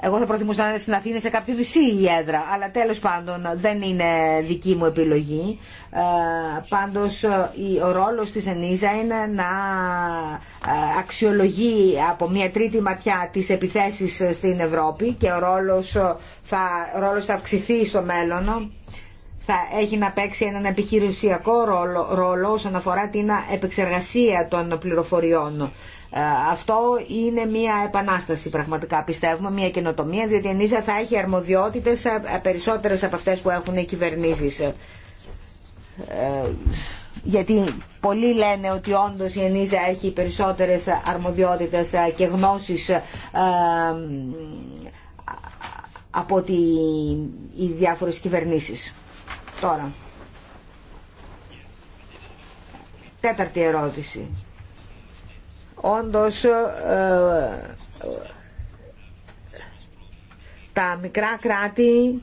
S1: Εγώ θα προτιμούσα να είναι στην Αθήνα σε κάποιο νησί η έδρα, αλλά τέλος πάντων δεν είναι δική μου επιλογή. Ε, πάντως ο ρόλος της ΕΝΙΖΑ είναι να ε, αξιολογεί από μια τρίτη ματιά τις επιθέσεις στην Ευρώπη και ο ρόλος ε, θα, ρόλος θα αυξηθεί στο μέλλον θα έχει να παίξει έναν επιχειρησιακό ρόλο, ρόλο όσον αφορά την επεξεργασία των πληροφοριών ε, αυτό είναι μια επανάσταση πραγματικά πιστεύουμε, μια καινοτομία, διότι η ΕΝΙΖΑ θα έχει αρμοδιότητες ε, ε, περισσότερες από αυτές που έχουν οι κυβερνήσεις. Γιατί πολλοί λένε ότι όντως η ΕΝΙΖΑ έχει περισσότερες αρμοδιότητες και γνώσεις από ότι οι διάφορες κυβερνήσεις. Τώρα, τέταρτη ερώτηση όντως ε, τα μικρά κράτη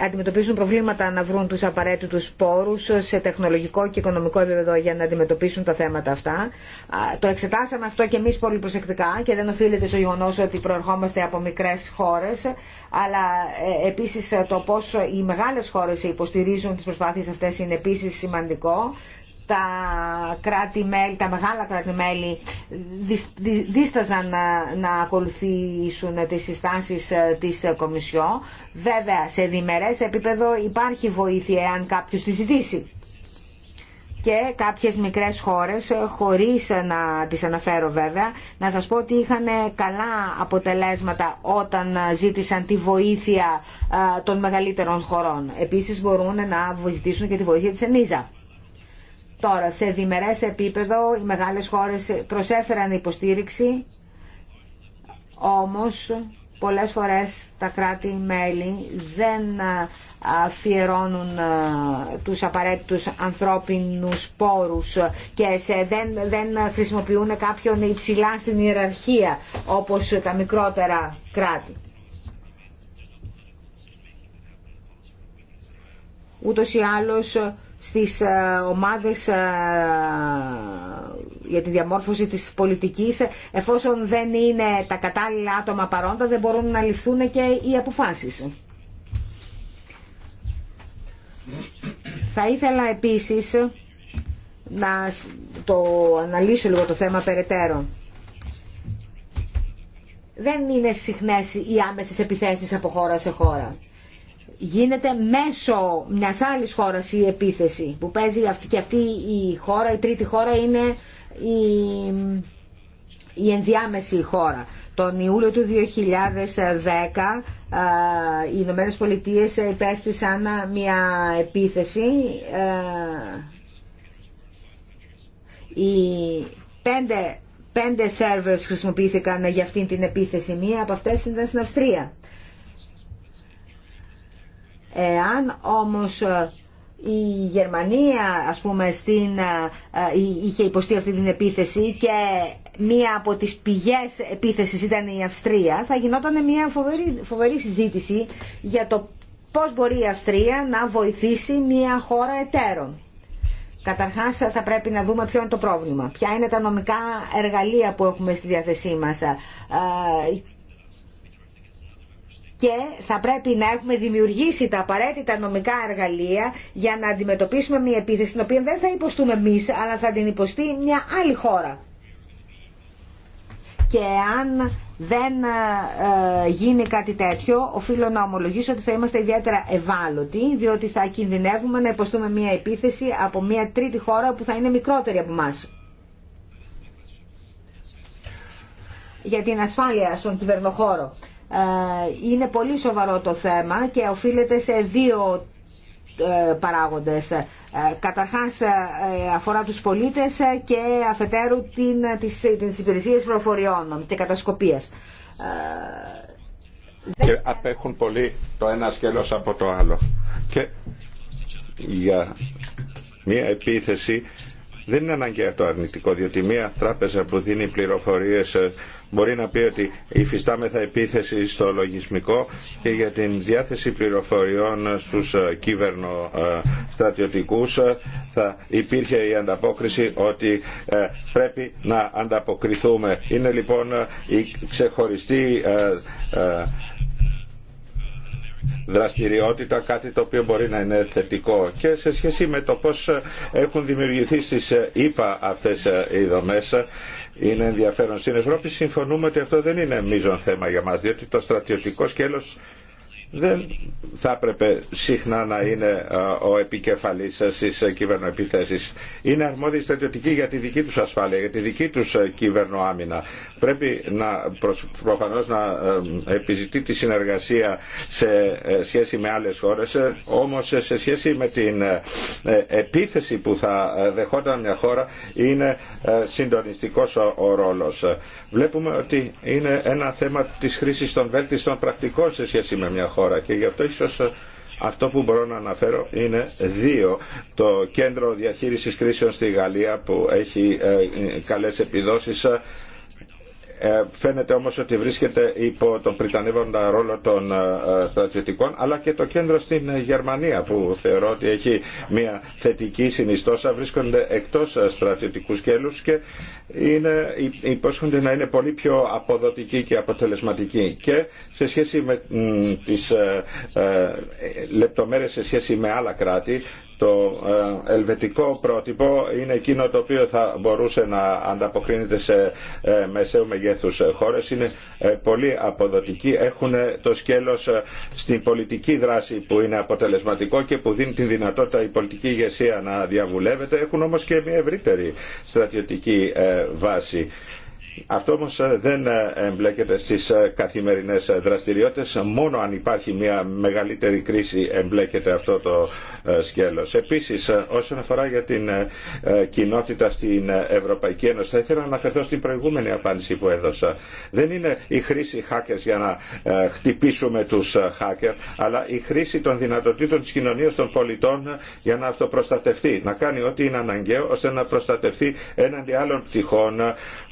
S1: αντιμετωπίζουν προβλήματα να βρουν τους απαραίτητους πόρους σε τεχνολογικό και οικονομικό επίπεδο για να αντιμετωπίσουν τα θέματα αυτά. Το εξετάσαμε αυτό και εμείς πολύ προσεκτικά και δεν οφείλεται στο γεγονό ότι προερχόμαστε από μικρές χώρες, αλλά ε, επίσης το πώς οι μεγάλες χώρες υποστηρίζουν τις προσπάθειες αυτές είναι επίσης σημαντικό τα κράτη-μέλη, τα μεγάλα κράτη-μέλη δίσταζαν να, να ακολουθήσουν τις συστάσεις ε, της Κομισιό. Βέβαια, σε διμερές επίπεδο υπάρχει βοήθεια αν κάποιος τη ζητήσει. Και κάποιες μικρές χώρες, ε, χωρίς να τις αναφέρω βέβαια, να σας πω ότι είχαν ε, καλά αποτελέσματα όταν ζήτησαν τη βοήθεια των μεγαλύτερων χωρών. Επίσης μπορούν να βοηθήσουν και τη βοήθεια της ΕΝΙΖΑ. Τώρα, σε διμερές επίπεδο οι μεγάλες χώρες προσέφεραν υποστήριξη, όμως πολλές φορές τα κράτη-μέλη δεν αφιερώνουν ε, τους απαραίτητους ανθρώπινους πόρους και σε, δεν, δεν χρησιμοποιούν κάποιον υψηλά στην ιεραρχία όπως τα μικρότερα κράτη. Ούτως ή άλλως στις ε, ομάδες ε, για τη διαμόρφωση της πολιτικής εφόσον δεν είναι τα κατάλληλα άτομα παρόντα δεν μπορούν να ληφθούν και οι αποφάσεις. Θα ήθελα επίσης να το αναλύσω λίγο το θέμα περαιτέρω. Δεν είναι συχνές οι άμεσες επιθέσεις από χώρα σε χώρα γίνεται μέσω μιας άλλης χώρας η επίθεση που παίζει αυτή και αυτή η χώρα, η τρίτη χώρα είναι η, η ενδιάμεση χώρα. Τον Ιούλιο του 2010 οι Ηνωμένε Πολιτείε υπέστησαν μια επίθεση. Οι πέντε, πέντε σερβερς χρησιμοποιήθηκαν για αυτή την επίθεση. Μία από αυτές ήταν στην Αυστρία. Εάν όμως ε, η Γερμανία ας πούμε στην, ε, ε, είχε υποστεί αυτή την επίθεση και μία από τις πηγές επίθεσης ήταν η Αυστρία θα γινόταν μια φοβερή, φοβερή συζήτηση για το πώς μπορεί η Αυστρία να βοηθήσει μια χώρα εταίρων. Καταρχάς θα πρέπει να δούμε ποιο είναι το πρόβλημα, ποια είναι τα νομικά εργαλεία που έχουμε στη διάθεσή μας και θα πρέπει να έχουμε δημιουργήσει τα απαραίτητα νομικά εργαλεία για να αντιμετωπίσουμε μια επίθεση την οποία δεν θα υποστούμε εμεί, αλλά θα την υποστεί μια άλλη χώρα. Και αν δεν ε, γίνει κάτι τέτοιο, οφείλω να ομολογήσω ότι θα είμαστε ιδιαίτερα ευάλωτοι, διότι θα κινδυνεύουμε να υποστούμε μια επίθεση από μια τρίτη χώρα που θα είναι μικρότερη από εμά. Για την ασφάλεια στον κυβερνοχώρο. Ε, είναι πολύ σοβαρό το θέμα και οφείλεται σε δύο ε, παράγοντες. Ε, καταρχάς αφορά τους πολίτες και αφετέρου την, τις, τις υπηρεσίες προφοριών και κατασκοπίας.
S3: Και απέχουν πολύ το ένα σκέλος από το άλλο. Και για μια επίθεση δεν είναι αναγκαία το αρνητικό, διότι μια τράπεζα που δίνει πληροφορίες μπορεί να πει ότι υφιστάμεθα επίθεση στο λογισμικό και για την διάθεση πληροφοριών στους ε, κύβερνο-στρατιωτικούς ε, ε, θα υπήρχε η ανταπόκριση ότι πρέπει να ανταποκριθούμε. Είναι λοιπόν η ξεχωριστή δραστηριότητα, κάτι το οποίο μπορεί να είναι θετικό. Και σε σχέση με το πώς έχουν δημιουργηθεί στις ΕΠΑ αυτές οι δομές, είναι ενδιαφέρον. Στην Ευρώπη συμφωνούμε ότι αυτό δεν είναι μείζον θέμα για μας, διότι το στρατιωτικό σκέλος δεν θα έπρεπε συχνά να είναι ε, ο επικεφαλής στις ε, κυβερνοεπιθέσεις. Είναι αρμόδιοι στρατιωτικοί για τη δική τους ασφάλεια, για τη δική τους ε, κυβερνοάμυνα. Πρέπει να προφανώς να επιζητεί τη συνεργασία σε σχέση με άλλες χώρες, όμως σε σχέση με την επίθεση που θα δεχόταν μια χώρα είναι συντονιστικός ο ρόλος. Βλέπουμε ότι είναι ένα θέμα της χρήσης των βέλτιστων πρακτικών σε σχέση με μια χώρα και γι' αυτό ίσως ε, αυτό που μπορώ να αναφέρω είναι δύο. Το κέντρο διαχείρισης κρίσεων στη Γαλλία που έχει ε, ε, καλές επιδόσεις ε, φαίνεται όμως ότι βρίσκεται υπό τον πριτανεύοντα ρόλο των ε, ε, στρατιωτικών αλλά και το κέντρο στην Γερμανία που θεωρώ ότι έχει μια θετική συνιστόσα βρίσκονται εκτός στρατιωτικού σκέλους και είναι, υπόσχονται να είναι πολύ πιο αποδοτική και αποτελεσματική και σε σχέση με τις λεπτομέρειες σε σχέση με άλλα κράτη το ε, ελβετικό πρότυπο είναι εκείνο το οποίο θα μπορούσε να ανταποκρίνεται σε ε, μεσαίου μεγέθους χώρες. Είναι ε, πολύ αποδοτικοί, έχουν το σκέλος στην πολιτική δράση που είναι αποτελεσματικό και που δίνει τη δυνατότητα η πολιτική ηγεσία να διαβουλεύεται. Έχουν όμως και μια ευρύτερη στρατιωτική βάση αυτό όμως ε, δεν ε, εμπλέκεται στις ε, καθημερινές δραστηριότητες, μόνο αν υπάρχει μια μεγαλύτερη κρίση εμπλέκεται αυτό το σκέλος. Επίσης, όσον αφορά για την κοινότητα στην Ευρωπαϊκή Ένωση, θα ήθελα να αναφερθώ στην προηγούμενη απάντηση που έδωσα. Δεν είναι η χρήση hackers για να χτυπήσουμε τους hackers αλλά η χρήση των δυνατοτήτων της κοινωνίας των πολιτών για να αυτοπροστατευτεί, να κάνει ό,τι είναι αναγκαίο ώστε να προστατευτεί έναντι άλλων πτυχών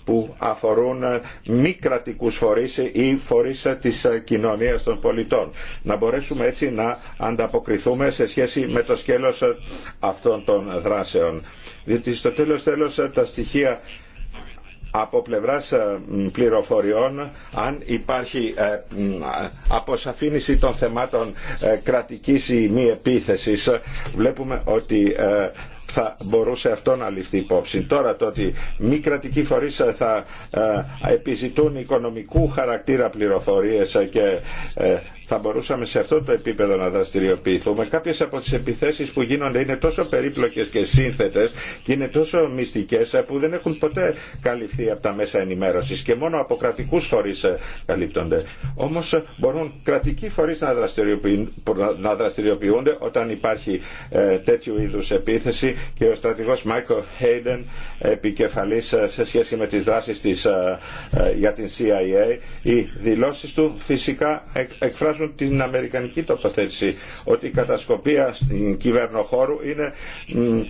S3: που αφορούν μη κρατικούς φορείς ή φορείς της κοινωνίας των πολιτών. Να μπορέσουμε έτσι να ανταποκριθούμε σε σχέση με το σκέλος αυτών των δράσεων. Διότι στο τέλος τέλος τα στοιχεία από πλευράς ε, πληροφοριών αν υπάρχει ε, αποσαφήνιση των θεμάτων ε, κρατικής ή μη επίθεσης βλέπουμε ότι θα μπορούσε αυτό να ληφθεί υπόψη. Τώρα το ότι μη κρατικοί φορεί θα ε, επιζητούν οικονομικού χαρακτήρα πληροφορίες και ε, θα μπορούσαμε σε αυτό το επίπεδο να δραστηριοποιηθούμε. Κάποιε από τι επιθέσει που γίνονται είναι τόσο περίπλοκε και σύνθετε και είναι τόσο μυστικέ που δεν έχουν ποτέ καλυφθεί από τα μέσα ενημέρωση και μόνο από κρατικού φορεί ε, καλύπτονται. Όμω μπορούν κρατικοί φορεί να, δραστηριοποιούνται όταν υπάρχει ε, τέτοιου είδου επίθεση και ο στρατηγό Μάικο Χέιντεν, επικεφαλή ε, σε σχέση με τι δράσει για την CIA, οι δηλώσει του φυσικά εκφράζουν την αμερικανική τοποθέτηση ότι η κατασκοπία στην κυβερνοχώρου είναι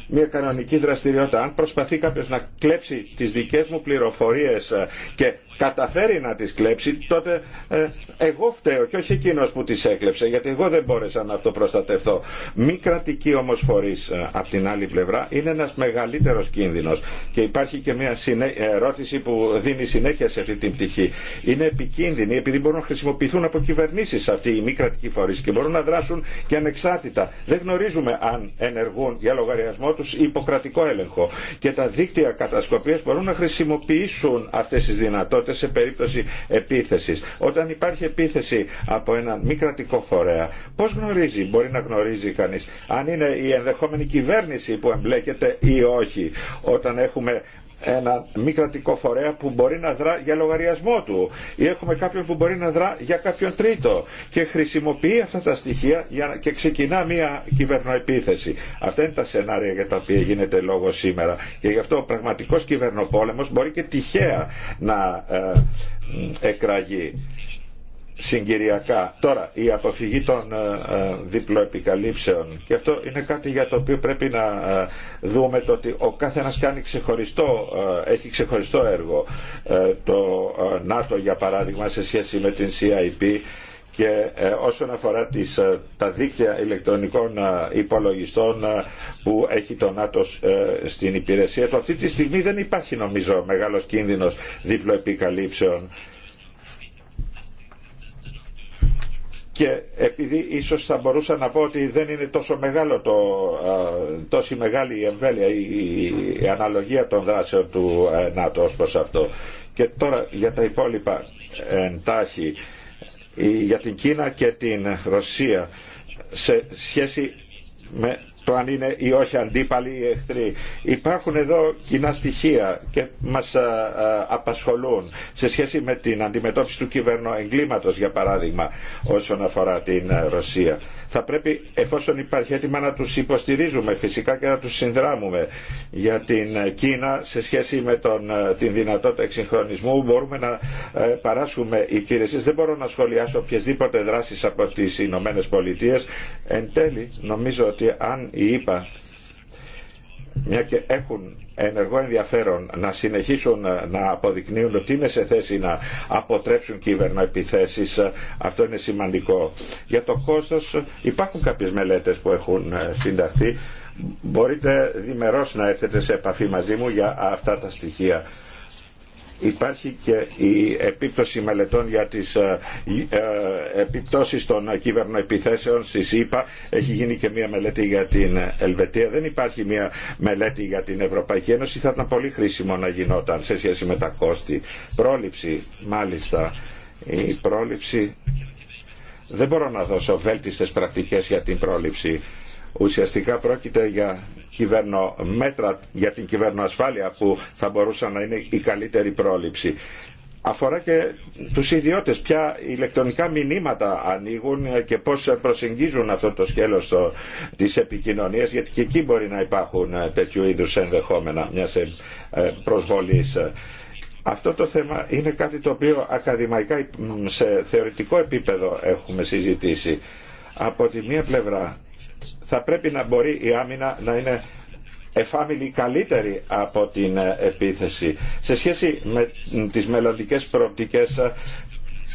S3: μια κανονική δραστηριότητα. Αν προσπαθεί κάποιο να κλέψει τι δικέ μου πληροφορίε ε, και καταφέρει να τις κλέψει, τότε ε, εγώ φταίω και όχι εκείνος που τις έκλεψε, γιατί εγώ δεν μπόρεσα να αυτοπροστατευτώ. Μη κρατική όμως φορείς ε, από την άλλη πλευρά είναι ένας μεγαλύτερος κίνδυνος και υπάρχει και μια ε, ερώτηση που δίνει συνέχεια σε αυτή την πτυχή. Είναι επικίνδυνη επειδή μπορούν να χρησιμοποιηθούν από κυβερνήσεις αυτοί οι μη κρατικοί φορείς και μπορούν να δράσουν και ανεξάρτητα. Δεν γνωρίζουμε αν ενεργούν για λογαριασμό τους υποκρατικό έλεγχο και τα δίκτυα κατασκοπίας μπορούν να χρησιμοποιήσουν αυτές τις δυνατότητες σε περίπτωση επίθεση. Όταν υπάρχει επίθεση από έναν μη κρατικό φορέα, πώς γνωρίζει, μπορεί να γνωρίζει κανείς, αν είναι η ενδεχόμενη κυβέρνηση που εμπλέκεται ή όχι, όταν έχουμε ένα μη κρατικό φορέα που μπορεί να δρά για λογαριασμό του ή έχουμε κάποιον που μπορεί να δρά για κάποιον τρίτο και χρησιμοποιεί αυτά τα στοιχεία για να... και ξεκινά μια κυβερνοεπίθεση. Αυτά είναι τα σενάρια για τα οποία γίνεται λόγο σήμερα και γι' αυτό ο πραγματικός κυβερνοπόλεμος μπορεί και τυχαία να ε, εκραγεί συγκυριακά. Τώρα, η αποφυγή των ε, ε, διπλοεπικαλύψεων και αυτό είναι κάτι για το οποίο πρέπει να ε, δούμε το ότι ο κάθε ένας κάνει ξεχωριστό, έχει ξεχωριστό έργο. Το ΝΑΤΟ για παράδειγμα σε σχέση με την CIP και όσον αφορά τις, τα δίκτυα ηλεκτρονικών υπολογιστών που έχει το ΝΑΤΟ στην υπηρεσία του αυτή τη στιγμή δεν υπάρχει νομίζω μεγάλος κίνδυνος δίπλο και επειδή ίσως θα μπορούσα να πω ότι δεν είναι τόσο μεγάλο το, τόση μεγάλη η εμβέλεια, η, αναλογία των δράσεων του ε, ΝΑΤΟ ως προς αυτό. Και τώρα για τα υπόλοιπα ε, εντάχει, για την Κίνα και την Ρωσία σε σχέση με το αν είναι ή όχι αντίπαλοι ή εχθροί. Υπάρχουν εδώ κοινά στοιχεία και μας απασχολούν σε σχέση με την αντιμετώπιση του κυβερνοεγκλήματος για παράδειγμα όσον αφορά την Ρωσία θα πρέπει εφόσον υπάρχει έτοιμα να τους υποστηρίζουμε φυσικά και να τους συνδράμουμε για την Κίνα σε σχέση με τον, ε, την δυνατότητα εξυγχρονισμού μπορούμε να ε, παράσχουμε υπηρεσίες. Δεν μπορώ να σχολιάσω οποιασδήποτε δράσεις από τις Ηνωμένε Πολιτείες. Εν τέλει νομίζω ότι αν η ΕΠΑ μια και έχουν ενεργό ενδιαφέρον να συνεχίσουν ε, να αποδεικνύουν ότι είναι σε θέση να αποτρέψουν επιθέσεις ε, αυτό είναι σημαντικό για το κόστος υπάρχουν κάποιες μελέτες που έχουν ε, συνταχθεί μπορείτε διμερώς να έρθετε σε επαφή μαζί μου για αυτά τα στοιχεία υπάρχει και η επίπτωση μελετών για τις ε, ε, επιπτώσεις των κυβερνοεπιθέσεων στη ΣΥΠΑ. Έχει γίνει και μια μελέτη για την Ελβετία. Δεν υπάρχει μια μελέτη για την Ευρωπαϊκή Ένωση. Θα ήταν πολύ χρήσιμο να γινόταν σε σχέση με τα κόστη. Πρόληψη, μάλιστα. Η πρόληψη... Δεν μπορώ να δώσω βέλτιστες πρακτικές για την πρόληψη Ουσιαστικά πρόκειται για μέτρα για την κυβερνοασφάλεια που θα μπορούσαν να είναι η καλύτερη πρόληψη. Αφορά και τους ιδιώτες, ποια ηλεκτρονικά μηνύματα ανοίγουν και πώς προσεγγίζουν αυτό το σκέλος το, της επικοινωνίας, γιατί και εκεί μπορεί να υπάρχουν ε, τέτοιου είδους ενδεχόμενα μιας ε, ε, προσβολής. Αυτό το θέμα είναι κάτι το οποίο ακαδημαϊκά σε θεωρητικό επίπεδο έχουμε συζητήσει. Από τη μία πλευρά θα πρέπει να μπορεί η άμυνα να είναι εφάμιλη καλύτερη από την επίθεση. Σε σχέση με τις μελλοντικές προοπτικές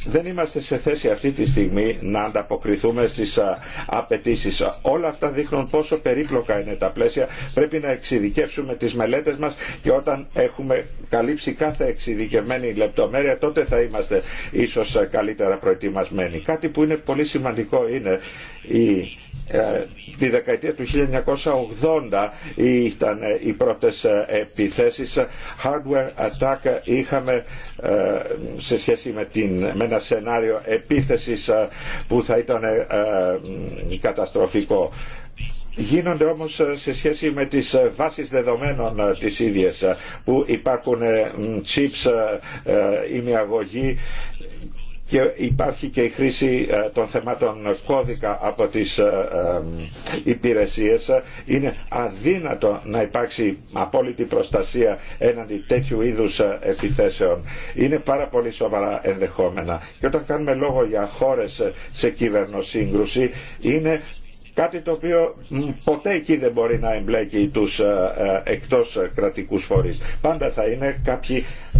S3: δεν είμαστε σε θέση αυτή τη στιγμή να ανταποκριθούμε στις απαιτήσει. Όλα αυτά δείχνουν πόσο περίπλοκα είναι τα πλαίσια. Πρέπει να εξειδικεύσουμε τις μελέτες μας και όταν έχουμε καλύψει κάθε εξειδικευμένη λεπτομέρεια τότε θα είμαστε ίσως καλύτερα προετοιμασμένοι. Κάτι που είναι πολύ σημαντικό είναι η ε, τη δεκαετία του 1980 ήταν οι πρώτες ε, επιθέσεις hardware attack είχαμε ε, σε σχέση με, την, με ένα σενάριο επίθεσης που θα ήταν καταστροφικό γίνονται όμως σε σχέση με τις βάσεις δεδομένων της ίδιας που υπάρχουν chips ημιαγωγή και υπάρχει και η χρήση ε, των θεμάτων κώδικα από τις ε, ε, υπηρεσίες. Είναι αδύνατο να υπάρξει απόλυτη προστασία έναντι τέτοιου είδους επιθέσεων. Είναι πάρα πολύ σοβαρά ενδεχόμενα. Και όταν κάνουμε λόγο για χώρες σε κυβερνοσύγκρουση είναι Κάτι το οποίο ποτέ εκεί δεν μπορεί να εμπλέκει τους ε, ε, εκτός κρατικούς φορείς. Πάντα θα είναι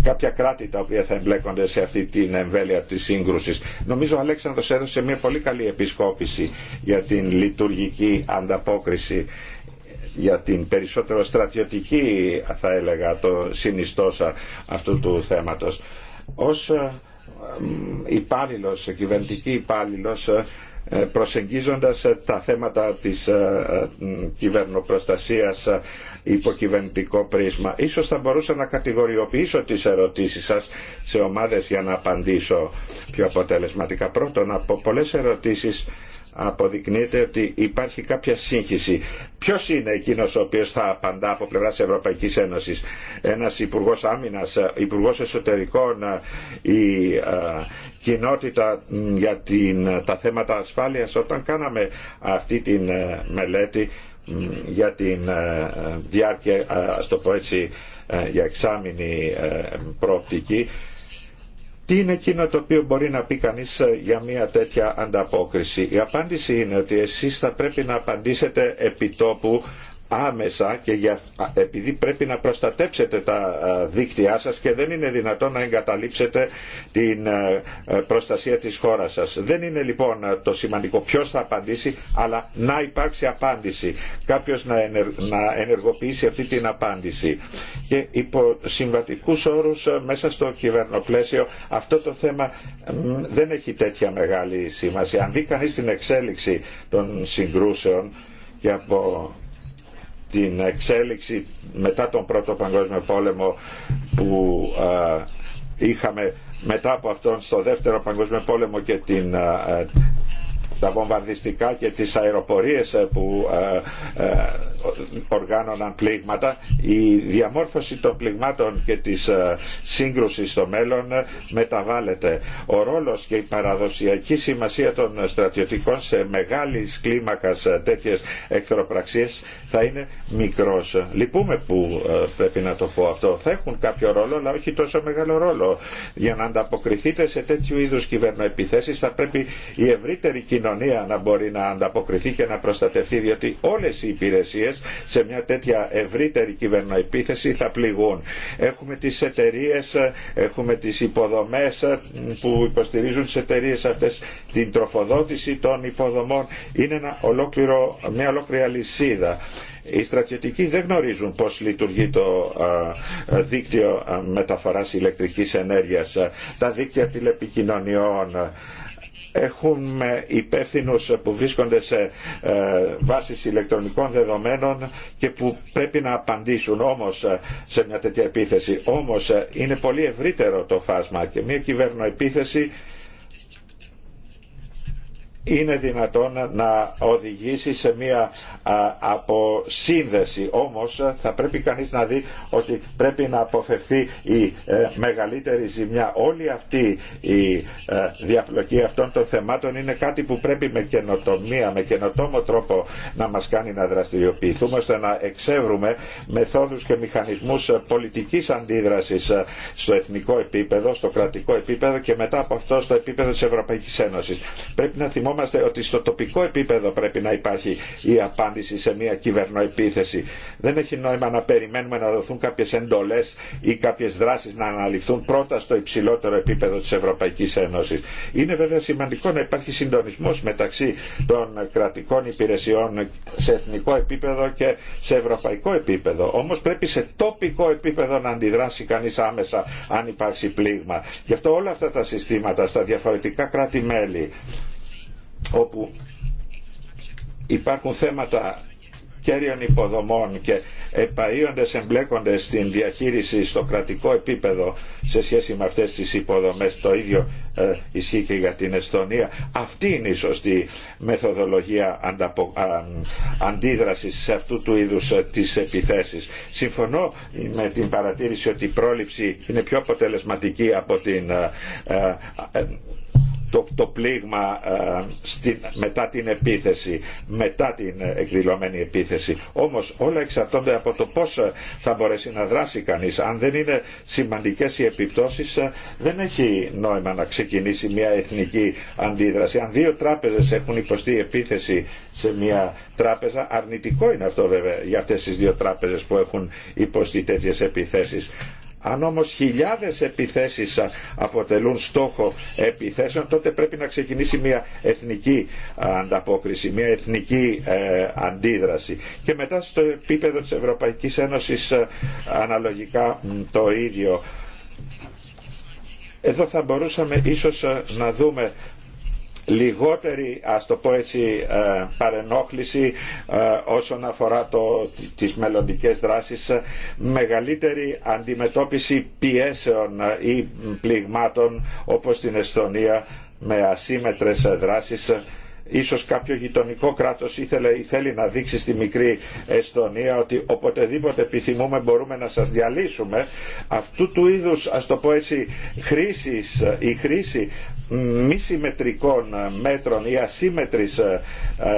S3: κάποια κράτη τα οποία θα εμπλέκονται σε αυτή την εμβέλεια της σύγκρουσης. Νομίζω ο Αλέξανδρος έδωσε μια πολύ καλή επισκόπηση για την λειτουργική ανταπόκριση για την περισσότερο στρατιωτική θα έλεγα το συνιστόσα αυτού του θέματος. Ως ε, υπάλληλος, κυβερνητική υπάλληλος ε, προσεγγίζοντας ε, τα θέματα της ε, κυβερνοπροστασίας υποκυβερνητικό πρίσμα. Ίσως θα μπορούσα να κατηγοριοποιήσω τις ερωτήσεις σας σε ομάδες για να απαντήσω πιο αποτελεσματικά. Πρώτον, από πολλές ερωτήσεις αποδεικνύεται ότι υπάρχει κάποια σύγχυση. Ποιο είναι εκείνο ο οποίο θα απαντά από πλευρά τη Ευρωπαϊκή Ένωση, ένα υπουργό άμυνα, ε, υπουργό εσωτερικών, ε, η ε, κοινότητα για την, τα θέματα ασφάλεια. Όταν κάναμε αυτή τη μελέτη για την διάρκεια, α το πω έτσι, για εξάμεινη προοπτική, τι είναι εκείνο το οποίο μπορεί να πει κανείς ε, για μια τέτοια ανταπόκριση. Η απάντηση είναι ότι εσείς θα πρέπει να απαντήσετε επί τόπου άμεσα και για, επειδή πρέπει να προστατέψετε τα δίκτυά σας και δεν είναι δυνατόν να εγκαταλείψετε την προστασία της χώρας σας. Δεν είναι λοιπόν το σημαντικό ποιος θα απαντήσει, αλλά να υπάρξει απάντηση. Κάποιος να, ενεργοποιήσει αυτή την απάντηση. Και υπό συμβατικούς όρους μέσα στο κυβερνοπλαίσιο αυτό το θέμα δεν έχει τέτοια μεγάλη σημασία. Αν δει κανείς την εξέλιξη των συγκρούσεων και από την εξέλιξη μετά τον Πρώτο Παγκόσμιο Πόλεμο που είχαμε μετά από αυτόν στο Δεύτερο Παγκόσμιο Πόλεμο και την τα βομβαρδιστικά και τις αεροπορίες ε, που ε, ε, οργάνωναν πλήγματα η διαμόρφωση των πληγμάτων και της σύγκρουσης στο μέλλον μεταβάλλεται. Ο ρόλος και η παραδοσιακή σημασία των στρατιωτικών σε μεγάλη κλίμακα τέτοιες εχθροπραξίες θα είναι μικρός. Λυπούμε που πρέπει να το πω αυτό. Θα έχουν κάποιο ρόλο αλλά όχι τόσο μεγάλο ρόλο. Για να ανταποκριθείτε σε τέτοιου είδους κυβερνοεπιθέσεις θα πρέπει η ευρύτερη κοινωνία να μπορεί να ανταποκριθεί και να προστατευτεί διότι όλες οι υπηρεσίες σε μια τέτοια ευρύτερη κυβερνοεπίθεση θα πληγούν. Έχουμε τις εταιρείε, έχουμε τις υποδομές που υποστηρίζουν τις εταιρείε αυτές, την τροφοδότηση των υποδομών. Είναι ένα ολόκληρο, μια ολόκληρη αλυσίδα. Οι στρατιωτικοί δεν γνωρίζουν πώς λειτουργεί το δίκτυο μεταφοράς ηλεκτρικής ενέργειας, τα δίκτυα τηλεπικοινωνιών, έχουμε υπεύθυνους που βρίσκονται σε ε, βάσεις ηλεκτρονικών δεδομένων και που πρέπει να απαντήσουν όμως ε, σε μια τέτοια επίθεση. Όμως ε, είναι πολύ ευρύτερο το φάσμα και μια κυβερνοεπίθεση είναι δυνατόν να οδηγήσει σε μια αποσύνδεση. Όμως θα πρέπει κανείς να δει ότι πρέπει να αποφευθεί η ε, μεγαλύτερη ζημιά. Όλη αυτή η ε, διαπλοκή αυτών των θεμάτων είναι κάτι που πρέπει με καινοτομία, με καινοτόμο τρόπο να μας κάνει να δραστηριοποιηθούμε ώστε να εξεύρουμε μεθόδους και μηχανισμούς πολιτικής αντίδρασης στο εθνικό επίπεδο, στο κρατικό επίπεδο και μετά από αυτό στο επίπεδο της Ευρωπαϊκής Ένωσης. Πρέπει να αντιλαμβανόμαστε ότι στο τοπικό επίπεδο πρέπει να υπάρχει η απάντηση σε μια κυβερνοεπίθεση. Δεν έχει νόημα να περιμένουμε να δοθούν κάποιες εντολές ή κάποιες δράσεις να αναλυφθούν πρώτα στο υψηλότερο επίπεδο της Ευρωπαϊκής Ένωσης. Είναι βέβαια σημαντικό να υπάρχει συντονισμός μεταξύ των κρατικών υπηρεσιών σε εθνικό επίπεδο και σε ευρωπαϊκό επίπεδο. Όμως πρέπει σε τοπικό επίπεδο να αντιδράσει κανείς άμεσα αν υπάρξει πλήγμα. Γι' αυτό όλα αυτά τα συστήματα στα διαφορετικά κράτη-μέλη όπου υπάρχουν θέματα κέριων υποδομών και επαΐοντες εμπλέκονται στην διαχείριση στο κρατικό επίπεδο σε σχέση με αυτές τις υποδομές το ίδιο ε, ισχύει και για την Εστονία αυτή είναι η σωστή μεθοδολογία ανταπο, αντίδρασης σε αυτού του είδους ε, τις επιθέσεις συμφωνώ με την παρατήρηση ότι η πρόληψη είναι πιο αποτελεσματική από την ε, ε, το, το πλήγμα ε, στην, μετά την επίθεση, μετά την εκδηλωμένη επίθεση. Όμως όλα εξαρτώνται από το πώς θα μπορέσει να δράσει κανείς. Αν δεν είναι σημαντικές οι επιπτώσεις ε, δεν έχει νόημα να ξεκινήσει μια εθνική αντίδραση. Αν δύο τράπεζες έχουν υποστεί επίθεση σε μια τράπεζα, αρνητικό είναι αυτό βέβαια για αυτές τις δύο τράπεζες που έχουν υποστεί τέτοιες επιθέσεις. Αν όμως χιλιάδες επιθέσεις αποτελούν στόχο επιθέσεων, τότε πρέπει να ξεκινήσει μια εθνική ανταπόκριση, μια εθνική ε, αντίδραση. Και μετά στο επίπεδο της Ευρωπαϊκής Ένωσης ε, αναλογικά το ίδιο. Εδώ θα μπορούσαμε ίσως ε, να δούμε λιγότερη ας το πω έτσι ε, παρενόχληση ε, όσον αφορά το, τις μελλοντικές δράσεις μεγαλύτερη αντιμετώπιση πιέσεων ε, ή πληγμάτων όπως στην Εστονία με ασύμετρες δράσεις ίσως κάποιο γειτονικό κράτος ήθελε ή θέλει να δείξει στη μικρή Εστονία ότι οποτεδήποτε επιθυμούμε μπορούμε να σας διαλύσουμε αυτού του είδους ας το πω έτσι χρήσης, η χρήση μη συμμετρικών μέτρων ή ασύμμετρης ε, ε,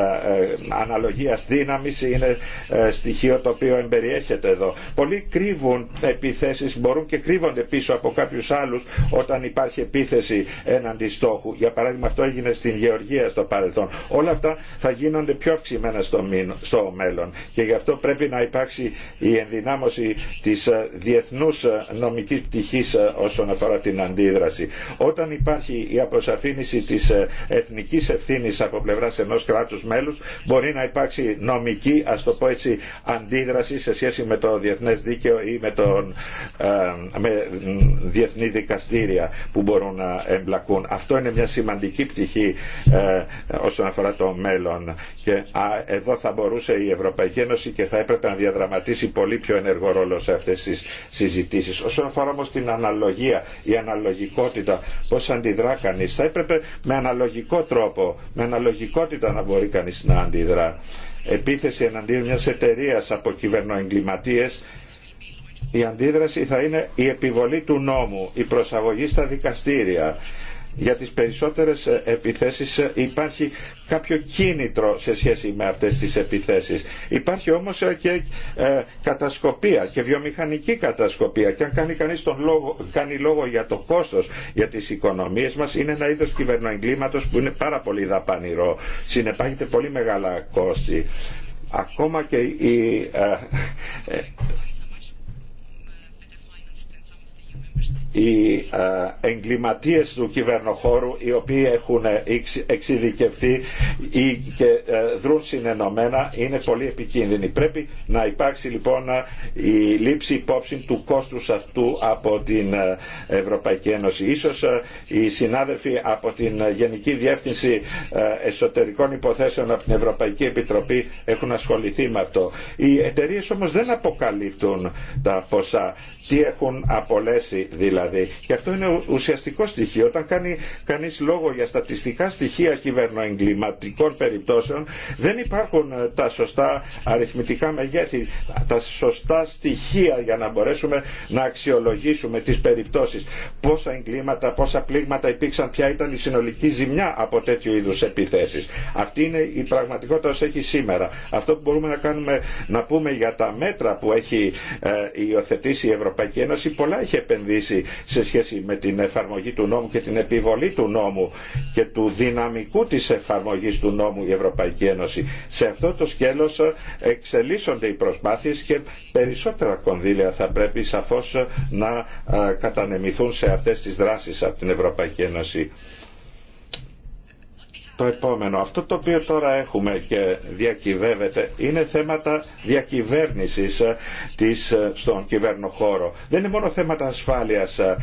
S3: αναλογίας δύναμης είναι ε, στοιχείο το οποίο εμπεριέχεται εδώ. Πολλοί κρύβουν επιθέσεις, μπορούν και κρύβονται πίσω από κάποιους άλλους όταν υπάρχει επίθεση έναντι στόχου. Για παράδειγμα αυτό έγινε στην Γεωργία στο παρελθόν Όλα αυτά θα γίνονται πιο αυξημένα στο μέλλον και γι' αυτό πρέπει να υπάρξει η ενδυνάμωση της ε, διεθνούς ε, νομικής πτυχής ε, όσον αφορά την αντίδραση. Όταν υπάρχει η αποσαφήνιση της εθνικής ευθύνης από πλευράς ενός κράτους μέλους μπορεί να υπάρξει νομική, ας το πω έτσι, αντίδραση σε σχέση με το διεθνές δίκαιο ή με, τον, με διεθνή δικαστήρια που μπορούν να εμπλακούν. Αυτό είναι μια σημαντική πτυχή όσον αφορά το μέλλον. Και εδώ θα μπορούσε η Ευρωπαϊκή Ένωση και θα έπρεπε να διαδραματίσει πολύ πιο ενεργό ρόλο σε αυτέ τι συζητήσεις. Όσον αφορά όμω την αναλογία, η αναλογικότητα, πώς αντιδρά κανείς, θα έπρεπε με αναλογικό τρόπο, με αναλογικότητα να μπορεί κανεί να αντιδρά. Επίθεση εναντίον μια εταιρεία από κυβερνοεγκληματίε, η αντίδραση θα είναι η επιβολή του νόμου, η προσαγωγή στα δικαστήρια για τις περισσότερες ε, επιθέσεις ε, υπάρχει κάποιο κίνητρο σε σχέση με αυτές τις επιθέσεις. Υπάρχει όμως ε, και κατασκοπία και βιομηχανική κατασκοπία και αν κάνει κανείς τον λόγο, κάνει λόγο για το κόστος για τις οικονομίες μας είναι ένα είδος κυβερνοεγκλήματος που είναι πάρα πολύ δαπανηρό. Συνεπάγεται πολύ μεγάλα κόστη. Ακόμα και οι ε, εγκληματίες του κυβερνοχώρου οι οποίοι έχουν ε, εξειδικευθεί και ε, δρούν συνενωμένα είναι πολύ επικίνδυνοι. Πρέπει να υπάρξει λοιπόν η λήψη υπόψη του κόστους αυτού από την Ευρωπαϊκή Ένωση. Ίσως οι συνάδελφοι από την Γενική Διεύθυνση Εσωτερικών Υποθέσεων από την Ευρωπαϊκή Επιτροπή έχουν ασχοληθεί με αυτό. Οι εταιρείε όμως δεν αποκαλύπτουν τα ποσά. Τι έχουν απολέσει δηλαδή δηλαδή. Και αυτό είναι ουσιαστικό στοιχείο. Όταν κάνει κανεί λόγο για στατιστικά στοιχεία κυβερνοεγκληματικών περιπτώσεων, δεν υπάρχουν ε, τα σωστά αριθμητικά μεγέθη, τα σωστά στοιχεία για να μπορέσουμε να αξιολογήσουμε τι περιπτώσει. Πόσα εγκλήματα, πόσα πλήγματα υπήρξαν, ποια ήταν η συνολική ζημιά από τέτοιου είδου επιθέσει. Αυτή είναι η πραγματικότητα όσο έχει σήμερα. Αυτό που μπορούμε να κάνουμε, να πούμε για τα μέτρα που έχει ε, υιοθετήσει η Ευρωπαϊκή Ένωση, πολλά έχει επενδύσει σε σχέση με την εφαρμογή του νόμου και την επιβολή του νόμου και του δυναμικού της εφαρμογής του νόμου η Ευρωπαϊκή Ένωση. Σε αυτό το σκέλος εξελίσσονται οι προσπάθειες και περισσότερα κονδύλια θα πρέπει σαφώς να ε, κατανεμηθούν σε αυτές τις δράσεις από την Ευρωπαϊκή Ένωση το επόμενο. Αυτό το οποίο τώρα έχουμε και διακυβεύεται είναι θέματα διακυβέρνησης ε, της, ε, στον κυβερνοχώρο. Δεν είναι μόνο θέματα ασφάλειας, ε,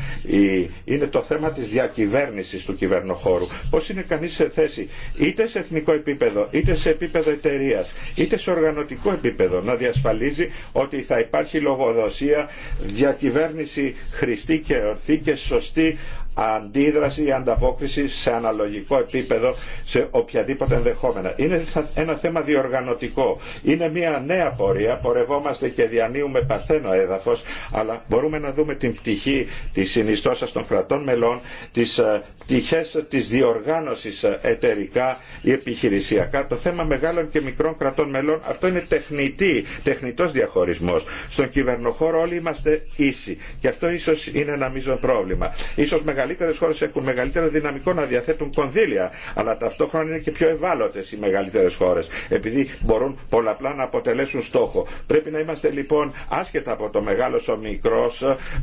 S3: είναι το θέμα της διακυβέρνησης του κυβερνοχώρου. Πώς είναι κανείς σε θέση είτε σε εθνικό επίπεδο, είτε σε επίπεδο εταιρεία, είτε σε οργανωτικό επίπεδο να διασφαλίζει ότι θα υπάρχει λογοδοσία, διακυβέρνηση χρηστή και ορθή και σωστή αντίδραση ή ανταπόκριση σε αναλογικό επίπεδο σε οποιαδήποτε ενδεχόμενα. Είναι ένα θέμα διοργανωτικό. Είναι μια νέα πορεία. Πορευόμαστε και διανύουμε παρθένο έδαφος, αλλά μπορούμε να δούμε την πτυχή της συνιστώσας των κρατών μελών, τις ε, πτυχές της διοργάνωσης ε, εταιρικά ή επιχειρησιακά. Το θέμα μεγάλων και μικρών κρατών μελών, αυτό είναι τεχνητή, τεχνητός διαχωρισμός. Στον κυβερνοχώρο όλοι είμαστε ίσοι. Και αυτό ίσω είναι ένα μείζον πρόβλημα. Ίσως οι μεγαλύτερε χώρε έχουν μεγαλύτερο δυναμικό να διαθέτουν κονδύλια, αλλά ταυτόχρονα είναι και πιο ευάλωτε οι μεγαλύτερε χώρε, επειδή μπορούν πολλαπλά να αποτελέσουν στόχο. Πρέπει να είμαστε λοιπόν άσχετα από το μεγάλο ο μικρό,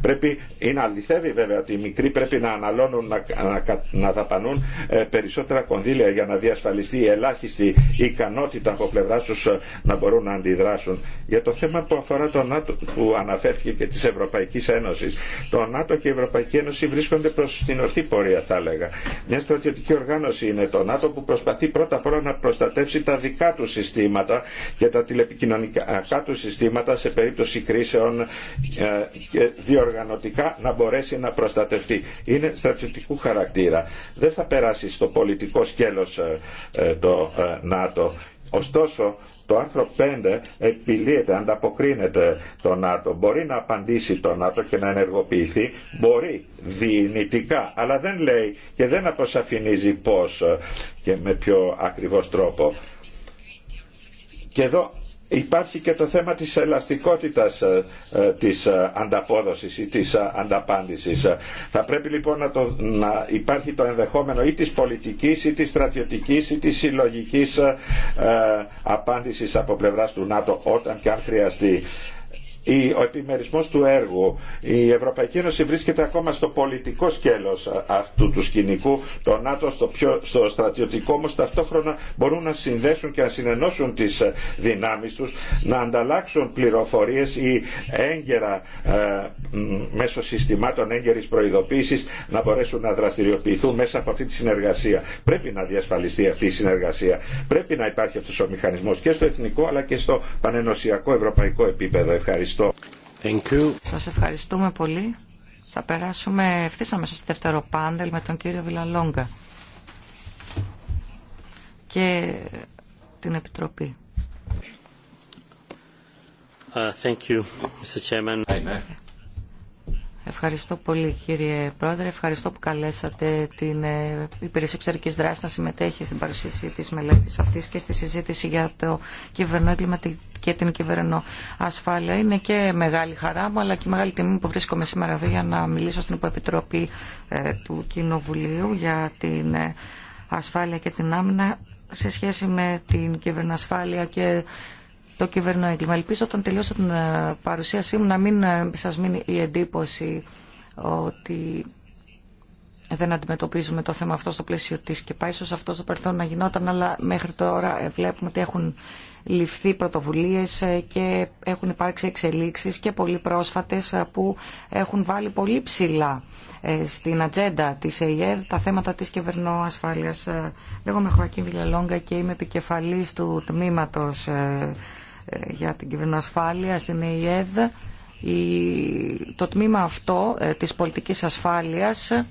S3: πρέπει, είναι αληθεύει βέβαια ότι οι μικροί πρέπει να αναλώνουν, να, να, να δαπανούν ε, περισσότερα κονδύλια για να διασφαλιστεί η ελάχιστη ικανότητα από πλευρά του ε, να μπορούν να αντιδράσουν. Για το θέμα που αφορά το ΝΑΤΟ, που αναφέρθηκε και τη Ευρωπαϊκή Ένωση, το ΝΑΤΟ και η Ευρωπαϊκή Ένωση βρίσκονται προ στην ορθή πορεία θα έλεγα. Μια στρατιωτική οργάνωση είναι το ΝΑΤΟ που προσπαθεί πρώτα απ' όλα να προστατεύσει τα δικά του συστήματα και τα τηλεπικοινωνικά του συστήματα σε περίπτωση κρίσεων ε, και διοργανωτικά να μπορέσει να προστατευτεί. Είναι στρατιωτικού χαρακτήρα. Δεν θα περάσει στο πολιτικό σκέλος ε, ε, το ΝΑΤΟ Ωστόσο, το άρθρο 5 επιλύεται, ανταποκρίνεται τον ΝΑΤΟ. Μπορεί να απαντήσει το ΝΑΤΟ και να ενεργοποιηθεί. Μπορεί δυνητικά αλλά δεν λέει και δεν αποσαφηνίζει πώς και με πιο ακριβώς τρόπο. Και εδώ υπάρχει και το θέμα της ελαστικότητας ε, ε, της ε, ανταπόδοσης ή της ανταπάντησης. Θα πρέπει λοιπόν να, το, να υπάρχει το ενδεχόμενο ή της πολιτικής ή της στρατιωτικής ή της συλλογικής απάντησης από πλευράς του ΝΑΤΟ όταν και αν χρειαστεί ο επιμερισμός του έργου. Η Ευρωπαϊκή Ένωση βρίσκεται ακόμα στο πολιτικό σκέλος αυτού του σκηνικού, το ΝΑΤΟ στο, πιο, στο στρατιωτικό, όμως ταυτόχρονα μπορούν να συνδέσουν και να συνενώσουν τις ε, δυνάμεις τους, να ανταλλάξουν πληροφορίες ή έγκαιρα ε, μέσω συστημάτων έγκαιρης προειδοποίησης να μπορέσουν να δραστηριοποιηθούν μέσα από αυτή τη συνεργασία. Πρέπει να διασφαλιστεί αυτή η συνεργασία. Πρέπει να υπάρχει αυτός ο μηχανισμός και στο εθνικό αλλά και στο πανενωσιακό ευρωπαϊκό επίπεδο. Ευχαριστώ. Σας ευχαριστούμε
S2: πολύ. Θα περάσουμε ευθύ στο δεύτερο πάνελ με τον κύριο Βιλαλόγκα και την Επιτροπή.
S3: Uh, thank you, Mr. Chairman.
S2: Ευχαριστώ πολύ κύριε Πρόεδρε. Ευχαριστώ που καλέσατε την ε, Υπηρεσία Εξωτερικής δράση να συμμετέχει στην παρουσίαση της μελέτης αυτής και στη συζήτηση για το κυβερνό και την κυβερνό ασφάλεια. Είναι και μεγάλη χαρά μου αλλά και μεγάλη τιμή που βρίσκομαι σήμερα εδώ για να μιλήσω στην Υποεπιτροπή ε, του Κοινοβουλίου για την ε, ασφάλεια και την άμυνα σε σχέση με την κυβερνοασφάλεια και το έγκλημα. Ελπίζω όταν τελειώσω την ε, παρουσίασή μου να μην ε, σας μείνει η εντύπωση ότι δεν αντιμετωπίζουμε το θέμα αυτό στο πλαίσιο τη και πάει ίσω αυτό στο παρελθόν να γινόταν, αλλά μέχρι τώρα ε, βλέπουμε ότι έχουν ληφθεί πρωτοβουλίε και έχουν υπάρξει εξελίξει και πολύ πρόσφατε που έχουν βάλει πολύ ψηλά στην ατζέντα τη ΕΙΕΔ τα θέματα τη κυβερνοασφάλεια. Λέγομαι Χωακίν Βιλελόγκα και είμαι επικεφαλή του τμήματο για την ασφάλεια, στην ΕΙΕΔ. Το τμήμα αυτό ε, της πολιτικής ασφάλειας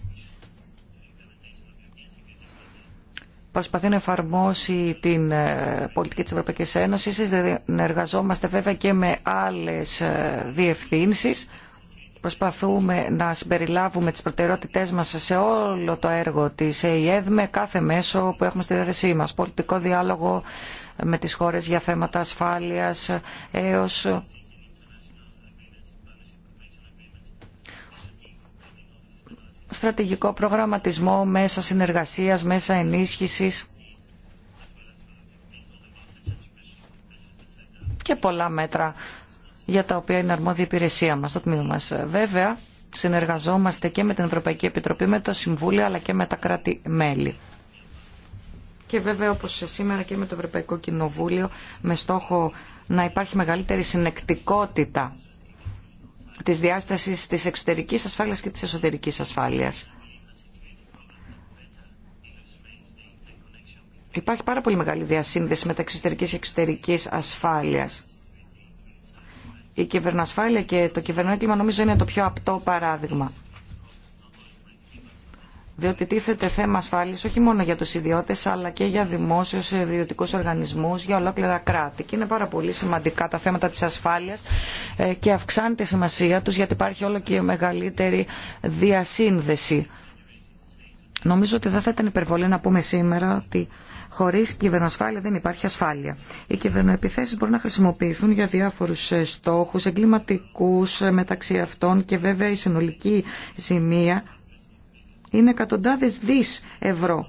S2: προσπαθεί να εφαρμόσει την ε, πολιτική της Ευρωπαϊκής Ένωσης. Εργαζόμαστε βέβαια και με άλλες ε, διευθύνσεις. Προσπαθούμε να συμπεριλάβουμε τις προτεραιότητές μας σε όλο το έργο της ΕΕΔ με κάθε μέσο που έχουμε στη διάθεσή μας. Πολιτικό διάλογο με τις χώρες για θέματα ασφάλειας έως στρατηγικό προγραμματισμό μέσα συνεργασίας, μέσα ενίσχυσης και πολλά μέτρα για τα οποία είναι αρμόδια η υπηρεσία μας, το τμήμα μας. Βέβαια, συνεργαζόμαστε και με την Ευρωπαϊκή Επιτροπή, με το Συμβούλιο αλλά και με τα κράτη-μέλη και βέβαια όπως σήμερα και με το Ευρωπαϊκό Κοινοβούλιο με στόχο να υπάρχει μεγαλύτερη συνεκτικότητα της διάστασης της εξωτερικής ασφάλειας και της εσωτερικής ασφάλειας. Υπάρχει πάρα πολύ μεγάλη διασύνδεση μεταξύ εξωτερικής και εξωτερικής ασφάλειας. Η κυβερνασφάλεια και το κυβερνοέκλημα νομίζω είναι το πιο απτό παράδειγμα διότι τίθεται θέμα ασφάλειας όχι μόνο για του ιδιώτες αλλά και για δημόσιους ιδιωτικούς οργανισμούς, για ολόκληρα κράτη. Και είναι πάρα πολύ σημαντικά τα θέματα της ασφάλειας ε, και αυξάνεται η σημασία του γιατί υπάρχει όλο και μεγαλύτερη διασύνδεση. Νομίζω ότι δεν θα ήταν υπερβολή να πούμε σήμερα ότι χωρί κυβερνοασφάλεια δεν υπάρχει ασφάλεια. Οι κυβερνοεπιθέσει μπορούν να χρησιμοποιηθούν για διάφορου ε, στόχου, εγκληματικού ε, μεταξύ αυτών και βέβαια η συνολική ζημία είναι εκατοντάδες δις ευρώ.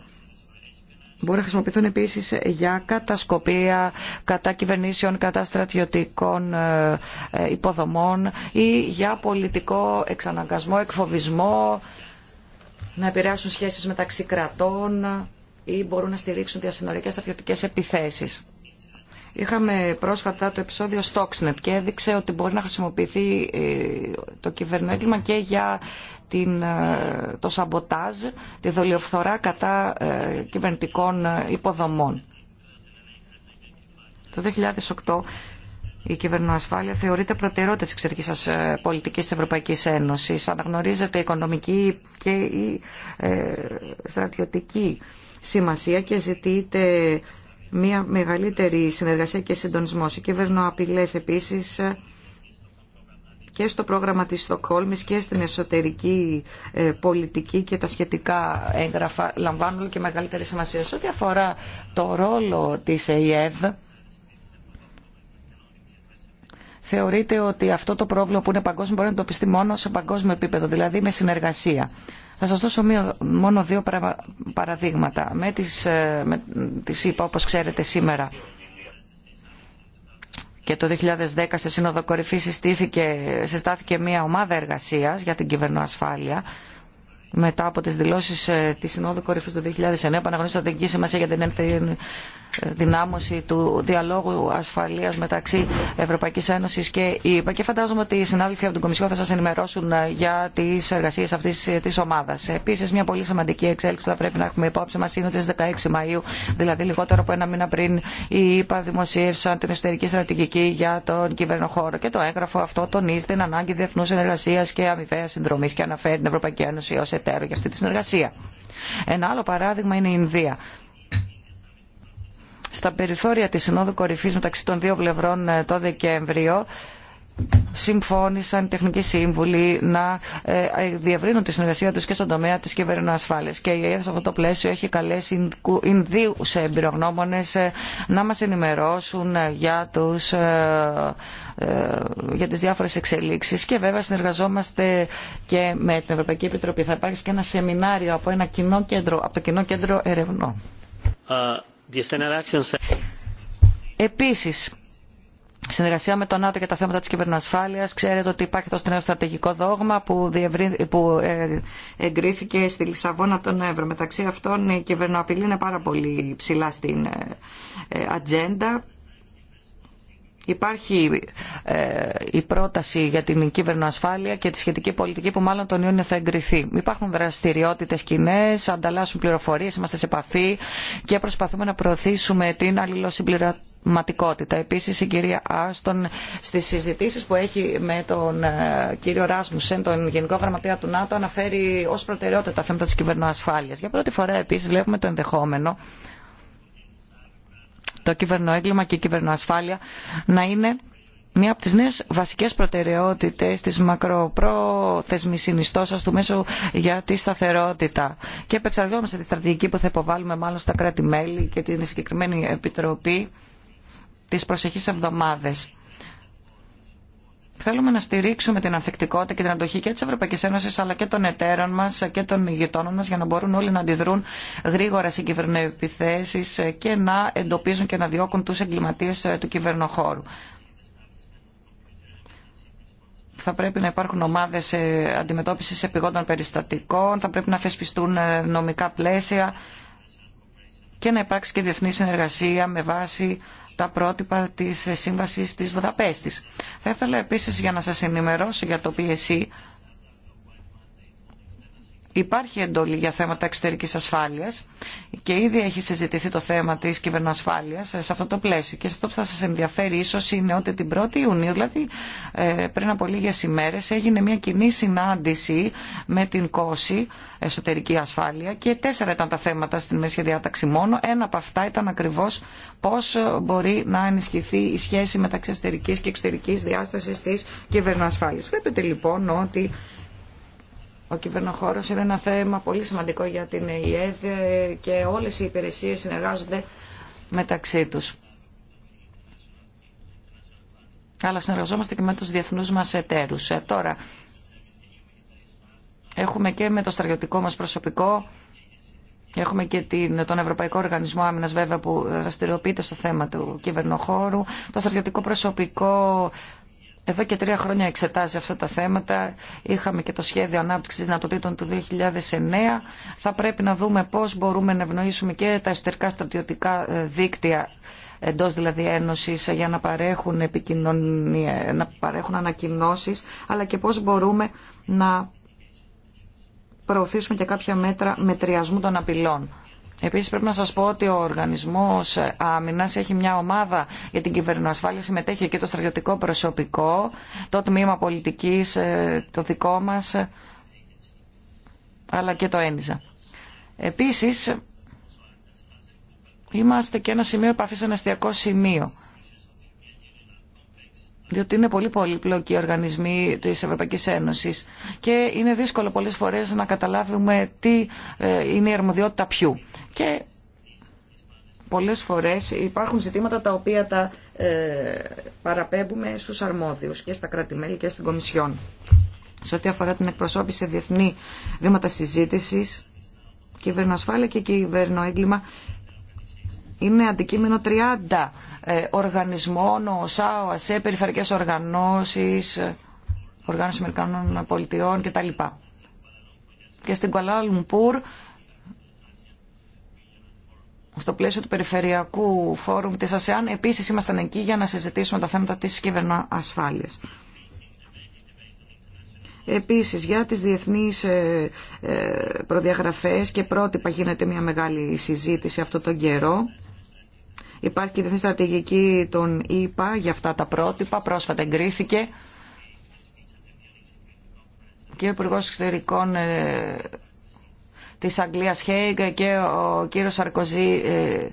S2: Μπορεί να χρησιμοποιηθούν επίσης για κατασκοπία, κατά κυβερνήσεων, κατά στρατιωτικών ε, ε, υποδομών ή για πολιτικό εξαναγκασμό, εκφοβισμό, να επηρεάσουν σχέσεις μεταξύ κρατών ή μπορούν να στηρίξουν διασυνορικές στρατιωτικές επιθέσεις. Είχαμε πρόσφατα το επεισόδιο Stoxnet και έδειξε ότι μπορεί να χρησιμοποιηθεί ε, το κυβερνέτημα και για ε, το σαμποτάζ, τη δολιοφθορά κατά ε, κυβερνητικών ε, υποδομών. Το 2008 η κυβερνοασφάλεια θεωρείται προτεραιότητα τη εξωτερική σα πολιτική τη Ευρωπαϊκή Ένωση. Αναγνωρίζεται η οικονομική και η στρατιωτική σημασία και ζητείται μια μεγαλύτερη συνεργασία και συντονισμό. Οι κυβερνοαπειλέ επίση και στο πρόγραμμα της Στοκχόλμης και στην εσωτερική ε, πολιτική και τα σχετικά έγγραφα λαμβάνουν και μεγαλύτερη σημασία. Σε ό,τι αφορά το ρόλο της ΕΙΕΔ, θεωρείται ότι αυτό το πρόβλημα που είναι παγκόσμιο μπορεί να το πιστεί μόνο σε παγκόσμιο επίπεδο, δηλαδή με συνεργασία. Θα σας δώσω μόνο δύο παραδείγματα. Με τις, ε, με τις είπα, όπως ξέρετε, σήμερα και το 2010 σε Σύνοδο Κορυφή συστήθηκε, συστάθηκε μια ομάδα εργασίας για την κυβερνοασφάλεια μετά από τις δηλώσεις ε, της Συνόδου Κορυφής του 2009 που αναγνωρίζει την στρατηγική σημασία για την δυνάμωση του διαλόγου ασφαλείας μεταξύ Ευρωπαϊκής Ένωσης και ΕΕ και φαντάζομαι ότι οι συνάδελφοι από την Κομισιό θα σας ενημερώσουν ε, για τις εργασίες αυτής ε, της ομάδας. Επίσης μια πολύ σημαντική εξέλιξη που θα πρέπει να έχουμε υπόψη μας είναι ότι στις 16 Μαΐου, δηλαδή λιγότερο από ένα μήνα πριν, οι ΙΠΑ δημοσίευσαν την εσωτερική στρατηγική για τον κυβερνοχώρο και το έγγραφο αυτό τονίζει την ανάγκη διεθνού συνεργασία και αμοιβαία συνδρομή και αναφέρει την Ευρωπαϊκή Ένωση ω εταίρο για αυτή τη συνεργασία. Ένα άλλο παράδειγμα είναι η Ινδία στα περιθώρια της Συνόδου Κορυφής μεταξύ των δύο πλευρών ε, το Δεκέμβριο συμφώνησαν οι τεχνικοί σύμβουλοι να ε, ε, διευρύνουν τη συνεργασία τους και στον τομέα της ασφάλειας. Και η ΕΕ σε αυτό το πλαίσιο έχει καλέσει σε εμπειρογνώμονες να μας ενημερώσουν για, τους, για τις διάφορες εξελίξεις και βέβαια συνεργαζόμαστε και με την Ευρωπαϊκή Επιτροπή. Θα υπάρξει και ένα σεμινάριο από, ένα κοινό κέντρο, από το Κοινό Κέντρο Ερευνών. Επίσης, συνεργασία με τον ΝΑΤΟ για τα θέματα της κυβερνοασφάλειας. Ξέρετε ότι υπάρχει το νέο στρατηγικό δόγμα που, ε, εγκρίθηκε στη Λισαβόνα τον νοέμβριο. Μεταξύ αυτών η κυβερνοαπειλή είναι πάρα πολύ ψηλά στην ε, ε, ατζέντα Υπάρχει ε, η πρόταση για την κυβερνοασφάλεια και τη σχετική πολιτική που μάλλον τον Ιούνιο θα εγκριθεί. Υπάρχουν δραστηριότητε κοινέ, ανταλλάσσουν πληροφορίε, είμαστε σε επαφή και προσπαθούμε να προωθήσουμε την αλληλοσυμπληρωματικότητα. Επίση, η κυρία Άστον στι συζητήσει που έχει με τον ε, κύριο Ράσμουσεν, τον Γενικό Γραμματέα του ΝΑΤΟ, αναφέρει ω προτεραιότητα τα θέματα τη κυβερνοασφάλεια. Για πρώτη φορά, επίση, βλέπουμε το ενδεχόμενο το κυβερνοέγκλημα και η κυβερνοασφάλεια να είναι μία από τις νέες βασικές προτεραιότητες της μακροπρόθεσμης συνιστώσας του μέσου για τη σταθερότητα. Και επεξεργόμαστε τη στρατηγική που θα υποβάλουμε μάλλον στα κράτη-μέλη και την συγκεκριμένη επιτροπή τις προσεχείς εβδομάδες. Θέλουμε να στηρίξουμε την ανθεκτικότητα και την αντοχή και τη Ευρωπαϊκή Ένωση αλλά και των εταίρων μα και των γειτόνων μα για να μπορούν όλοι να αντιδρούν γρήγορα σε κυβερνοεπιθέσει και να εντοπίζουν και να διώκουν του εγκληματίε ε, του κυβερνοχώρου. Θα πρέπει να υπάρχουν ομάδε αντιμετώπιση επιγόντων περιστατικών, θα πρέπει να θεσπιστούν ε, νομικά πλαίσια και να υπάρξει και διεθνή συνεργασία με βάση τα πρότυπα της Σύμβασης της Βουδαπέστης. Θα ήθελα επίσης για να σας ενημερώσω για το PSE Υπάρχει εντολή για θέματα εξωτερικής ασφάλειας και ήδη έχει συζητηθεί το θέμα της κυβερνοασφάλειας σε αυτό το πλαίσιο. Και σε αυτό που θα σας ενδιαφέρει ίσως είναι ότι την 1η Ιουνίου, δηλαδή ε, πριν από λίγες ημέρες, έγινε μια κοινή συνάντηση με την ΚΟΣΗ, εσωτερική ασφάλεια, και τέσσερα ήταν τα θέματα στην μέση διάταξη μόνο. Ένα από αυτά ήταν ακριβώς πώς μπορεί να ενισχυθεί η σχέση μεταξύ εσωτερικής και εξωτερικής διάσταση τη κυβερνοασφάλειας. Βλέπετε λοιπόν ότι ο κυβερνοχώρος είναι ένα θέμα πολύ σημαντικό για την ΕΕ και όλες οι υπηρεσίες συνεργάζονται μεταξύ τους. Αλλά συνεργαζόμαστε και με τους διεθνούς μας εταίρους. Ε, τώρα, έχουμε και με το στρατιωτικό μας προσωπικό, έχουμε και την, τον Ευρωπαϊκό Οργανισμό Άμυνας βέβαια που δραστηριοποιείται στο θέμα του κυβερνοχώρου, το στρατιωτικό προσωπικό εδώ και τρία χρόνια εξετάζει αυτά τα θέματα. Είχαμε και το σχέδιο ανάπτυξη δυνατοτήτων του 2009. Θα πρέπει να δούμε πώ μπορούμε να ευνοήσουμε και τα εσωτερικά στρατιωτικά ε, δίκτυα εντό δηλαδή Ένωση για να παρέχουν, επικοινωνία, να παρέχουν ανακοινώσει, αλλά και πώ μπορούμε να προωθήσουμε και κάποια μέτρα μετριασμού των απειλών. Επίσης πρέπει να σας πω ότι ο Οργανισμός Άμυνας έχει μια ομάδα για την κυβερνοασφάλεια, συμμετέχει και το στρατιωτικό προσωπικό, το τμήμα πολιτικής, ε, το δικό μας, αλλά και το ένιζα. Επίσης, είμαστε και ένα σημείο επαφή ένα εστιακό σημείο διότι είναι πολύ πολύπλοκοι οι οργανισμοί της Ευρωπαϊκής Ένωσης και είναι δύσκολο πολλές φορές να καταλάβουμε τι ε, είναι η αρμοδιότητα ποιου. Και πολλές φορές υπάρχουν ζητήματα τα οποία τα ε, παραπέμπουμε στους αρμόδιους και στα κράτη-μέλη και στην Κομισιόν. Σε ό,τι αφορά την εκπροσώπηση διεθνή βήματα συζήτησης, κυβερνοασφάλεια και κυβερνοέγκλημα είναι αντικείμενο 30 ε, οργανισμών, ο ΟΣΑ, ο ΑΣΕ, περιφερειακές οργανώσεις, ε, οργάνωση Αμερικανών Πολιτειών κτλ. Και στην Κουαλά Λουμπούρ, στο πλαίσιο του Περιφερειακού Φόρουμ της ΑΣΕΑΝ, επίσης ήμασταν εκεί για να συζητήσουμε τα θέματα της ασφάλειας. Επίσης, για τις διεθνείς ε, προδιαγραφές και πρότυπα γίνεται μια μεγάλη συζήτηση αυτό τον καιρό. Υπάρχει και η διεθνή στρατηγική των ήπα για αυτά τα πρότυπα, πρόσφατα εγκρίθηκε. Και ο Υπουργό Εξωτερικών ε, της Αγγλίας Χέιγκ και ο κύριος Σαρκοζή ε,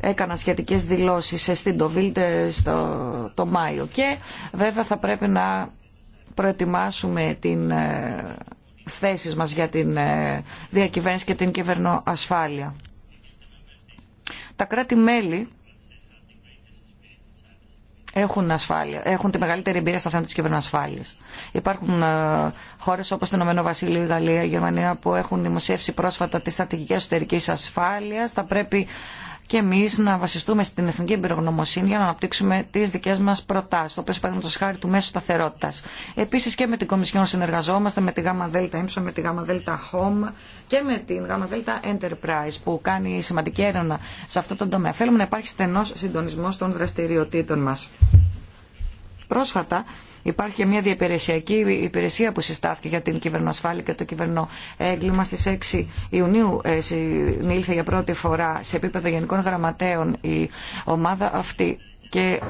S2: έκαναν σχετικές δηλώσεις στην Τοβίλτε ε, στο, το Μάιο. Και βέβαια θα πρέπει να προετοιμάσουμε την θέσεις μας για την διακυβέρνηση και την κυβερνοασφάλεια. Τα κράτη-μέλη έχουν, ασφάλεια, έχουν τη μεγαλύτερη εμπειρία στα θέματα τη κυβερνοασφάλειας. Υπάρχουν ε, χώρες όπως το Ηνωμένο Βασίλειο, η Γαλλία, η Γερμανία που έχουν δημοσιεύσει πρόσφατα τις στρατηγικές εσωτερική ασφάλεια. πρέπει και εμεί να βασιστούμε στην εθνική εμπειρογνωμοσύνη για να αναπτύξουμε τι δικέ μα προτάσει, όπω είναι παραδείγματο χάρη του μέσου σταθερότητα. Επίση και με την Κομισιόν συνεργαζόμαστε, με τη ΔΕΛΤΑ ΕΜΣΟ, με τη ΔΕΛΤΑ HOME και με την ΔΕΛΤΑ Enterprise που κάνει σημαντική έρευνα σε αυτό το τομέα. Θέλουμε να υπάρχει στενό συντονισμό των δραστηριοτήτων μα. Πρόσφατα υπάρχει και μια διαπηρεσιακή υπηρεσία που συστάθηκε για την κυβερνοασφάλεια και το κυβερνό έγκλημα. Στις 6 Ιουνίου ε, συνήλθε για πρώτη φορά σε επίπεδο γενικών γραμματέων η ομάδα αυτή και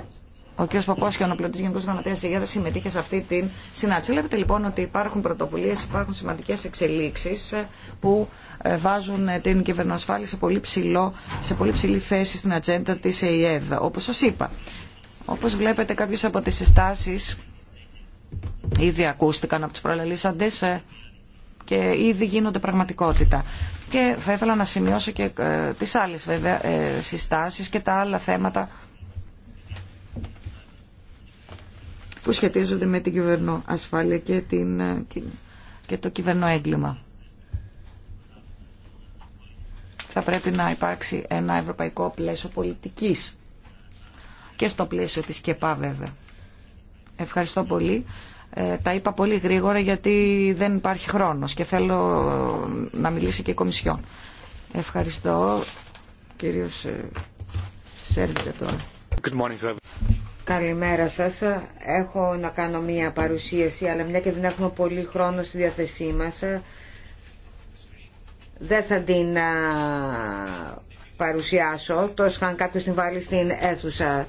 S2: ο κ. και ο Ανοπλωτή Γενικό Γραμματέα Υγεία, συμμετείχε σε αυτή την συνάντηση. Βλέπετε λοιπόν ότι υπάρχουν πρωτοβουλίε, υπάρχουν σημαντικέ εξελίξει ε, που ε, βάζουν την κυβερνοασφάλεια σε πολύ, ψηλό, σε πολύ ψηλή θέση στην ατζέντα τη ΕΙΕΔ. Όπω σα είπα, όπως βλέπετε κάποιες από τις συστάσεις ήδη ακούστηκαν από τους προλαλήσαντες ε, και ήδη γίνονται πραγματικότητα. Και θα ήθελα να σημειώσω και ε, τις άλλες βέβαια ε, συστάσεις και τα άλλα θέματα που σχετίζονται με την κυβερνοασφάλεια και, την, και το κυβερνοέγκλημα. Θα πρέπει να υπάρξει ένα ευρωπαϊκό πλαίσιο πολιτικής και στο πλαίσιο της ΚΕΠΑ βέβαια. Ευχαριστώ πολύ. Ε, τα είπα πολύ γρήγορα γιατί δεν υπάρχει χρόνος και θέλω ε, να μιλήσει και η Κομισιόν. Ευχαριστώ
S1: κύριος ε, σέρβιτε τώρα. Good morning, Καλημέρα σας. Έχω να κάνω μία παρουσίαση, αλλά μια και δεν έχουμε πολύ χρόνο στη διάθεσή μας, δεν θα την παρουσιάσω. Το είχαν κάποιο την βάλει στην αίθουσα.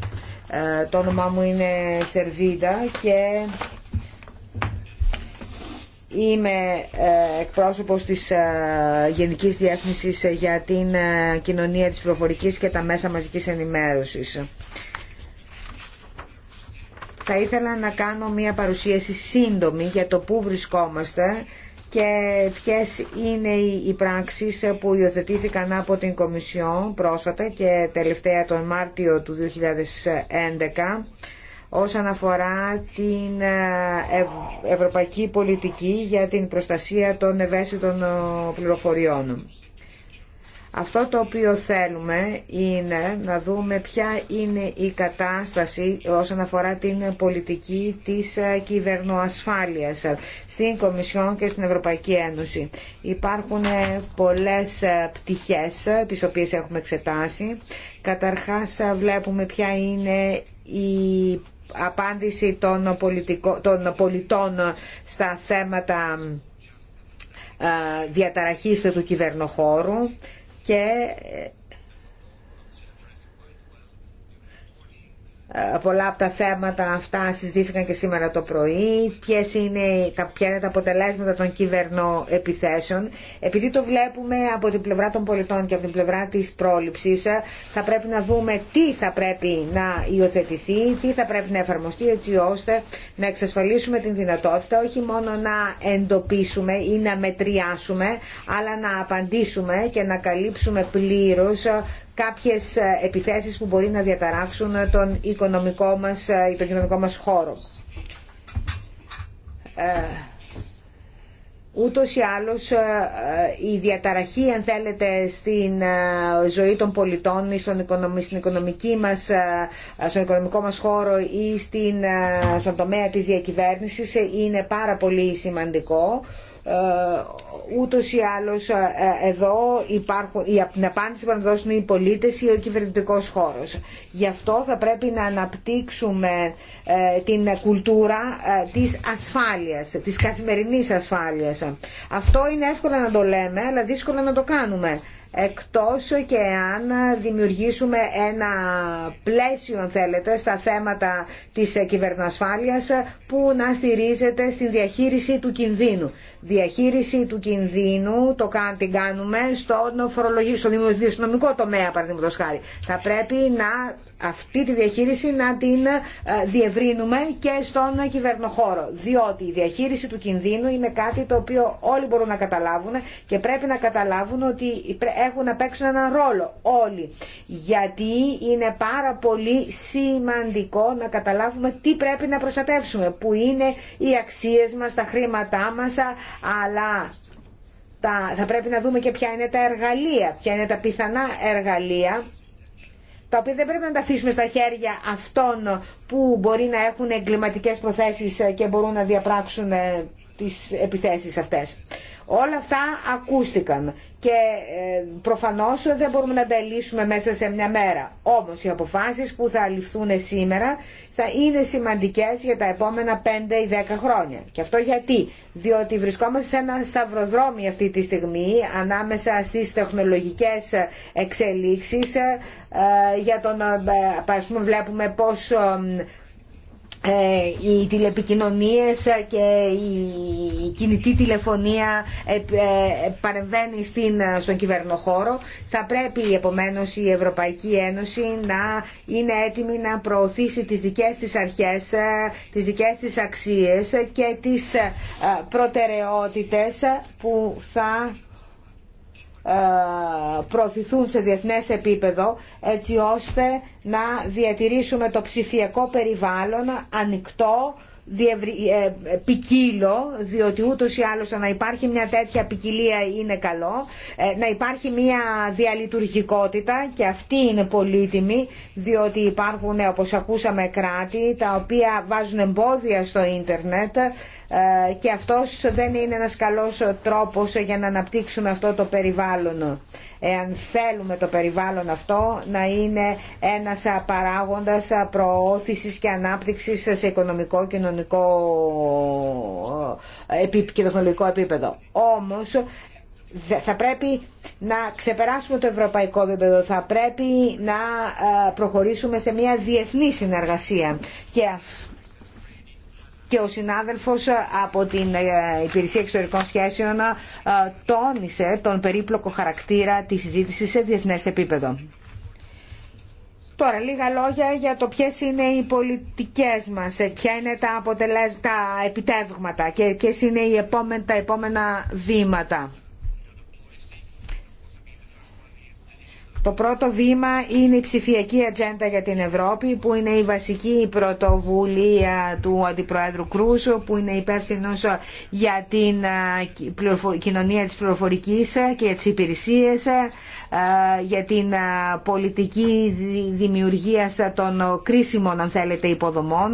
S1: Ε, το όνομά μου είναι Σερβίδα και είμαι ε, εκπρόσωπος της ε, Γενικής διεύθυνση για την Κοινωνία της προφορικής και τα Μέσα Μαζικής Ενημέρωσης. Θα ήθελα να κάνω μία παρουσίαση σύντομη για το πού βρισκόμαστε και ποιες είναι οι πράξεις που υιοθετήθηκαν από την Κομισιόν πρόσφατα και τελευταία τον Μάρτιο του 2011 όσον αφορά την ε, ευρωπαϊκή πολιτική για την προστασία των ευαίσθητων ε, πληροφοριών. Αυτό το οποίο θέλουμε είναι να δούμε ποια είναι η κατάσταση όσον αφορά την πολιτική της κυβερνοασφάλειας στην Κομισιόν και στην Ευρωπαϊκή Ένωση. Υπάρχουν πολλές πτυχές τις οποίες έχουμε εξετάσει. Καταρχάς βλέπουμε ποια είναι η απάντηση των, των πολιτών στα θέματα ε, διαταραχής του κυβερνοχώρου και Ε, πολλά από τα θέματα αυτά συζητήθηκαν και σήμερα το πρωί, ποιες είναι τα, είναι τα αποτελέσματα των επιθέσεων. Επειδή το βλέπουμε από την πλευρά των πολιτών και από την πλευρά της πρόληψης, ε, θα πρέπει να δούμε τι θα πρέπει να υιοθετηθεί, τι θα πρέπει να εφαρμοστεί έτσι ώστε να εξασφαλίσουμε την δυνατότητα όχι μόνο να εντοπίσουμε ή να μετριάσουμε, αλλά να απαντήσουμε και να καλύψουμε πλήρως ε, κάποιες ε, επιθέσεις που μπορεί να διαταράξουν τον οικονομικό μας, ε, τον κοινωνικό μας χώρο. Ε, ούτως ή άλλως η διαταραχή, αν θέλετε, στην ζωή των πολιτών ή στον, οικονομική μας, στον οικονομικό μας χώρο ή στην, στον τομέα της διακυβέρνησης είναι πάρα πολύ σημαντικό ε, ούτως ή άλλως ε, εδώ υπάρχουν, η απάντηση που να δώσουν οι πολίτες ή ο κυβερνητικό χώρος. Γι' αυτό θα πρέπει να αναπτύξουμε ε, την κουλτούρα της ασφάλειας, της καθημερινής ασφάλειας. Αυτό είναι εύκολο να το λέμε, αλλά δύσκολο να το κάνουμε εκτός και αν δημιουργήσουμε ένα πλαίσιο, αν θέλετε, στα θέματα της κυβερνοασφάλειας που να στηρίζεται στην διαχείριση του κινδύνου διαχείριση του κινδύνου το καν, την κάνουμε στον φορολογικό, στο δημοσιονομικό τομέα χάρη. Θα πρέπει να αυτή τη διαχείριση να την ε, διευρύνουμε και στον κυβερνοχώρο. Διότι η διαχείριση του κινδύνου είναι κάτι το οποίο όλοι μπορούν να καταλάβουν και πρέπει να καταλάβουν ότι έχουν να παίξουν έναν ρόλο όλοι. Γιατί είναι πάρα πολύ σημαντικό να καταλάβουμε τι πρέπει να προστατεύσουμε, που είναι οι αξίες μας, τα χρήματά μας, αλλά τα, θα πρέπει να δούμε και ποια είναι τα εργαλεία, ποια είναι τα πιθανά εργαλεία τα οποία δεν πρέπει να τα αφήσουμε στα χέρια αυτών που μπορεί να έχουν εγκληματικές προθέσεις και μπορούν να διαπράξουν ε, τις επιθέσεις αυτές. Όλα αυτά ακούστηκαν και ε, προφανώς δεν μπορούμε να τα λύσουμε μέσα σε μια μέρα. Όμως οι αποφάσεις που θα ληφθούν σήμερα θα είναι σημαντικές για τα επόμενα 5 ή 10 χρόνια. Και αυτό γιατί, διότι βρισκόμαστε σε ένα σταυροδρόμι αυτή τη στιγμή ανάμεσα στις τεχνολογικές εξελίξεις ε, για τον, ε, ας πούμε, βλέπουμε πώς ε, ε, οι τηλεπικοινωνίες και η κινητή τηλεφωνία ε, ε, παρεμβαίνει στην, στον κυβερνοχώρο. Θα πρέπει επομένως η Ευρωπαϊκή Ένωση να είναι έτοιμη να προωθήσει τις δικές της αρχές, τις δικές της αξίες και τις προτεραιότητες που θα ε, προωθηθούν σε διεθνές επίπεδο έτσι ώστε να διατηρήσουμε το ψηφιακό περιβάλλον ανοιχτό ε, ε, ποικίλο, διότι ούτω ή άλλω να υπάρχει μια τέτοια ποικιλία είναι καλό, ε, να υπάρχει μια διαλειτουργικότητα και αυτή είναι πολύτιμη, διότι υπάρχουν, όπως ακούσαμε, κράτη τα οποία βάζουν εμπόδια στο ίντερνετ και αυτός δεν είναι ένας καλός τρόπος για να αναπτύξουμε αυτό το περιβάλλον εάν θέλουμε το περιβάλλον αυτό να είναι ένας παράγοντας προώθησης και ανάπτυξης σε οικονομικό, κοινωνικό ε, και τεχνολογικό επίπεδο. Όμως θα πρέπει να ξεπεράσουμε το ευρωπαϊκό επίπεδο, θα πρέπει να ε, προχωρήσουμε σε μια διεθνή συνεργασία και ο συνάδελφος ε, από την ε, Υπηρεσία Εξωτερικών Σχέσεων ε, τόνισε τον περίπλοκο χαρακτήρα της συζήτησης σε διεθνές επίπεδο. Τώρα, λίγα λόγια για το ποιες είναι οι πολιτικές μας, ποια είναι τα, αποτελέσματα, επιτεύγματα και ποιες είναι οι επόμενα, τα επόμενα βήματα. Το πρώτο βήμα είναι η ψηφιακή ατζέντα για την Ευρώπη που είναι η βασική πρωτοβουλία του Αντιπροέδρου Κρούσο, που είναι υπεύθυνο για την ε, κοινωνία της πληροφορικής και τις υπηρεσίες ε, για την ε, πολιτική δημιουργία των κρίσιμων αν θέλετε υποδομών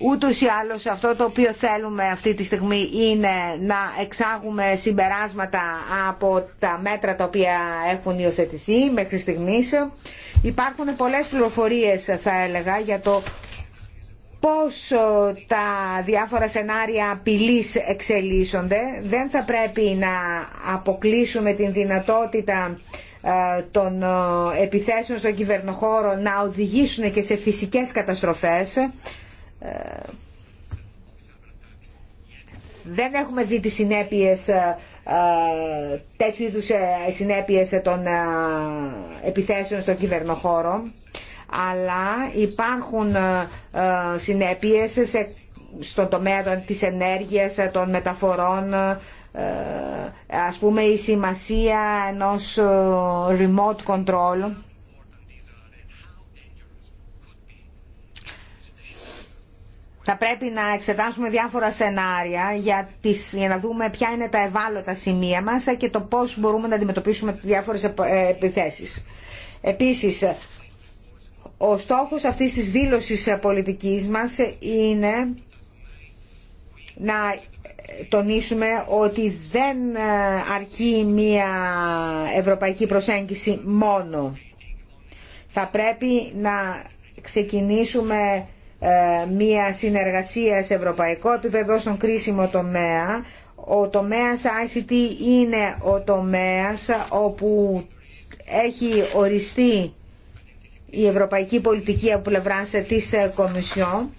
S1: Ούτως ή άλλως αυτό το οποίο θέλουμε αυτή τη στιγμή είναι να εξάγουμε συμπεράσματα από τα μέτρα τα οποία έχουν υιοθετηθεί μέχρι στιγμής. Υπάρχουν πολλές πληροφορίες θα έλεγα για το πώς ε, τα διάφορα σενάρια απειλής εξελίσσονται. Δεν θα πρέπει να αποκλείσουμε την δυνατότητα ε, των ε, επιθέσεων στον κυβερνοχώρο να οδηγήσουν και σε φυσικές καταστροφές ε, δεν έχουμε δει τις συνέπειες ε, ε, τέτοιου συνέπειες των επιθέσεων στον κυβερνοχώρο αλλά υπάρχουν συνέπειες σε, στον τομέα των, της ενέργειας, των μεταφορών ας πούμε η σημασία ενός remote control θα πρέπει να εξετάσουμε διάφορα σενάρια για, τις, για να δούμε ποια είναι τα ευάλωτα σημεία μας και το πώς μπορούμε να αντιμετωπίσουμε τις διάφορες ε, επιθέσεις. Επίσης, ο στόχος αυτής της δήλωσης πολιτικής μας είναι να τονίσουμε ότι δεν ε, αρκεί μία ευρωπαϊκή προσέγγιση μόνο. Θα πρέπει να ξεκινήσουμε ε, μια συνεργασία σε ευρωπαϊκό επίπεδο στον κρίσιμο τομέα. Ο τομέας ICT είναι ο τομέας όπου έχει οριστεί η ευρωπαϊκή πολιτική από πλευρά της Κομισιόν.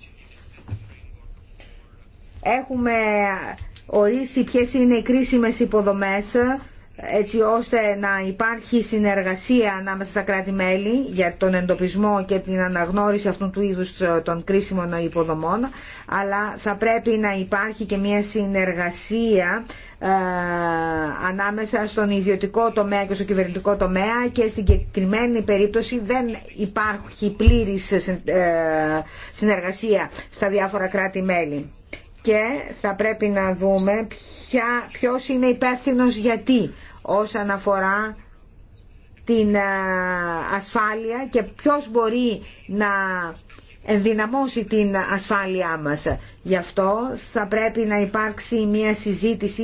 S1: Έχουμε ορίσει ποιες είναι οι κρίσιμες υποδομές έτσι ώστε να υπάρχει συνεργασία ανάμεσα στα κράτη-μέλη για τον εντοπισμό και την αναγνώριση αυτού του είδους ε, των κρίσιμων υποδομών, αλλά θα πρέπει να υπάρχει και μια συνεργασία ε, ανάμεσα στον ιδιωτικό τομέα και στο κυβερνητικό τομέα και στην συγκεκριμένη περίπτωση δεν υπάρχει πλήρης ε, συνεργασία στα διάφορα κράτη-μέλη και θα πρέπει να δούμε ποια, ποιος είναι υπεύθυνο γιατί όσον αφορά την ε, ασφάλεια και ποιος μπορεί να ενδυναμώσει την ασφάλειά μας. Γι' αυτό θα πρέπει να υπάρξει μια συζήτηση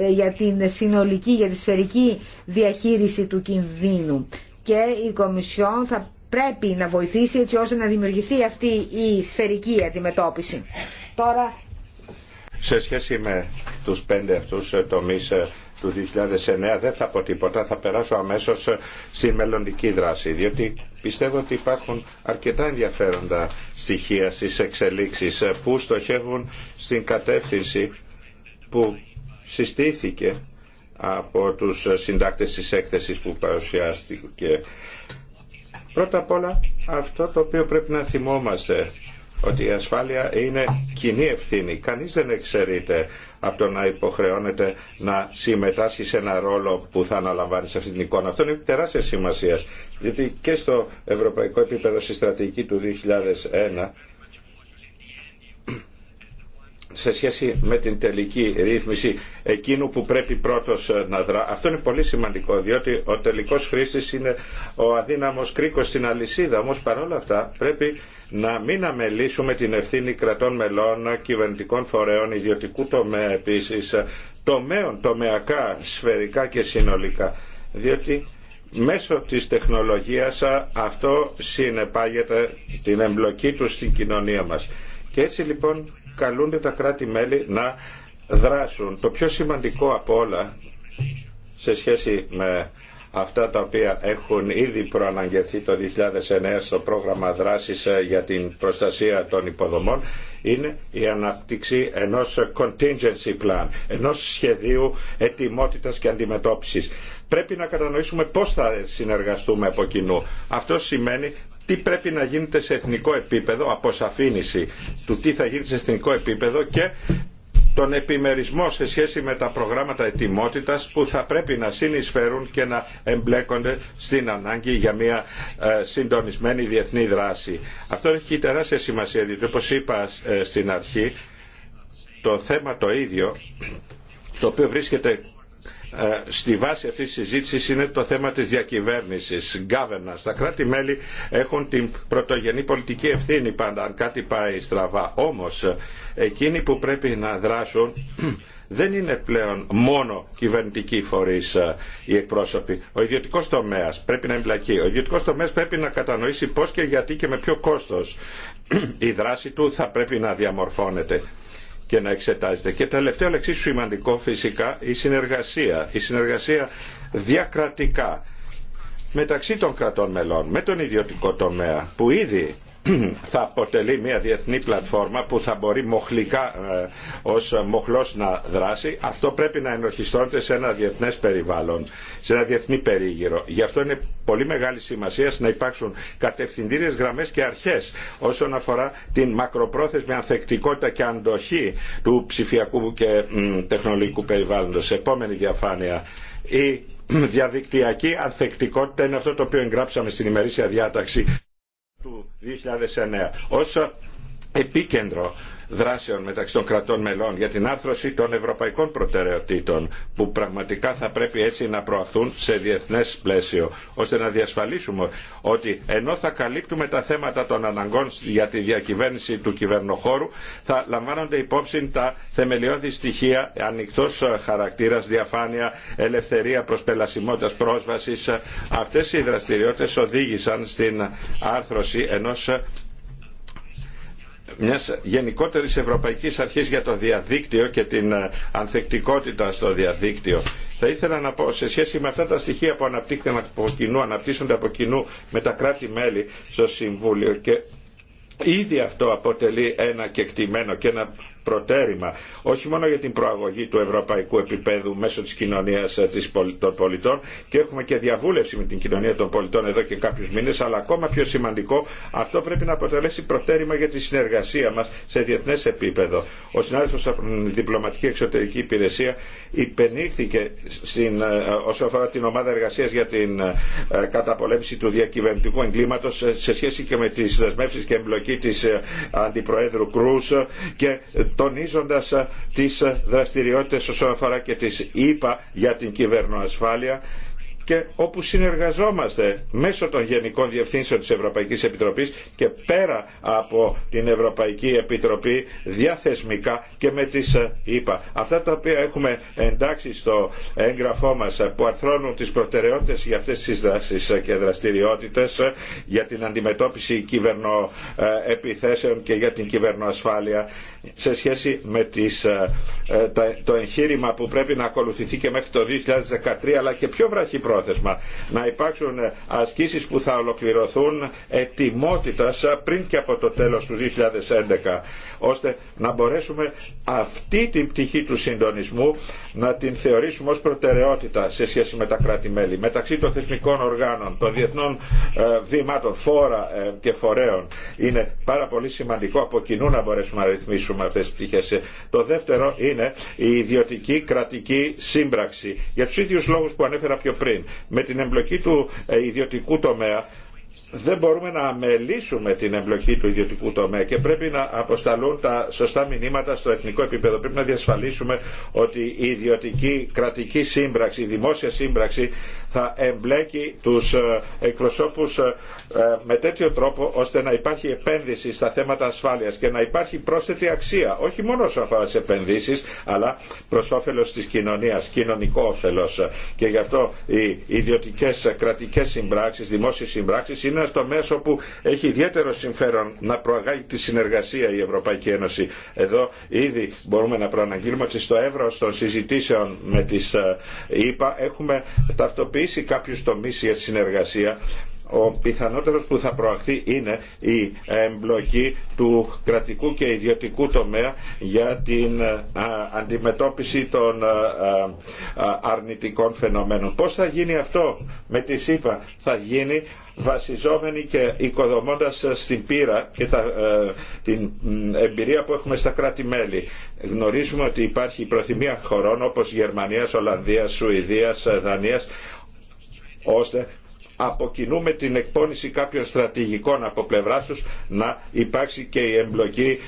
S1: ε, για την συνολική, για τη σφαιρική διαχείριση του κινδύνου. Και η Κομισιόν θα πρέπει να βοηθήσει έτσι ώστε να δημιουργηθεί αυτή η σφαιρική αντιμετώπιση. Τώρα...
S3: Σε σχέση με τους πέντε αυτούς τομείς ε, του 2009 δεν θα πω τίποτα, θα περάσω αμέσως στη μελλοντική δράση, διότι πιστεύω ότι υπάρχουν αρκετά ενδιαφέροντα στοιχεία στις εξελίξεις που στοχεύουν στην κατεύθυνση που συστήθηκε από τους συντάκτες της έκθεσης που παρουσιάστηκε. Πρώτα απ' όλα αυτό το οποίο πρέπει να θυμόμαστε ότι η ασφάλεια είναι κοινή ευθύνη. Κανείς δεν εξαιρείται από το να υποχρεώνεται να συμμετάσχει σε ένα ρόλο που θα αναλαμβάνει σε αυτή την εικόνα. Αυτό είναι τεράστια σημασία. Γιατί και στο ευρωπαϊκό επίπεδο στη στρατηγική του 2001 σε σχέση με την τελική ρύθμιση εκείνου που πρέπει πρώτος ε, να δρά. Αυτό είναι πολύ σημαντικό διότι ο τελικός χρήστης είναι ο αδύναμος κρίκος στην αλυσίδα. Όμως παρόλα αυτά πρέπει να μην αμελήσουμε την ευθύνη κρατών μελών, κυβερνητικών φορέων, ιδιωτικού τομέα επίσης, τομέων, τομεακά, σφαιρικά και συνολικά. Διότι μέσω της τεχνολογίας αυτό συνεπάγεται την εμπλοκή του στην κοινωνία μας. Και έτσι λοιπόν καλούνται τα κράτη-μέλη να δράσουν. Το πιο σημαντικό από όλα σε σχέση με αυτά τα οποία έχουν ήδη προαναγγεθεί το 2009 στο πρόγραμμα δράσης ε, για την προστασία των υποδομών είναι η ανάπτυξη ενός contingency plan, ενός σχεδίου ετοιμότητας και αντιμετώπισης. Πρέπει να κατανοήσουμε πώς θα συνεργαστούμε από κοινού. Αυτό σημαίνει τι πρέπει να γίνεται σε εθνικό επίπεδο, αποσαφήνιση του τι θα γίνει σε εθνικό επίπεδο και τον επιμερισμό σε σχέση με τα προγράμματα ετοιμότητας που θα πρέπει να συνεισφέρουν και να εμπλέκονται στην ανάγκη για μια ε, συντονισμένη διεθνή δράση. Αυτό έχει τεράστια σημασία διότι όπως είπα ε, στην αρχή το θέμα το ίδιο το οποίο βρίσκεται ε, στη βάση αυτής της συζήτηση είναι το θέμα της διακυβέρνησης, governance. Τα κράτη-μέλη έχουν την πρωτογενή πολιτική ευθύνη πάντα αν κάτι πάει στραβά. Όμως εκείνοι που πρέπει να δράσουν [CLEARS THROAT] δεν είναι πλέον μόνο κυβερνητικοί φορεί ε, οι εκπρόσωποι. Ο ιδιωτικό τομέα πρέπει να εμπλακεί. Ο ιδιωτικό τομέα πρέπει να κατανοήσει πώ και γιατί και με ποιο κόστο [CLEARS THROAT] η δράση του θα πρέπει να διαμορφώνεται και να εξετάζεται. Και τελευταίο, εξίσου σημαντικό φυσικά, η συνεργασία. Η συνεργασία διακρατικά μεταξύ των κρατών μελών, με τον ιδιωτικό τομέα, που ήδη [CLEARS THROAT] θα αποτελεί μια διεθνή πλατφόρμα που θα μπορεί μοχλικά ε, ως μοχλός να δράσει. Αυτό πρέπει να ενορχιστώνεται σε ένα διεθνές περιβάλλον, σε ένα διεθνή περίγυρο. Γι' αυτό είναι πολύ μεγάλη σημασία να υπάρξουν κατευθυντήριες γραμμές και αρχές όσον αφορά την μακροπρόθεσμη ανθεκτικότητα και αντοχή του ψηφιακού και τεχνολογικού περιβάλλοντος. Επόμενη διαφάνεια. Η διαδικτυακή ανθεκτικότητα είναι αυτό το οποίο εγγράψαμε στην ημερήσια διάταξη του 2009 ως επίκεντρο δράσεων μεταξύ των κρατών μελών για την άρθρωση των ευρωπαϊκών προτεραιοτήτων που πραγματικά θα πρέπει έτσι να προαχθούν σε διεθνές πλαίσιο ώστε να διασφαλίσουμε ότι ενώ θα καλύπτουμε τα θέματα των αναγκών για τη διακυβέρνηση του κυβερνοχώρου θα λαμβάνονται υπόψη τα θεμελιώδη στοιχεία ανοιχτός χαρακτήρας, διαφάνεια, ελευθερία προσπελασιμότητας πρόσβασης. Αυτές οι δραστηριότητες οδήγησαν στην άρθρωση ενός μιας γενικότερης ευρωπαϊκής αρχής για το διαδίκτυο και την ε, ανθεκτικότητα στο διαδίκτυο. Θα ήθελα να πω σε σχέση με αυτά τα στοιχεία που αναπτύχθηκαν από κοινού, αναπτύσσονται από κοινού με τα κράτη-μέλη στο Συμβούλιο και ήδη αυτό αποτελεί ένα κεκτημένο και ένα προτέρημα, όχι μόνο για την προαγωγή του ευρωπαϊκού επίπεδου μέσω της κοινωνίας ε, των πολιτών και έχουμε και διαβούλευση με την κοινωνία των πολιτών εδώ και κάποιους μήνες, αλλά ακόμα πιο σημαντικό αυτό πρέπει να αποτελέσει προτέρημα για τη συνεργασία μας σε διεθνές επίπεδο. Ο συνάδελφος από την Διπλωματική Εξωτερική Υπηρεσία υπενήχθηκε στην, ε, όσον αφορά την ομάδα εργασίας για την ε, καταπολέμηση του διακυβερνητικού εγκλήματος σε σχέση και με τις δεσμεύσεις και εμπλοκή της Αντιπροέδρου Κρούς και τονίζοντας τις δραστηριότητες όσον αφορά και τις ΗΠΑ για την κυβερνοασφάλεια και όπου συνεργαζόμαστε μέσω των Γενικών Διευθύνσεων της Ευρωπαϊκής Επιτροπής και πέρα από την Ευρωπαϊκή Επιτροπή διαθεσμικά και με τις ΕΠΑ. Αυτά τα οποία έχουμε εντάξει στο έγγραφό μας που αρθρώνουν τις προτεραιότητες για αυτές τις δράσεις και δραστηριότητες για την αντιμετώπιση κυβερνοεπιθέσεων και για την κυβερνοασφάλεια σε σχέση με τις, ε, ε, το εγχείρημα που πρέπει να ακολουθηθεί και μέχρι το 2013 αλλά και πιο πρόθεσμα να υπάρξουν ε, ασκήσεις που θα ολοκληρωθούν ετοιμότητας πριν και από το τέλος του 2011 ώστε να μπορέσουμε αυτή την πτυχή του συντονισμού να την θεωρήσουμε ως προτεραιότητα σε σχέση με τα κράτη-μέλη μεταξύ των θεσμικών οργάνων, των διεθνών βήματων, φόρα και φορέων είναι πάρα πολύ σημαντικό από κοινού να μπορέσουμε να ρυθμίσουμε με αυτές τις πτυχές. Ε, το δεύτερο είναι η ιδιωτική κρατική σύμπραξη. Για τους ίδιους λόγους που ανέφερα πιο πριν. Με την εμπλοκή του ε, ιδιωτικού τομέα δεν μπορούμε να αμελήσουμε την εμπλοκή του ιδιωτικού τομέα και πρέπει να αποσταλούν τα σωστά μηνύματα στο εθνικό επίπεδο. Πρέπει να διασφαλίσουμε ότι η ιδιωτική κρατική σύμπραξη, η δημόσια σύμπραξη θα εμπλέκει τους ε, εκπροσώπους ε, ε, με τέτοιο τρόπο ώστε να υπάρχει επένδυση στα θέματα ασφάλειας και να υπάρχει πρόσθετη αξία, όχι μόνο σχετικά αφορά τις επενδύσεις, αλλά προς όφελος της κοινωνίας, κοινωνικό όφελος. Και γι' αυτό οι ιδιωτικές κρατικές συμπράξεις, δημόσιες συμπράξεις είναι στο μέσο που έχει ιδιαίτερο συμφέρον να προαγάγει τη συνεργασία η Ευρωπαϊκή Ένωση. Εδώ ήδη μπορούμε να προαναγγείλουμε ότι στο εύρο των συζητήσεων με τις ΗΠΑ έχουμε ταυτοποιήσει υλοποιήσει κάποιου τομεί για συνεργασία ο πιθανότερος που θα προαχθεί είναι η εμπλοκή του κρατικού και ιδιωτικού τομέα για την αντιμετώπιση των αρνητικών φαινομένων. Πώς θα γίνει αυτό με τη ΣΥΠΑ. Θα γίνει βασιζόμενη και οικοδομώντας στην πείρα και τα, ε, την εμπειρία που έχουμε στα κράτη-μέλη. Γνωρίζουμε ότι υπάρχει προθυμία χωρών όπως Γερμανίας, Ολλανδίας, Σουηδίας, ε, Δανίας ώστε αποκινούμε την εκπόνηση κάποιων στρατηγικών από πλευρά τους να υπάρξει και η εμπλοκή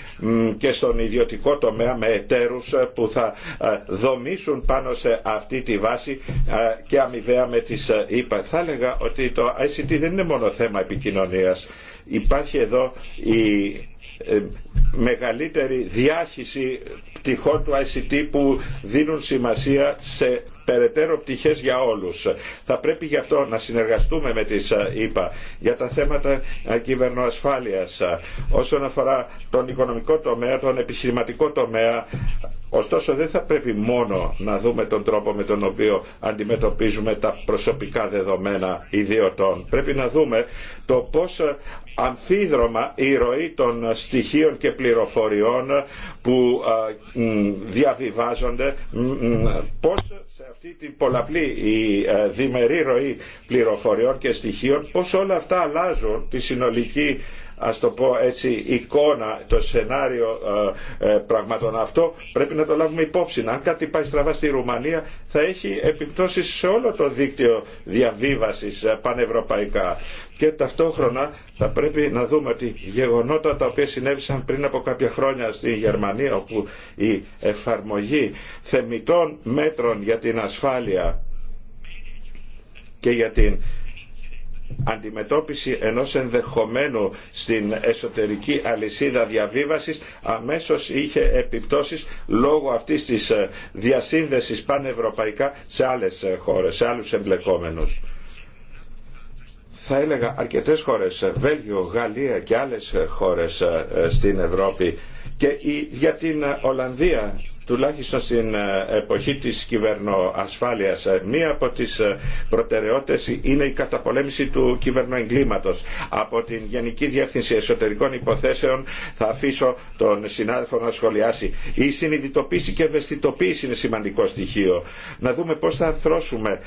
S3: και στον ιδιωτικό τομέα με εταίρους ε, που θα ε, δομήσουν πάνω σε αυτή τη βάση ε, και αμοιβαία με τις ΕΠΑ. Θα έλεγα ότι το ICT δεν είναι μόνο θέμα επικοινωνίας. Υπάρχει εδώ η ε, μεγαλύτερη διάχυση πτυχών του ICT που δίνουν σημασία σε περαιτέρω πτυχές για όλους. Θα πρέπει γι' αυτό να συνεργαστούμε με τις ΕΠΑ για τα θέματα ε, κυβερνοασφάλειας ε, όσον αφορά τον οικονομικό τομέα, τον επιχειρηματικό τομέα Ωστόσο δεν θα πρέπει μόνο να δούμε τον τρόπο με τον οποίο αντιμετωπίζουμε τα προσωπικά δεδομένα ιδιωτών. Πρέπει να δούμε το πώς αμφίδρομα η ροή των στοιχείων και πληροφοριών που διαβιβάζονται πώς σε αυτή την πολλαπλή η ε, διμερή ροή πληροφοριών και στοιχείων πώς όλα αυτά αλλάζουν τη συνολική ας το πω έτσι εικόνα, το σενάριο ε, ε, πραγματών αυτό πρέπει να το λάβουμε υπόψη. Αν κάτι πάει στραβά στη Ρουμανία θα έχει επιπτώσεις σε όλο το δίκτυο διαβίβασης ε, πανευρωπαϊκά. Και ταυτόχρονα θα πρέπει να δούμε ότι γεγονότα τα οποία συνέβησαν πριν από κάποια χρόνια στη Γερμανία όπου η εφαρμογή θεμητών μέτρων για την ασφάλεια και για την αντιμετώπιση ενός ενδεχομένου στην εσωτερική αλυσίδα διαβίβασης αμέσως είχε επιπτώσεις λόγω αυτής της ε, διασύνδεσης πανευρωπαϊκά σε άλλες ε, χώρες, σε άλλους εμπλεκόμενους θα έλεγα αρκετές χώρες, ε, Βέλγιο, Γαλλία και άλλες χώρες στην Ευρώπη και για την Ολλανδία τουλάχιστον στην ε, εποχή της κυβερνοασφάλειας ε, μία από τις ε, προτεραιότητες είναι η καταπολέμηση του κυβερνοεγκλήματος. Από την Γενική Διεύθυνση Εσωτερικών Υποθέσεων θα αφήσω τον συνάδελφο να σχολιάσει. Η συνειδητοποίηση και ευαισθητοποίηση είναι σημαντικό στοιχείο. Να δούμε πώς θα αρθρώσουμε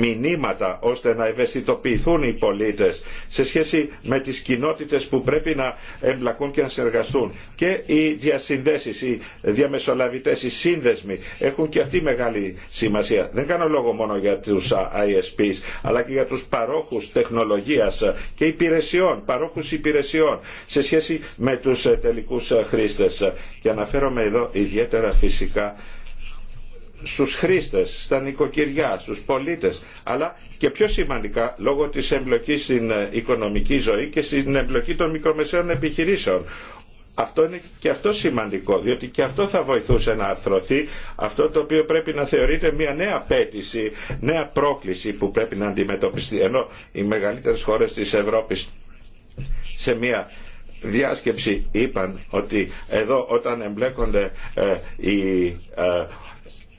S3: μηνύματα ώστε να ευαισθητοποιηθούν οι πολίτες σε σχέση με τις κοινότητες που πρέπει να εμπλακούν και να συνεργαστούν. Και οι διασυνδέσεις, οι οι σύνδεσμοι έχουν και αυτή μεγάλη σημασία. Δεν κάνω λόγο μόνο για τους ISPs, αλλά και για τους παρόχους τεχνολογίας και υπηρεσιών, παρόχους υπηρεσιών σε σχέση με τους ε, τελικούς ε, χρήστες. Και αναφέρομαι εδώ ιδιαίτερα φυσικά στους χρήστες, στα νοικοκυριά, στους πολίτες, αλλά και πιο σημαντικά λόγω της εμπλοκής στην ε, οικονομική ζωή και στην εμπλοκή των μικρομεσαίων επιχειρήσεων αυτό είναι και αυτό σημαντικό, διότι και αυτό θα βοηθούσε να αρθρωθεί αυτό το οποίο πρέπει να θεωρείται μια νέα απέτηση, νέα πρόκληση που πρέπει να αντιμετωπιστεί. Ενώ οι μεγαλύτερες χώρες της Ευρώπης σε μια διάσκεψη είπαν ότι εδώ όταν εμπλέκονται ε, οι ε,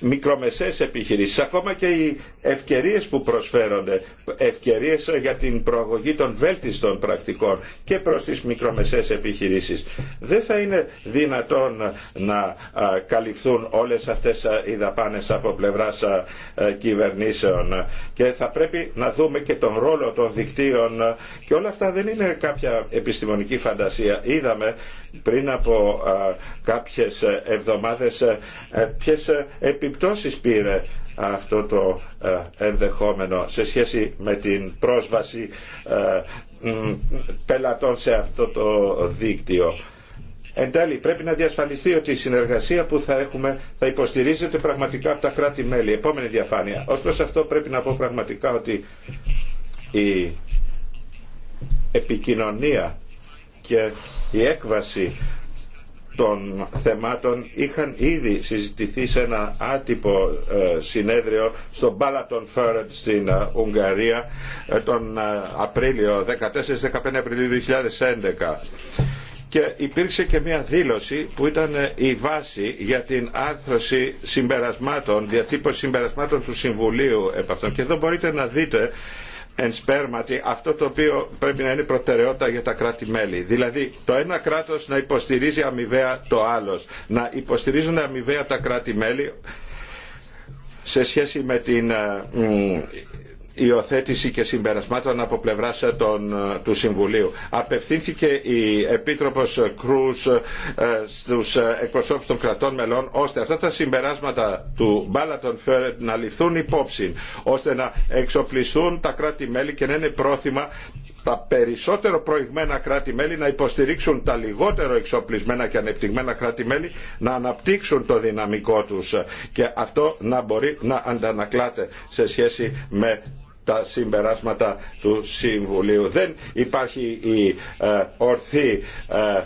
S3: μικρομεσαίες επιχειρήσεις, ακόμα και οι ευκαιρίες που προσφέρονται, ευκαιρίες για την προαγωγή των βέλτιστων πρακτικών και προς τις μικρομεσαίες επιχειρήσεις. Δεν θα είναι δυνατόν να καλυφθούν όλες αυτές οι δαπάνες από πλευράς ε, κυβερνήσεων και θα πρέπει να δούμε και τον ρόλο των δικτύων και όλα αυτά δεν είναι κάποια επιστημονική φαντασία. Είδαμε πριν από κάποιες ε, εβδομάδες ε, ε, ποιες επιπτώσεις πήρε αυτό το ενδεχόμενο σε σχέση με την πρόσβαση πελατών σε αυτό το δίκτυο. Εν τέλει, πρέπει να διασφαλιστεί ότι η συνεργασία που θα έχουμε θα υποστηρίζεται πραγματικά από τα κράτη-μέλη. Επόμενη διαφάνεια. Ως αυτό πρέπει να πω πραγματικά ότι η επικοινωνία και η έκβαση των θεμάτων είχαν ήδη συζητηθεί σε ένα άτυπο ε, συνέδριο στο Μπάλατον Φέρετ στην ε, Ουγγαρία ε, τον Απρίλιο, 14-15 Απριλίου 2011 και υπήρξε και μια δήλωση που ήταν η βάση για την άρθρωση συμπερασμάτων, διατύπωση συμπερασμάτων του Συμβουλίου επ' αυτών. Και εδώ μπορείτε να δείτε εν σπέρματι αυτό το οποίο πρέπει να είναι προτεραιότητα για τα κράτη-μέλη. Δηλαδή το ένα κράτος να υποστηρίζει αμοιβαία το άλλο. Να υποστηρίζουν αμοιβαία τα κράτη-μέλη σε σχέση με την ε, υιοθέτηση και συμπερασμάτων από πλευρά ε, ε, του Συμβουλίου. Απευθύνθηκε η Επίτροπος κρού ε, στου εκπροσώπους των κρατών μελών ώστε αυτά τα συμπεράσματα του Μπάλατον Φέρετ να ληφθούν υπόψη ώστε να εξοπλιστούν τα κράτη-μέλη και να είναι πρόθυμα τα περισσότερο προηγμένα κράτη-μέλη να υποστηρίξουν τα λιγότερο εξοπλισμένα και ανεπτυγμένα κράτη-μέλη να αναπτύξουν το δυναμικό τους και αυτό να μπορεί να αντανακλάται σε σχέση με τα συμπεράσματα του Συμβουλίου. Δεν υπάρχει η ε, ορθή ε,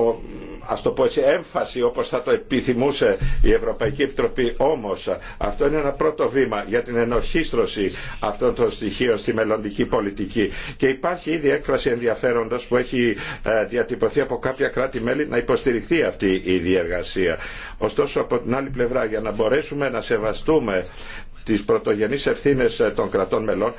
S3: ο, ας το πω έμφαση όπως θα το επιθυμούσε η Ευρωπαϊκή Επιτροπή. Όμως αυτό είναι ένα πρώτο βήμα για την ενορχίστρωση αυτών των στοιχείων στη μελλοντική πολιτική. Και υπάρχει ήδη έκφραση ενδιαφέροντος που έχει ε, διατυπωθεί από κάποια κράτη-μέλη να υποστηριχθεί αυτή η διεργασία. Ωστόσο από την άλλη πλευρά για να μπορέσουμε να σεβαστούμε τις πρωτογενείς ευθύνες ε, των κρατών μελών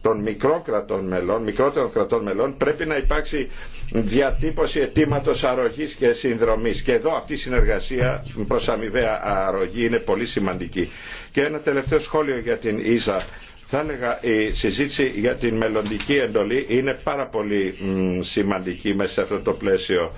S3: των μικρών κρατών μελών, μικρότερων κρατών μελών, πρέπει να υπάρξει διατύπωση αιτήματο αρρωγή και συνδρομή. Και εδώ αυτή η συνεργασία προ αμοιβαία αρρωγή είναι πολύ σημαντική. Και ένα τελευταίο σχόλιο για την ΙΖΑ. Θα έλεγα η συζήτηση για την μελλοντική εντολή είναι πάρα πολύ σημαντική μέσα σε αυτό το πλαίσιο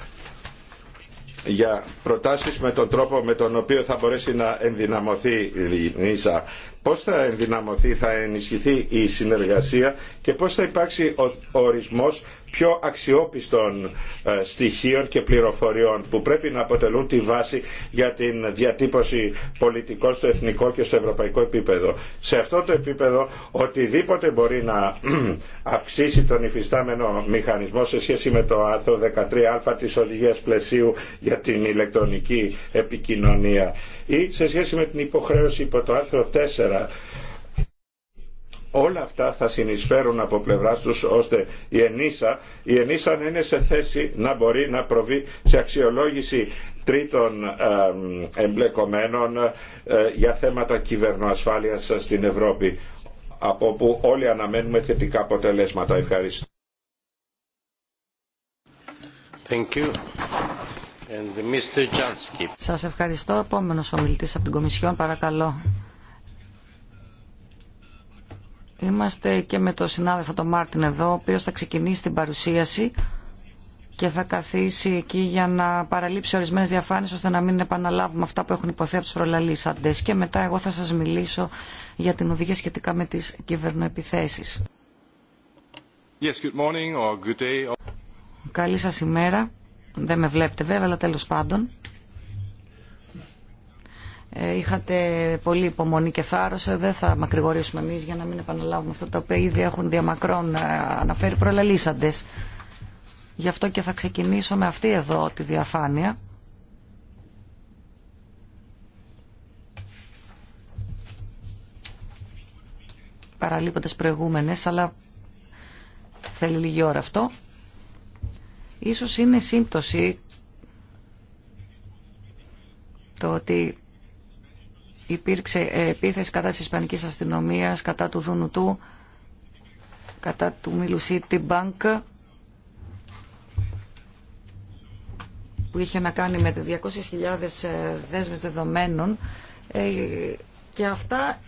S3: για προτάσεις με τον τρόπο με τον οποίο θα μπορέσει να ενδυναμωθεί η ΙΣΑ πώς θα ενδυναμωθεί, θα ενισχυθεί η συνεργασία και πώς θα υπάρξει ο ορισμός πιο αξιόπιστων ε, στοιχείων και πληροφοριών που πρέπει να αποτελούν τη βάση για την διατύπωση πολιτικών στο εθνικό και στο ευρωπαϊκό επίπεδο. Σε αυτό το επίπεδο οτιδήποτε μπορεί να [CLEARS THROAT] αυξήσει τον υφιστάμενο μηχανισμό σε σχέση με το άρθρο 13α της οδηγίας πλαισίου για την ηλεκτρονική επικοινωνία ή σε σχέση με την υποχρέωση υπό το άρθρο 4 Όλα αυτά θα συνεισφέρουν από πλευρά τους ώστε η ΕΝΙΣΑ, η ΕΝΙΣΑ να είναι σε θέση να μπορεί να προβεί σε αξιολόγηση τρίτων εμπλεκομένων ε, για θέματα κυβερνοασφάλειας στην Ευρώπη από που όλοι αναμένουμε θετικά αποτελέσματα. Ευχαριστώ. Thank you. And Mr.
S2: Σας ευχαριστώ. Επόμενος ομιλητής από την Κομισιόν, παρακαλώ. Είμαστε και με τον συνάδελφο τον Μάρτιν εδώ, ο οποίος θα ξεκινήσει την παρουσίαση και θα καθίσει εκεί για να παραλείψει ορισμένες διαφάνειες ώστε να μην επαναλάβουμε αυτά που έχουν υποθεί από τους προλαλήσαντες. Και μετά εγώ θα σας μιλήσω για την οδηγία σχετικά με τις κυβερνοεπιθέσεις.
S3: Yes, good morning or good day.
S2: Καλή σας ημέρα. Δεν με βλέπετε βέβαια, αλλά τέλος πάντων. Ε, είχατε πολύ υπομονή και θάρρο. Ε, δεν θα μακρηγορήσουμε εμεί για να μην επαναλάβουμε αυτά τα οποία ήδη έχουν διαμακρών ε, αναφέρει προλαλήσαντε. Γι' αυτό και θα ξεκινήσω με αυτή εδώ τη διαφάνεια. Παραλείποντας προηγούμενες, αλλά θέλει λίγη ώρα αυτό. Ίσως είναι σύμπτωση το ότι υπήρξε επίθεση κατά της Ισπανικής αστυνομίας, κατά του Δουνουτού, κατά του Μιλουσίτη Μπάνκ, που είχε να κάνει με 200.000 ε, δέσμες δεδομένων ε, και αυτά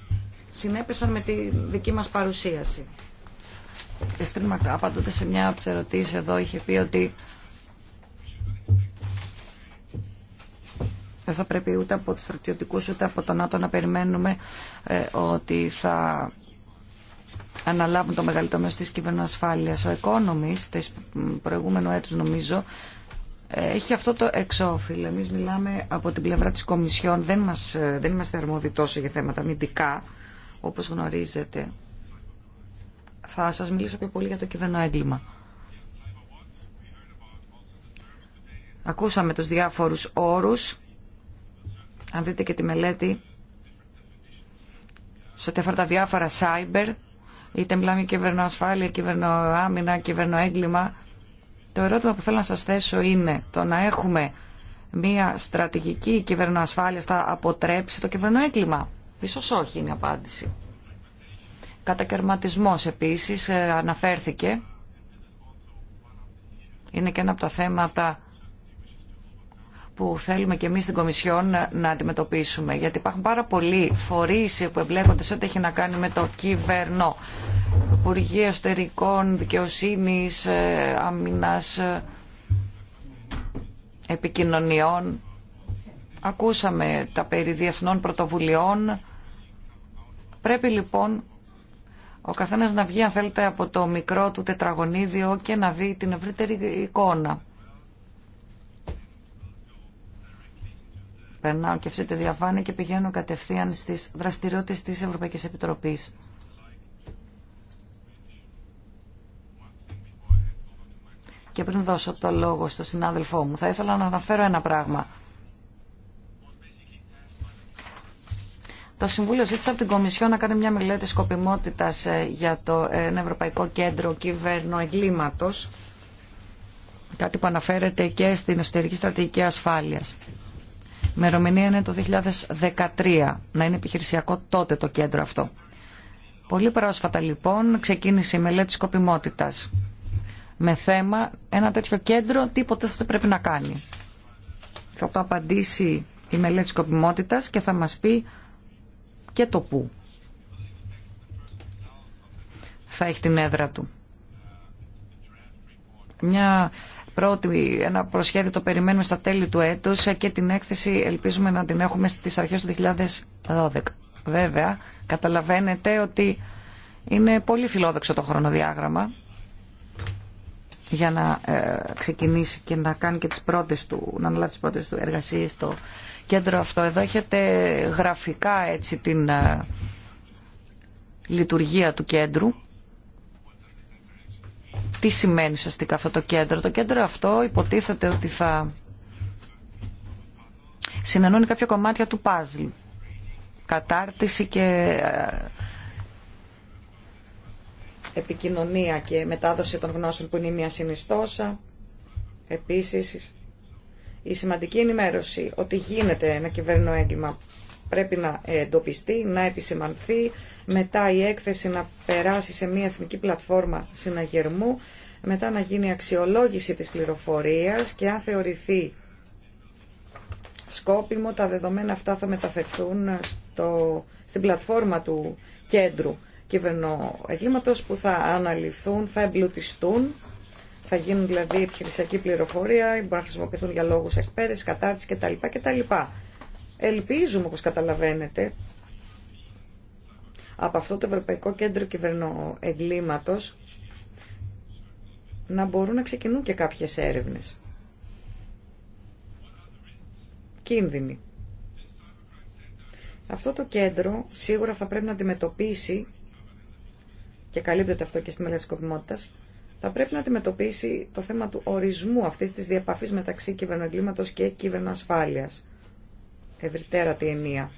S2: συνέπεσαν με τη δική μας παρουσίαση. Απαντώντας σε μια από εδώ είχε πει ότι Δεν θα πρέπει ούτε από τους στρατιωτικούς ούτε από τον ΝΑΤΟ να περιμένουμε ε, ότι θα αναλάβουν το μεγαλύτερο μέρος της κυβερνοασφάλειας. Ο Economist, της προηγούμενου έτους νομίζω, ε, έχει αυτό το εξώφυλλο. Εμείς μιλάμε από την πλευρά της Κομισιόν, δεν, μας, ε, δεν είμαστε αρμόδιοι τόσο για θέματα αμυντικά, όπως γνωρίζετε. Θα σας μιλήσω πιο πολύ για το κυβερνοέγκλημα. Ακούσαμε τους διάφορους όρους αν δείτε και τη μελέτη, σε ό,τι αφορά τα διάφορα cyber, είτε μιλάμε κυβερνοασφάλεια, κυβερνοάμυνα, κυβερνοέγκλημα, το ερώτημα που θέλω να σας θέσω είναι το να έχουμε μια στρατηγική κυβερνοασφάλεια θα αποτρέψει το κυβερνοέγκλημα. Ίσως όχι είναι η απάντηση. Κατακαιρματισμός επίσης ε, αναφέρθηκε. Είναι και ένα από τα θέματα που θέλουμε και εμείς στην Κομισιόν να αντιμετωπίσουμε. Γιατί υπάρχουν πάρα πολλοί φορείς που εμπλέκονται σε ό,τι έχει να κάνει με το κυβερνό. Υπουργεία Εστερικών, Δικαιοσύνης, Αμυνάς, ε, ε, Επικοινωνιών. Ακούσαμε τα περί διεθνών πρωτοβουλειών. Πρέπει λοιπόν ο καθένας να βγει αν θέλετε από το μικρό του τετραγωνίδιο και να δει την ευρύτερη εικόνα. περνάω και αυτή τη διαφάνεια και πηγαίνω κατευθείαν στις δραστηριότητες της Ευρωπαϊκής Επιτροπής. Και πριν δώσω το λόγο στο συνάδελφό μου, θα ήθελα να αναφέρω ένα πράγμα. Το Συμβούλιο ζήτησε από την Κομισιό να κάνει μια μελέτη σκοπιμότητας ε, για το ε, Ευρωπαϊκό Κέντρο Κυβέρνο Εγκλήματος, κάτι που αναφέρεται και στην εσωτερική στρατηγική ασφάλειας. Μερομηνία είναι το 2013, να είναι επιχειρησιακό τότε το κέντρο αυτό. Πολύ πρόσφατα λοιπόν ξεκίνησε η μελέτη σκοπιμότητας με θέμα ένα τέτοιο κέντρο τίποτε το πρέπει να κάνει. Θα το απαντήσει η μελέτη σκοπιμότητας και θα μας πει και το πού θα έχει την έδρα του. Μια πρώτη, ένα προσχέδιο το περιμένουμε στα τέλη του έτους και την έκθεση ελπίζουμε να την έχουμε στις αρχές του 2012. Βέβαια, καταλαβαίνετε ότι είναι πολύ φιλόδοξο το χρονοδιάγραμμα για να ε, ξεκινήσει και να κάνει και τις πρώτες του, να αναλάβει τις πρώτες του εργασίες στο κέντρο αυτό. Εδώ έχετε γραφικά έτσι την ε, λειτουργία του κέντρου τι σημαίνει ουσιαστικά αυτό το κέντρο. Το κέντρο αυτό υποτίθεται ότι θα συνενώνει κάποια κομμάτια του παζλ. Κατάρτιση και ε, επικοινωνία και μετάδοση των γνώσεων που είναι μια συνιστόσα. Επίσης, η σημαντική ενημέρωση ότι γίνεται ένα κυβερνό έγκλημα πρέπει να εντοπιστεί, να επισημανθεί, μετά η έκθεση να περάσει σε μια εθνική πλατφόρμα συναγερμού, μετά να γίνει αξιολόγηση της πληροφορίας και αν θεωρηθεί σκόπιμο τα δεδομένα αυτά θα μεταφερθούν στο, στην πλατφόρμα του κέντρου κυβερνοεγκλήματος που θα αναλυθούν, θα εμπλουτιστούν θα γίνουν δηλαδή επιχειρησιακή πληροφορία, μπορεί να χρησιμοποιηθούν για λόγους εκπαίδευση, κατάρτιση κτλ. Ελπίζουμε, όπως καταλαβαίνετε, από αυτό το Ευρωπαϊκό Κέντρο Κυβερνοεγκλήματος να μπορούν να ξεκινούν και κάποιες έρευνες. Κίνδυνοι. Αυτό το κέντρο σίγουρα θα πρέπει να αντιμετωπίσει και καλύπτεται αυτό και στη μελέτη της θα πρέπει να αντιμετωπίσει το θέμα του ορισμού αυτής της διαπαφής μεταξύ κυβερνοεγκλήματος και κυβερνοασφάλειας ευρυτέρα τη ενία.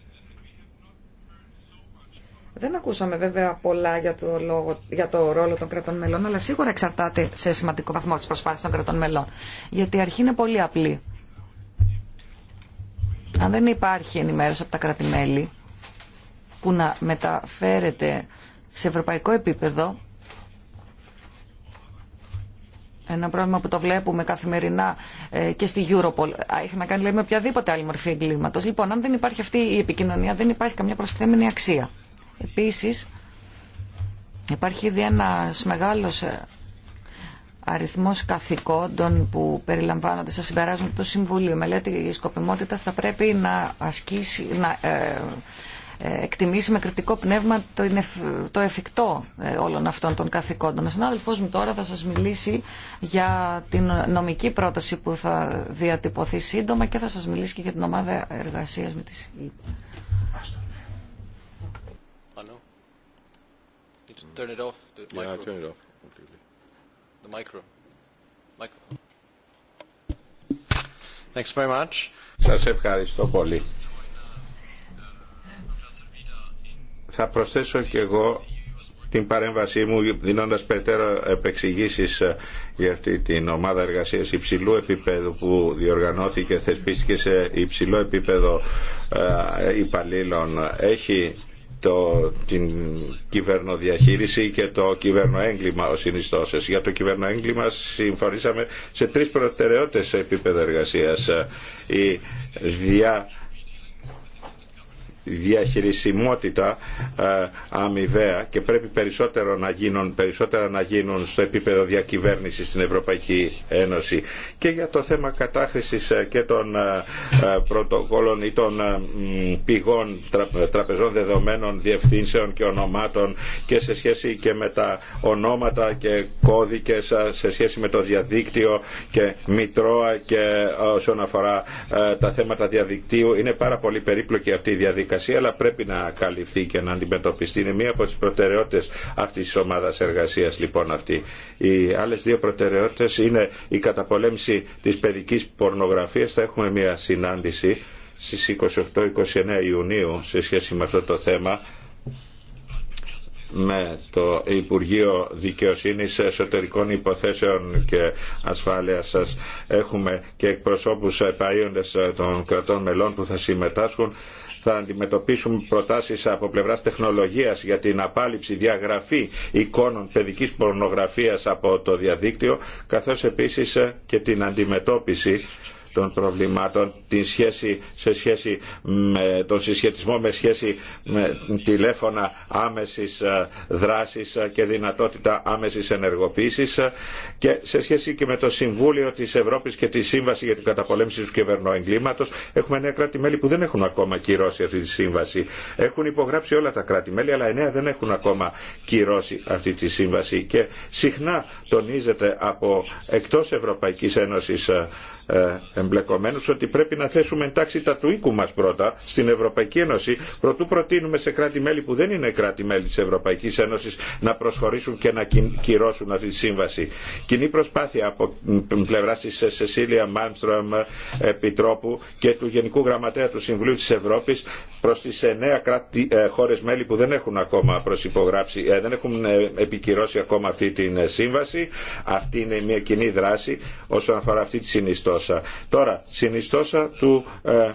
S2: Δεν ακούσαμε βέβαια πολλά για το, λόγο, για το ρόλο των κρατών μελών, αλλά σίγουρα εξαρτάται σε σημαντικό βαθμό από τι των κρατών μελών. Γιατί η αρχή είναι πολύ απλή. Αν δεν υπάρχει ενημέρωση από τα κράτη-μέλη που να μεταφέρεται σε ευρωπαϊκό επίπεδο, ένα πρόβλημα που το βλέπουμε καθημερινά ε, και στη Europol. Έχει να κάνει λέει, με οποιαδήποτε άλλη μορφή εγκλήματος. Λοιπόν, αν δεν υπάρχει αυτή η επικοινωνία, δεν υπάρχει καμιά προσθέμενη αξία. Επίσης, υπάρχει ήδη ένα μεγάλο ε, αριθμός καθηκόντων που περιλαμβάνονται στα συμπεράσματα του Συμβουλίου. Η μελέτη σκοπιμότητας θα πρέπει να, ασκήσει, να ε, εκτιμήσει με κριτικό πνεύμα το εφικτό ε, όλων αυτών των καθηκόντων. Ο συνάδελφός μου τώρα θα σας μιλήσει για την νομική πρόταση που θα διατυπωθεί σύντομα και θα σας μιλήσει και για την ομάδα εργασίας με τη
S3: turn it off. turn it off
S2: The
S3: Thanks very much. Σας ευχαριστώ πολύ. Θα προσθέσω και εγώ την παρέμβασή μου δίνοντας περαιτέρω επεξηγήσεις ε, για αυτή την ομάδα εργασίας υψηλού επίπεδου που διοργανώθηκε, θεσπίστηκε σε υψηλό επίπεδο ε, υπαλλήλων. Έχει το, την κυβερνοδιαχείριση και το κυβερνοέγκλημα ο συνιστώσεις. Για το κυβερνοέγκλημα συμφωνήσαμε σε τρεις προτεραιότητες σε επίπεδο εργασίας. Η δια διαχειρισιμότητα ε, αμοιβαία και πρέπει περισσότερο να γίνουν, περισσότερα να γίνουν στο επίπεδο διακυβέρνησης στην Ευρωπαϊκή Ένωση και για το θέμα κατάχρησης ε, και των ε, πρωτοκόλων ή των πηγών τραπεζών δεδομένων διευθύνσεων και ονομάτων και σε σχέση και με τα ονόματα και κώδικες σε σχέση με το διαδίκτυο και μητρώα και όσον αφορά τα θέματα διαδικτύου είναι πάρα πολύ περίπλοκη αυτή η διαδικασία διαδικασία αλλά πρέπει να καλυφθεί και να αντιμετωπιστεί. Είναι μία από τι προτεραιοτητε αυτη τη ομαδα εργασια λοιπόν αυτή. Οι αλλε δύο προτεραιότητες είναι η καταπολέμηση τη παιδικής πορνογραφίας. Θα έχουμε μία συνάντηση στι 28-29 Ιουνίου σε σχέση με αυτό το θέμα με το Υπουργείο Δικαιοσύνης Εσωτερικών Υποθέσεων και Ασφάλειας σας έχουμε και εκπροσώπους επαΐοντες ε, των κρατών μελών που θα συμμετάσχουν θα αντιμετωπίσουν προτάσεις από πλευράς τεχνολογίας για την απάλληψη διαγραφή εικόνων παιδικής πορνογραφίας από το διαδίκτυο καθώς επίσης και την αντιμετώπιση των προβλημάτων την σχέση, σε σχέση με τον συσχετισμό με σχέση με τηλέφωνα άμεσης ε, δράσης ε, και δυνατότητα άμεσης ενεργοποίησης ε, και σε σχέση και με το Συμβούλιο της Ευρώπης και τη Σύμβαση για την καταπολέμηση του Κεβερνού εχουμε έχουμε νέα κράτη-μέλη που δεν έχουν ακόμα κυρώσει αυτή τη σύμβαση. Έχουν υπογράψει όλα τα κράτη-μέλη αλλά εννέα δεν έχουν ακόμα κυρώσει αυτή τη σύμβαση και συχνά τονίζεται από εκτός Ευρωπαϊκής Ένωσης ε, εμπλεκομένους ότι πρέπει να θέσουμε εντάξει τα του οίκου μας πρώτα στην Ευρωπαϊκή Ένωση προτού προτείνουμε σε κράτη-μέλη που δεν είναι κράτη-μέλη της Ευρωπαϊκής Ένωσης να προσχωρήσουν και να κυρώσουν αυτή τη σύμβαση. Κοινή προσπάθεια από πλευρά τη Σεσίλια Μάνστρομ Επιτρόπου και του Γενικού Γραμματέα του Συμβουλίου της Ευρώπης προς τις εννέα κράτη, ε, χώρες μέλη που δεν έχουν ακόμα προσυπογράψει, ε, δεν έχουν επικυρώσει ακόμα αυτή την σύμβαση. Αυτή είναι μια κοινή δράση όσον αφορά αυτή τη Τώρα, συνιστόσα του ε,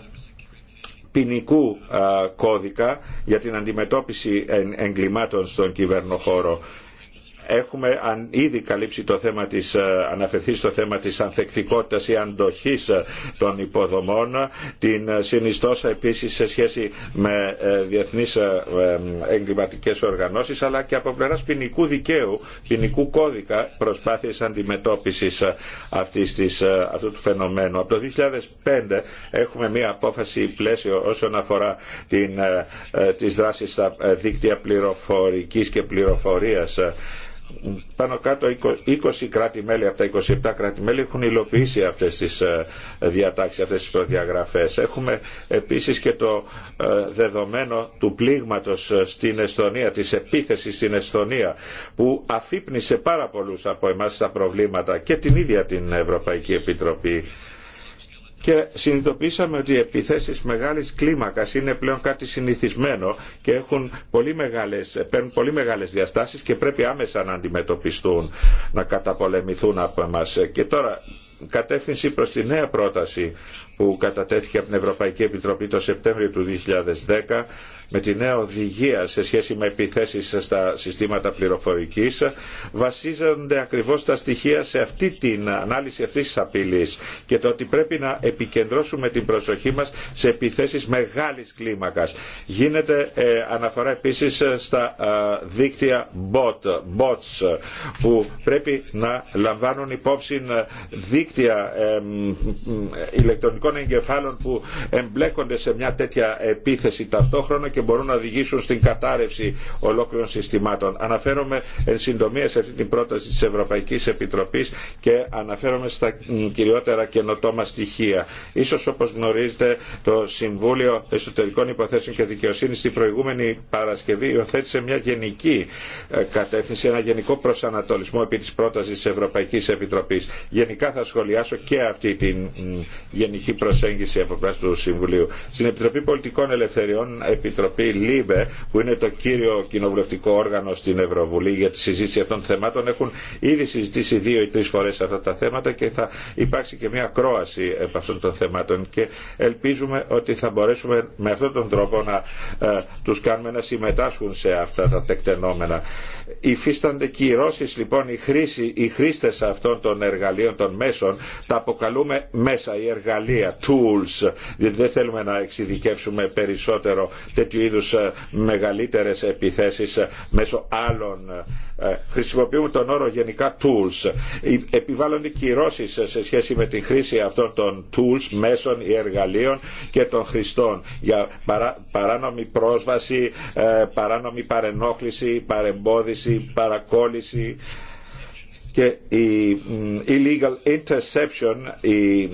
S3: ποινικού ε, κώδικα για την αντιμετώπιση εγκλημάτων στον κυβερνοχώρο έχουμε αν ήδη καλύψει το θέμα της, ε, αναφερθεί στο θέμα της ανθεκτικότητας ή αντοχής ε, των υποδομών, την ε, συνιστόσα επίσης σε σχέση με διεθνείς εγκληματικές οργανώσεις, αλλά και από πλευράς ποινικού δικαίου, ποινικού κώδικα προσπάθειες αντιμετώπισης αυτής της, αυτού του φαινομένου. Από το 2005 έχουμε μία απόφαση πλαίσιο όσον αφορά την, τις δράσεις στα δίκτυα πληροφορικής και πληροφορίας πάνω κάτω 20 κράτη-μέλη από τα 27 κράτη-μέλη έχουν υλοποιήσει αυτές τις ε, διατάξεις, αυτές τις προδιαγραφές. Έχουμε επίσης και το ε, δεδομένο του πλήγματος ε, στην Εστονία, της επίθεσης στην Εστονία που αφύπνισε πάρα πολλούς από εμάς τα προβλήματα και την ίδια την Ευρωπαϊκή Επιτροπή και συνειδητοποίησαμε ότι οι επιθέσεις μεγάλης κλίμακας είναι πλέον κάτι συνηθισμένο και έχουν πολύ μεγάλες, παίρνουν πολύ μεγάλες διαστάσεις και πρέπει άμεσα να αντιμετωπιστούν, να καταπολεμηθούν από εμάς. Και τώρα κατεύθυνση προς τη νέα πρόταση που κατατέθηκε από την Ευρωπαϊκή Επιτροπή το Σεπτέμβριο του 2010 με τη νέα οδηγία σε σχέση με επιθέσεις στα συστήματα πληροφορικής βασίζονται ακριβώς τα στοιχεία σε αυτή την ανάλυση αυτής της απειλής και το ότι πρέπει να επικεντρώσουμε την προσοχή μας σε επιθέσεις μεγάλης κλίμακας. Γίνεται ε, αναφορά επίσης στα ε, δίκτυα bot, bots που πρέπει να λαμβάνουν υπόψη ε, δίκτυα ε, οικονομικών εγκεφάλων που εμπλέκονται σε μια τέτοια επίθεση ταυτόχρονα και μπορούν να οδηγήσουν στην κατάρρευση ολόκληρων συστημάτων. Αναφέρομαι εν συντομία σε αυτή την πρόταση της Ευρωπαϊκής Επιτροπής και αναφέρομαι στα κυριότερα καινοτόμα στοιχεία. Ίσως όπως γνωρίζετε το Συμβούλιο Εσωτερικών Υποθέσεων και δικαιοσύνη. την προηγούμενη Παρασκευή υιοθέτησε μια γενική ε, κατεύθυνση, ένα γενικό προσανατολισμό επί της πρότασης της Ευρωπαϊκής Επιτροπής. Γενικά θα σχολιάσω και αυτή την γενική η προσέγγιση από πλευρά του Συμβουλίου. Στην Επιτροπή Πολιτικών Ελευθεριών, Επιτροπή ΛΥΜΕ, που είναι το κύριο κοινοβουλευτικό όργανο στην Ευρωβουλή για τη συζήτηση αυτών των θεμάτων, έχουν ήδη συζητήσει δύο ή τρει φορέ αυτά τα θέματα και θα υπάρξει και μια κρόαση από αυτών των θεμάτων και ελπίζουμε ότι θα μπορέσουμε με αυτόν τον τρόπο να ε, τους κάνουμε να συμμετάσχουν σε αυτά τα τεκτενόμενα. Υφίστανται κυρώσεις λοιπόν οι, χρήση, οι αυτών των εργαλείων των μέσων, τα αποκαλούμε μέσα η εργαλεία εργαλεία, tools, διότι δεν θέλουμε να εξειδικεύσουμε περισσότερο τέτοιου είδους ε, μεγαλύτερες επιθέσεις ε, μέσω άλλων. Ε, χρησιμοποιούμε τον όρο γενικά tools. Επιβάλλονται κυρώσει σε σχέση με τη χρήση αυτών των tools, μέσων ή εργαλείων και των χρηστών για παράνομη πρόσβαση, παράνομη παρενόχληση, παρεμπόδιση, παρακόλληση και η illegal interception, η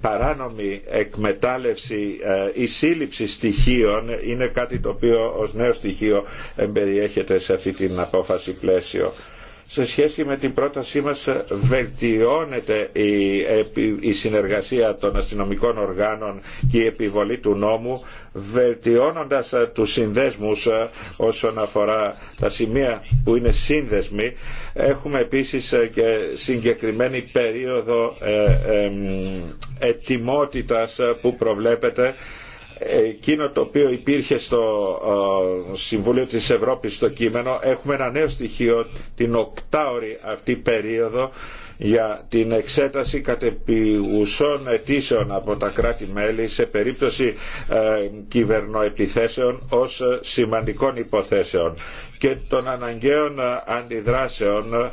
S3: παράνομη εκμετάλλευση, ε, η σύλληψη στοιχείων είναι κάτι το οποίο ως νέο στοιχείο εμπεριέχεται σε αυτή την απόφαση πλαίσιο σε σχέση με την πρότασή μας ε, βελτιώνεται η, συνεργασία των αστυνομικών οργάνων και η επιβολή του νόμου βελτιώνοντας ε, τους συνδέσμους ε, όσον αφορά τα σημεία που είναι σύνδεσμοι έχουμε επίσης και συγκεκριμένη περίοδο ετοιμότητας που προβλέπεται εκείνο το οποίο υπήρχε στο Συμβούλιο της Ευρώπης στο κείμενο έχουμε ένα νέο στοιχείο την οκτάωρη αυτή περίοδο για την εξέταση κατεπιουσών αιτήσεων από τα κράτη-μέλη σε περίπτωση ε, κυβερνοεπιθέσεων ως σημαντικών υποθέσεων και των αναγκαίων αντιδράσεων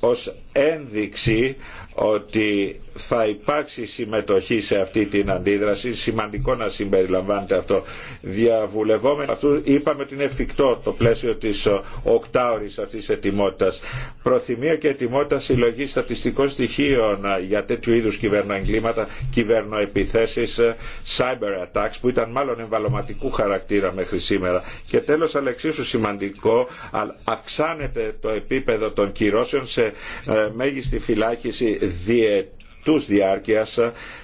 S3: ως ένδειξη ότι θα υπάρξει συμμετοχή σε αυτή την αντίδραση. Σημαντικό να συμπεριλαμβάνεται αυτό. Διαβουλευόμενοι αυτού είπαμε ότι είναι εφικτό το πλαίσιο της ε, οκτάωρης αυτής ετοιμότητα. Προθυμία και ετοιμότητα συλλογή στατιστικών στοιχείων ε, για τέτοιου είδου κυβερνοεγκλήματα, κυβερνοεπιθέσει, ε, cyber attacks που ήταν μάλλον εμβαλωματικού χαρακτήρα μέχρι σήμερα. Και τέλος εξίσου σημαντικό, αυξάνεται το επίπεδο των κυρώσεων σε μέγιστη φυλάκιση διαιτή τους διάρκειας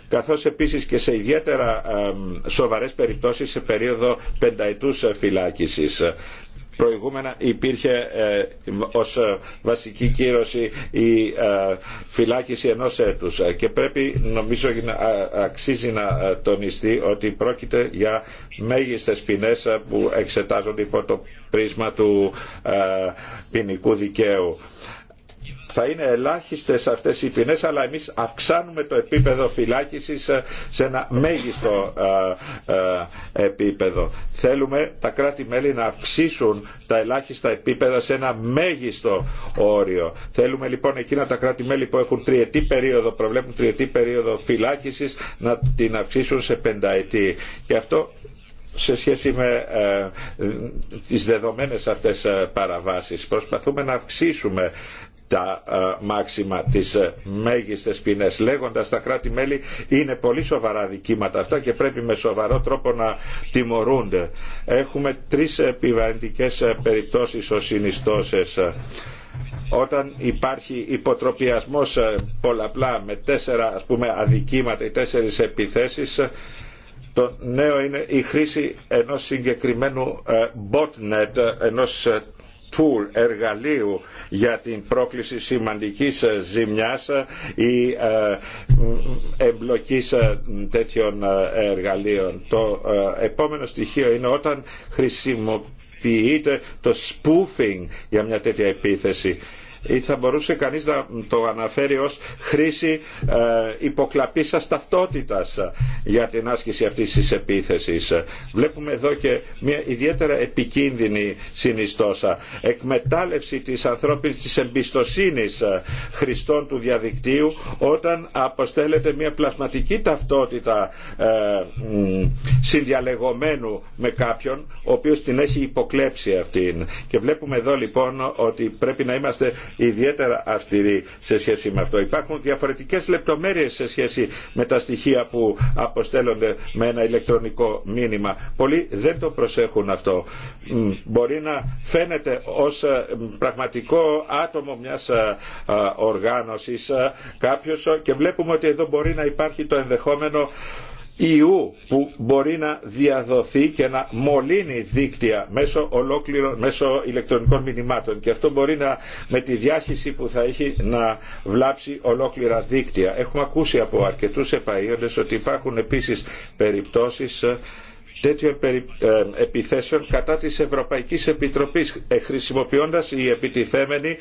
S3: καθώς επίσης και σε ιδιαίτερα ε, σοβαρές περιπτώσεις σε περίοδο πενταετούς ε, φυλάκισης. Προηγούμενα υπήρχε ε, ως βασική κύρωση η φυλάκιση ενός έτους και πρέπει νομίζω αξίζει να τονιστεί ότι πρόκειται για μέγιστες ποινές που εξετάζονται υπό το πρίσμα του ποινικού δικαίου θα είναι ελάχιστες αυτές οι ποινές αλλά εμείς αυξάνουμε το επίπεδο φυλάκισης ε, σε ένα μέγιστο ε, ε, επίπεδο. Θέλουμε τα κράτη-μέλη να αυξήσουν τα ελάχιστα επίπεδα σε ένα μέγιστο όριο. Θέλουμε λοιπόν εκείνα τα κράτη-μέλη που έχουν τριετή περίοδο, προβλέπουν τριετή περίοδο φυλάκισης να την αυξήσουν σε πενταετή. Και αυτό σε σχέση με ε, τις δεδομένες αυτές παραβάσεις. Προσπαθούμε να αυξήσουμε τα ε, μάξιμα, τις ε, μέγιστες ποινές, λέγοντας τα κράτη-μέλη είναι πολύ σοβαρά δικήματα αυτά και πρέπει με σοβαρό τρόπο να τιμωρούνται. Έχουμε τρεις επιβαρυντικές ε, περιπτώσεις ως συνιστώσεις όταν υπάρχει υποτροπιασμός πολλαπλά με τέσσερα ας πούμε αδικήματα ή τέσσερις επιθέσεις το νέο είναι η χρήση ενός συγκεκριμένου botnet, ενός tool, εργαλείου για την πρόκληση σημαντικής ε, ζημιάς ε, ή ε, εμπλοκής τέτοιων εργαλείων. Το επόμενο στοιχείο είναι όταν χρησιμοποιείται το spoofing για μια τέτοια επίθεση ή θα μπορούσε κανείς να το αναφέρει ως χρήση ε, υποκλαπής ταυτότητας για την άσκηση αυτής της επίθεσης. Βλέπουμε εδώ και μια ιδιαίτερα επικίνδυνη συνιστόσα. Εκμετάλλευση της ανθρώπινης της εμπιστοσύνης ε, χρηστών του διαδικτύου όταν αποστέλλεται μια πλασματική ταυτότητα ε, συνδιαλεγωμένου με κάποιον ο οποίος την έχει υποκλέψει αυτήν. Και βλέπουμε εδώ λοιπόν ότι πρέπει να είμαστε ιδιαίτερα αυστηρή σε σχέση με αυτό. Υπάρχουν διαφορετικές λεπτομέρειες σε σχέση με τα στοιχεία που αποστέλλονται με ένα ηλεκτρονικό μήνυμα. Πολλοί δεν το προσέχουν αυτό. Μπορεί να φαίνεται ως ε, πραγματικό άτομο μιας ε, ε, οργάνωσης κάποιος και βλέπουμε ότι εδώ μπορεί να υπάρχει το ενδεχόμενο ιού που μπορεί να διαδοθεί και να μολύνει δίκτυα μέσω, όλοκληρο μέσω ηλεκτρονικών μηνυμάτων και αυτό μπορεί να, με τη διάχυση που θα έχει να βλάψει ολόκληρα δίκτυα. Έχουμε ακούσει από αρκετούς επαΐοντες ότι υπάρχουν επίσης περιπτώσεις ε, τέτοιων ε, επιθέσεων κατά της Ευρωπαϊκής Επιτροπής ε, χρησιμοποιώντας η επιτιθέμενοι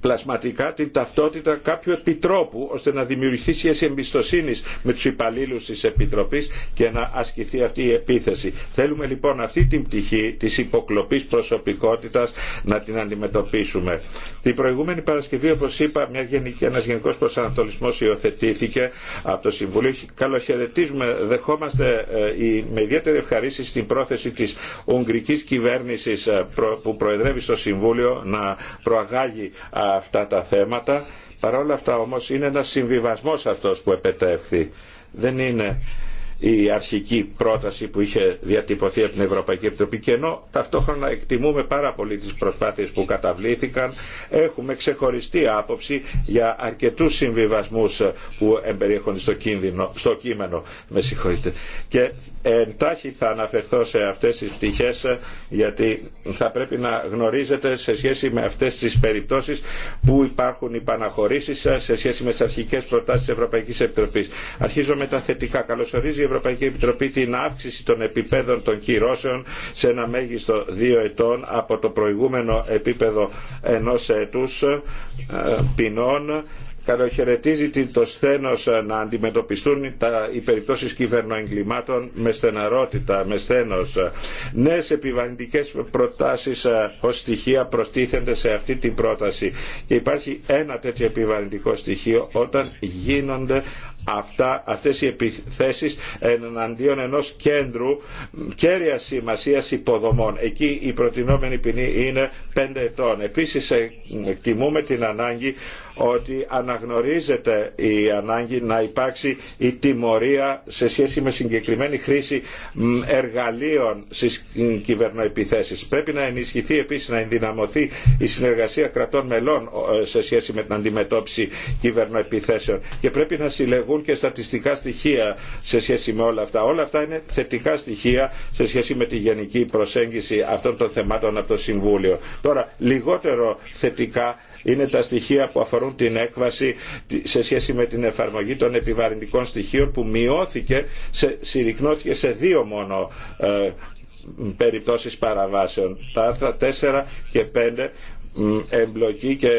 S3: πλασματικά την ταυτότητα κάποιου επιτρόπου ώστε να δημιουργηθεί σχέση εμπιστοσύνη με τους υπαλλήλους της Επιτροπής και να ασκηθεί αυτή η επίθεση. Θέλουμε λοιπόν αυτή την πτυχή της υποκλοπής προσωπικότητας να την αντιμετωπίσουμε. Την προηγούμενη Παρασκευή όπως είπα μια γενική, ένας γενικός προσανατολισμός υιοθετήθηκε από το Συμβουλίο. Καλοχαιρετίζουμε, δεχόμαστε ε, με ιδιαίτερη ιδιαίτερη ευχαρίστηση στην πρόθεση της Ουγγρικής κυβέρνησης ε, που προεδρεύει στο Συμβούλιο να προαγάγει αυτά τα θέματα. Παρ' όλα αυτά όμως είναι ένας συμβιβασμός αυτός που επετεύχθη. Δεν είναι η αρχική πρόταση που είχε διατυπωθεί από την Ευρωπαϊκή Επιτροπή και ενώ ταυτόχρονα εκτιμούμε πάρα πολύ τις προσπάθειες που καταβλήθηκαν έχουμε ξεχωριστή άποψη για αρκετούς συμβιβασμούς που εμπεριέχονται στο, κείμενο με συγχωρείτε. και εντάχει θα αναφερθώ σε αυτές τις πτυχές γιατί θα πρέπει να γνωρίζετε σε σχέση με αυτές τις περιπτώσεις που υπάρχουν οι παναχωρήσεις σε σχέση με τις αρχικές προτάσεις της Ευρωπαϊκής Επιτροπής. Αρχίζω με τα θετικά. Καλωσορίζει Ευρωπαϊκή Επιτροπή την αύξηση των επιπέδων των κυρώσεων σε ένα μέγιστο δύο ετών από το προηγούμενο επίπεδο ενός έτους ε, ποινών καλοχαιρετίζει το σθένος να αντιμετωπιστούν τα, οι περιπτώσεις κυβερνοεγκλημάτων με στεναρότητα, με σθένος. Νέες επιβαρυντικές προτάσεις ε, ως στοιχεία προστίθενται σε αυτή την πρόταση και υπάρχει ένα τέτοιο επιβαρυντικό στοιχείο όταν γίνονται αυτά, αυτές οι επιθέσεις εναντίον ενός κέντρου κέρια σημασία υποδομών. Εκεί η προτινόμενη ποινή είναι 5 ετών. Επίσης εκτιμούμε την ανάγκη ότι αναγνωρίζεται η ανάγκη να υπάρξει η τιμωρία σε σχέση με συγκεκριμένη χρήση εργαλείων στις κυβερνοεπιθέσεις. Πρέπει να ενισχυθεί επίσης να ενδυναμωθεί η συνεργασία κρατών μελών ε, σε σχέση με την αντιμετώπιση κυβερνοεπιθέσεων και πρέπει να Υπάρχουν και στατιστικά στοιχεία σε σχέση με όλα αυτά. Όλα αυτά είναι θετικά στοιχεία σε σχέση με τη γενική προσέγγιση αυτών των θεμάτων από το Συμβούλιο. Τώρα, λιγότερο θετικά είναι τα στοιχεία που αφορούν την έκβαση σε σχέση με την εφαρμογή των επιβαρυντικών στοιχείων που μειώθηκε, σε, συρρυκνώθηκε σε δύο μόνο ε, περιπτώσεις παραβάσεων. Τα άρθρα 4 και 5 εμπλοκή και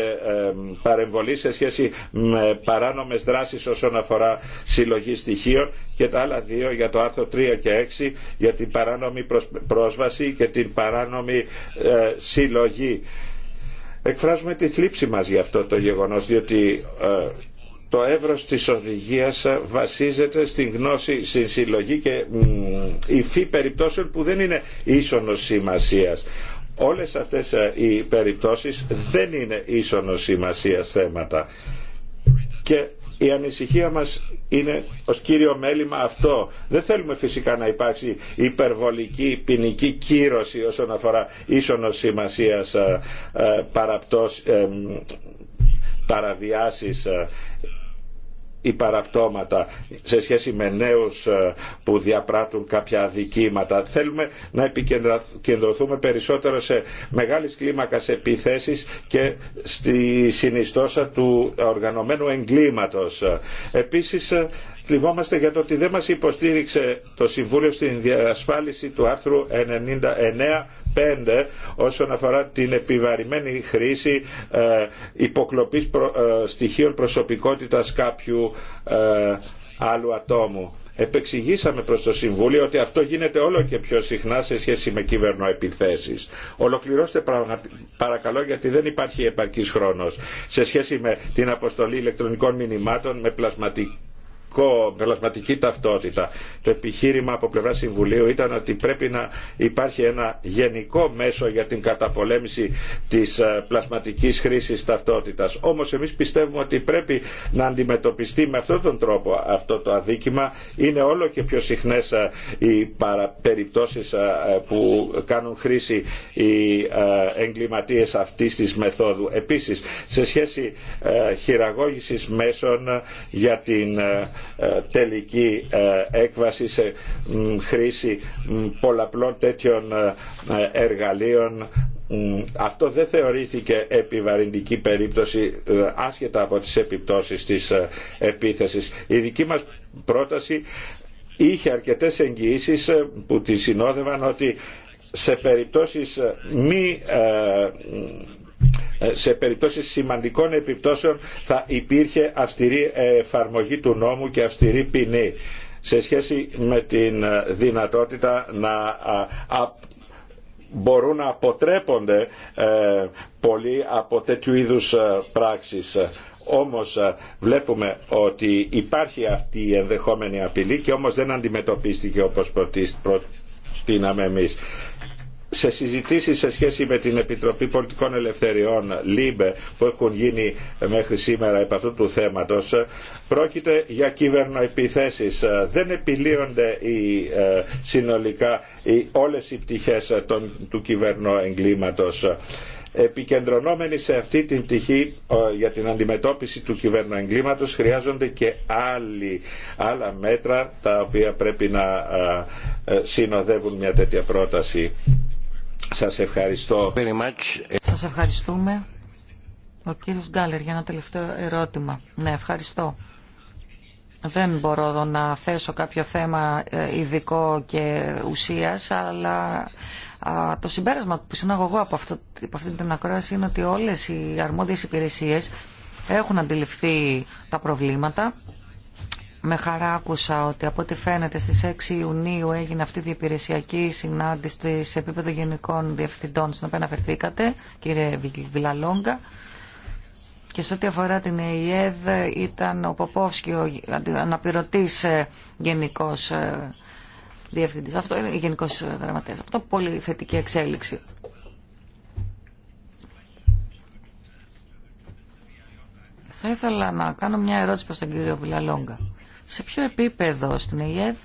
S3: παρεμβολή σε σχέση με παράνομες δράσεις όσον αφορά συλλογή στοιχείων και τα άλλα δύο για το άρθρο 3 και 6 για την παράνομη πρόσβαση και την παράνομη ε, συλλογή. Εκφράζουμε τη θλίψη μας για αυτό το γεγονός διότι ε, το έβρος της οδηγίας βασίζεται στην γνώση, στην συλλογή και υφή περιπτώσεων που δεν είναι ίσονος σημασίας. Όλες αυτές ε, οι περιπτώσεις δεν είναι ίσονος σημασία θέματα. Και η ανησυχία μας είναι ως κύριο μέλημα αυτό. Δεν θέλουμε φυσικά να υπάρξει υπερβολική ποινική κύρωση όσον αφορά ίσονος σημασίας ε, ε, παραπτώσεις παραβιάσεις ή παραπτώματα σε σχέση με νέους ε, που διαπράττουν κάποια αδικήματα. Θέλουμε να επικεντρωθούμε περισσότερο σε μεγάλης κλίμακας επιθέσεις και στη συνιστόσα του οργανωμένου εγκλήματος. Επίσης, Κλειβόμαστε ε, για το ότι δεν μας υποστήριξε το Συμβούλιο στην διασφάλιση του άρθρου 99 5 όσον αφορά την επιβαρημένη χρήση ε, υποκλοπής ε, στοιχείων προσωπικότητας κάποιου ε, άλλου ατόμου. Επεξηγήσαμε προς το Συμβούλιο ότι αυτό γίνεται όλο και πιο συχνά σε σχέση με κυβερνοεπιθέσεις. Ολοκληρώστε παρακαλώ γιατί δεν υπάρχει επαρκής χρόνος σε σχέση με την αποστολή ηλεκτρονικών μηνυμάτων με πλασματική πλασματική ταυτότητα. Το επιχείρημα από πλευρά Συμβουλίου ήταν ότι πρέπει να υπάρχει ένα γενικό μέσο για την καταπολέμηση της ε, πλασματικής χρήσης ταυτότητας. Όμως εμείς πιστεύουμε ότι πρέπει να αντιμετωπιστεί με αυτόν τον τρόπο αυτό το αδίκημα. Είναι όλο και πιο συχνές ε, οι περιπτώσεις ε, που κάνουν χρήση οι εγκληματίες αυτής της μεθόδου. Επίσης, σε σχέση χειραγώγησης μέσων για την ε, τελική ε, έκβαση σε χρήση πολλαπλών τέτοιων ε, εργαλείων αυτό δεν θεωρήθηκε επιβαρυντική περίπτωση άσχετα από τις επιπτώσεις της επίθεσης. Η δική μας πρόταση είχε αρκετές εγγυήσεις που τη συνόδευαν ότι σε περιπτώσεις μη ε, σε περιπτώσεις σημαντικών επιπτώσεων θα υπήρχε αυστηρή εφαρμογή του νόμου και αυστηρή ποινή σε σχέση με την ε, δυνατότητα να μπορούν να αποτρέπονται ε, πολλοί από τέτοιου είδους πράξεις όμως βλέπουμε ότι υπάρχει αυτή η ενδεχόμενη απειλή και όμως δεν αντιμετωπίστηκε όπως προτείναμε εμείς σε συζητήσεις σε σχέση με την Επιτροπή Πολιτικών Ελευθεριών, ΛΥΜΠΕ, που έχουν γίνει μέχρι σήμερα επ' αυτού του θέματος, πρόκειται για κυβερνοεπιθέσεις. Δεν επιλύονται οι, ε, συνολικά οι, όλες οι πτυχές των, του κυβερνοεγκλήματος επικεντρωνόμενοι σε αυτή την πτυχή ε, για την αντιμετώπιση του κυβερνοεγκλήματος χρειάζονται και άλλοι, άλλα μέτρα τα οποία πρέπει να ε, συνοδεύουν μια τέτοια πρόταση. Σας ευχαριστώ.
S2: Σας ευχαριστούμε. Ο κύριος Γκάλερ για ένα τελευταίο ερώτημα. Ναι, ευχαριστώ. Δεν μπορώ να θέσω κάποιο θέμα ε, ειδικό και ουσίας, αλλά το συμπέρασμα που συνάγω εγώ από, αυτό, από αυτή την ακρόαση είναι ότι όλες οι αρμόδιες υπηρεσίες έχουν αντιληφθεί τα προβλήματα με χαρά άκουσα ότι από ό,τι φαίνεται στις 6 Ιουνίου έγινε αυτή η διεπηρεσιακή συνάντηση σε επίπεδο γενικών διευθυντών στην οποία αναφερθήκατε, κύριε Βιλαλόγκα. Και σε ό,τι αφορά την ΕΙΕΔ ήταν ο Ποπόφσκι ο αναπληρωτής ε, γενικός ε, διευθυντής. Αυτό είναι γενικός δραματέας. Ε, Αυτό πολύ θετική εξέλιξη. Θα ήθελα να κάνω μια ερώτηση προς τον κύριο Βιλαλόγκα. Σε ποιο επίπεδο στην ΕΙΕΔ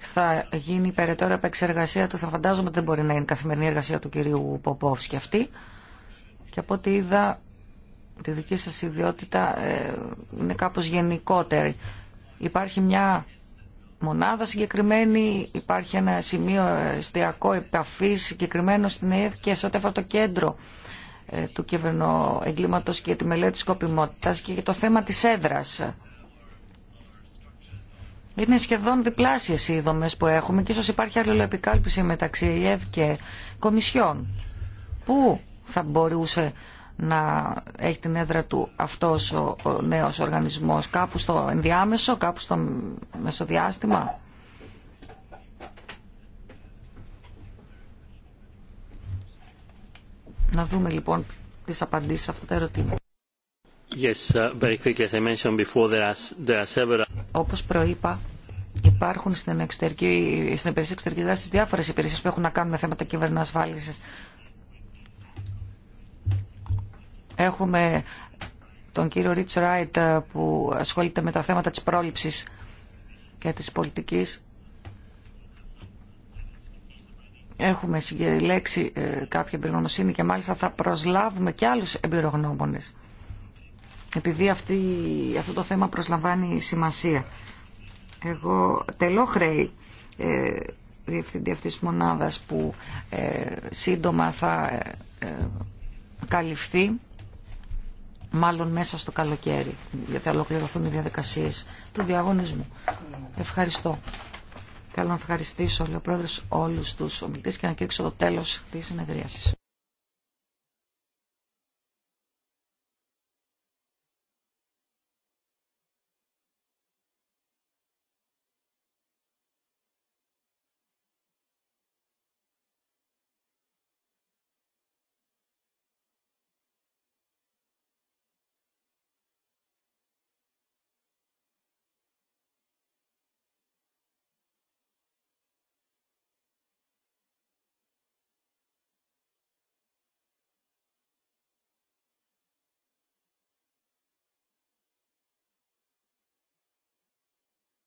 S2: θα γίνει περαιτέρω επεξεργασία του, θα φαντάζομαι ότι δεν μπορεί να είναι καθημερινή εργασία του κυρίου Ποπόφσκι αυτή. Και από ό,τι είδα, τη δική σας ιδιότητα ε, είναι κάπως γενικότερη. Υπάρχει μια μονάδα συγκεκριμένη, υπάρχει ένα σημείο εστιακό επαφή συγκεκριμένο στην ΕΕΔ και σε ό,τι αφορά το κέντρο ε, του εγκλήματος και τη μελέτη σκοπιμότητας και για το θέμα της έδρας. Είναι σχεδόν διπλάσιες οι δομές που έχουμε και ίσως υπάρχει αλληλοεπικάλυψη μεταξύ ΕΕΔ και Κομισιόν. Πού θα μπορούσε να έχει την έδρα του αυτός ο νέος οργανισμός, κάπου στο ενδιάμεσο, κάπου στο μεσοδιάστημα. Να δούμε λοιπόν τις απαντήσεις σε αυτά τα ερωτήματα.
S3: Yes, uh, very quickly, as I mentioned before, there are, there are several...
S2: Όπως προείπα, υπάρχουν στην, εξωτερική, στην υπηρεσία εξωτερικής δράσης διάφορες υπηρεσίες που έχουν να κάνουν με θέματα ασφάλισης. Έχουμε τον κύριο Ρίτς Ράιτ ε, που ασχολείται με τα θέματα της πρόληψης και της πολιτικής Έχουμε λέξη ε, κάποια εμπειρογνωμοσύνη και μάλιστα θα προσλάβουμε και άλλους εμπειρογνώμονες. Επειδή αυτή, αυτό το θέμα προσλαμβάνει σημασία. Εγώ τελώ χρέη ε, διευθυντή αυτής της μονάδας που ε, σύντομα θα ε, ε, καλυφθεί μάλλον μέσα στο καλοκαίρι γιατί θα ολοκληρωθούν οι διαδικασίες του διαγωνισμού. Ευχαριστώ. Θέλω να ευχαριστήσω, λέει ο όλους τους ομιλητές και να κηρύξω το τέλος της συνεδρίασης.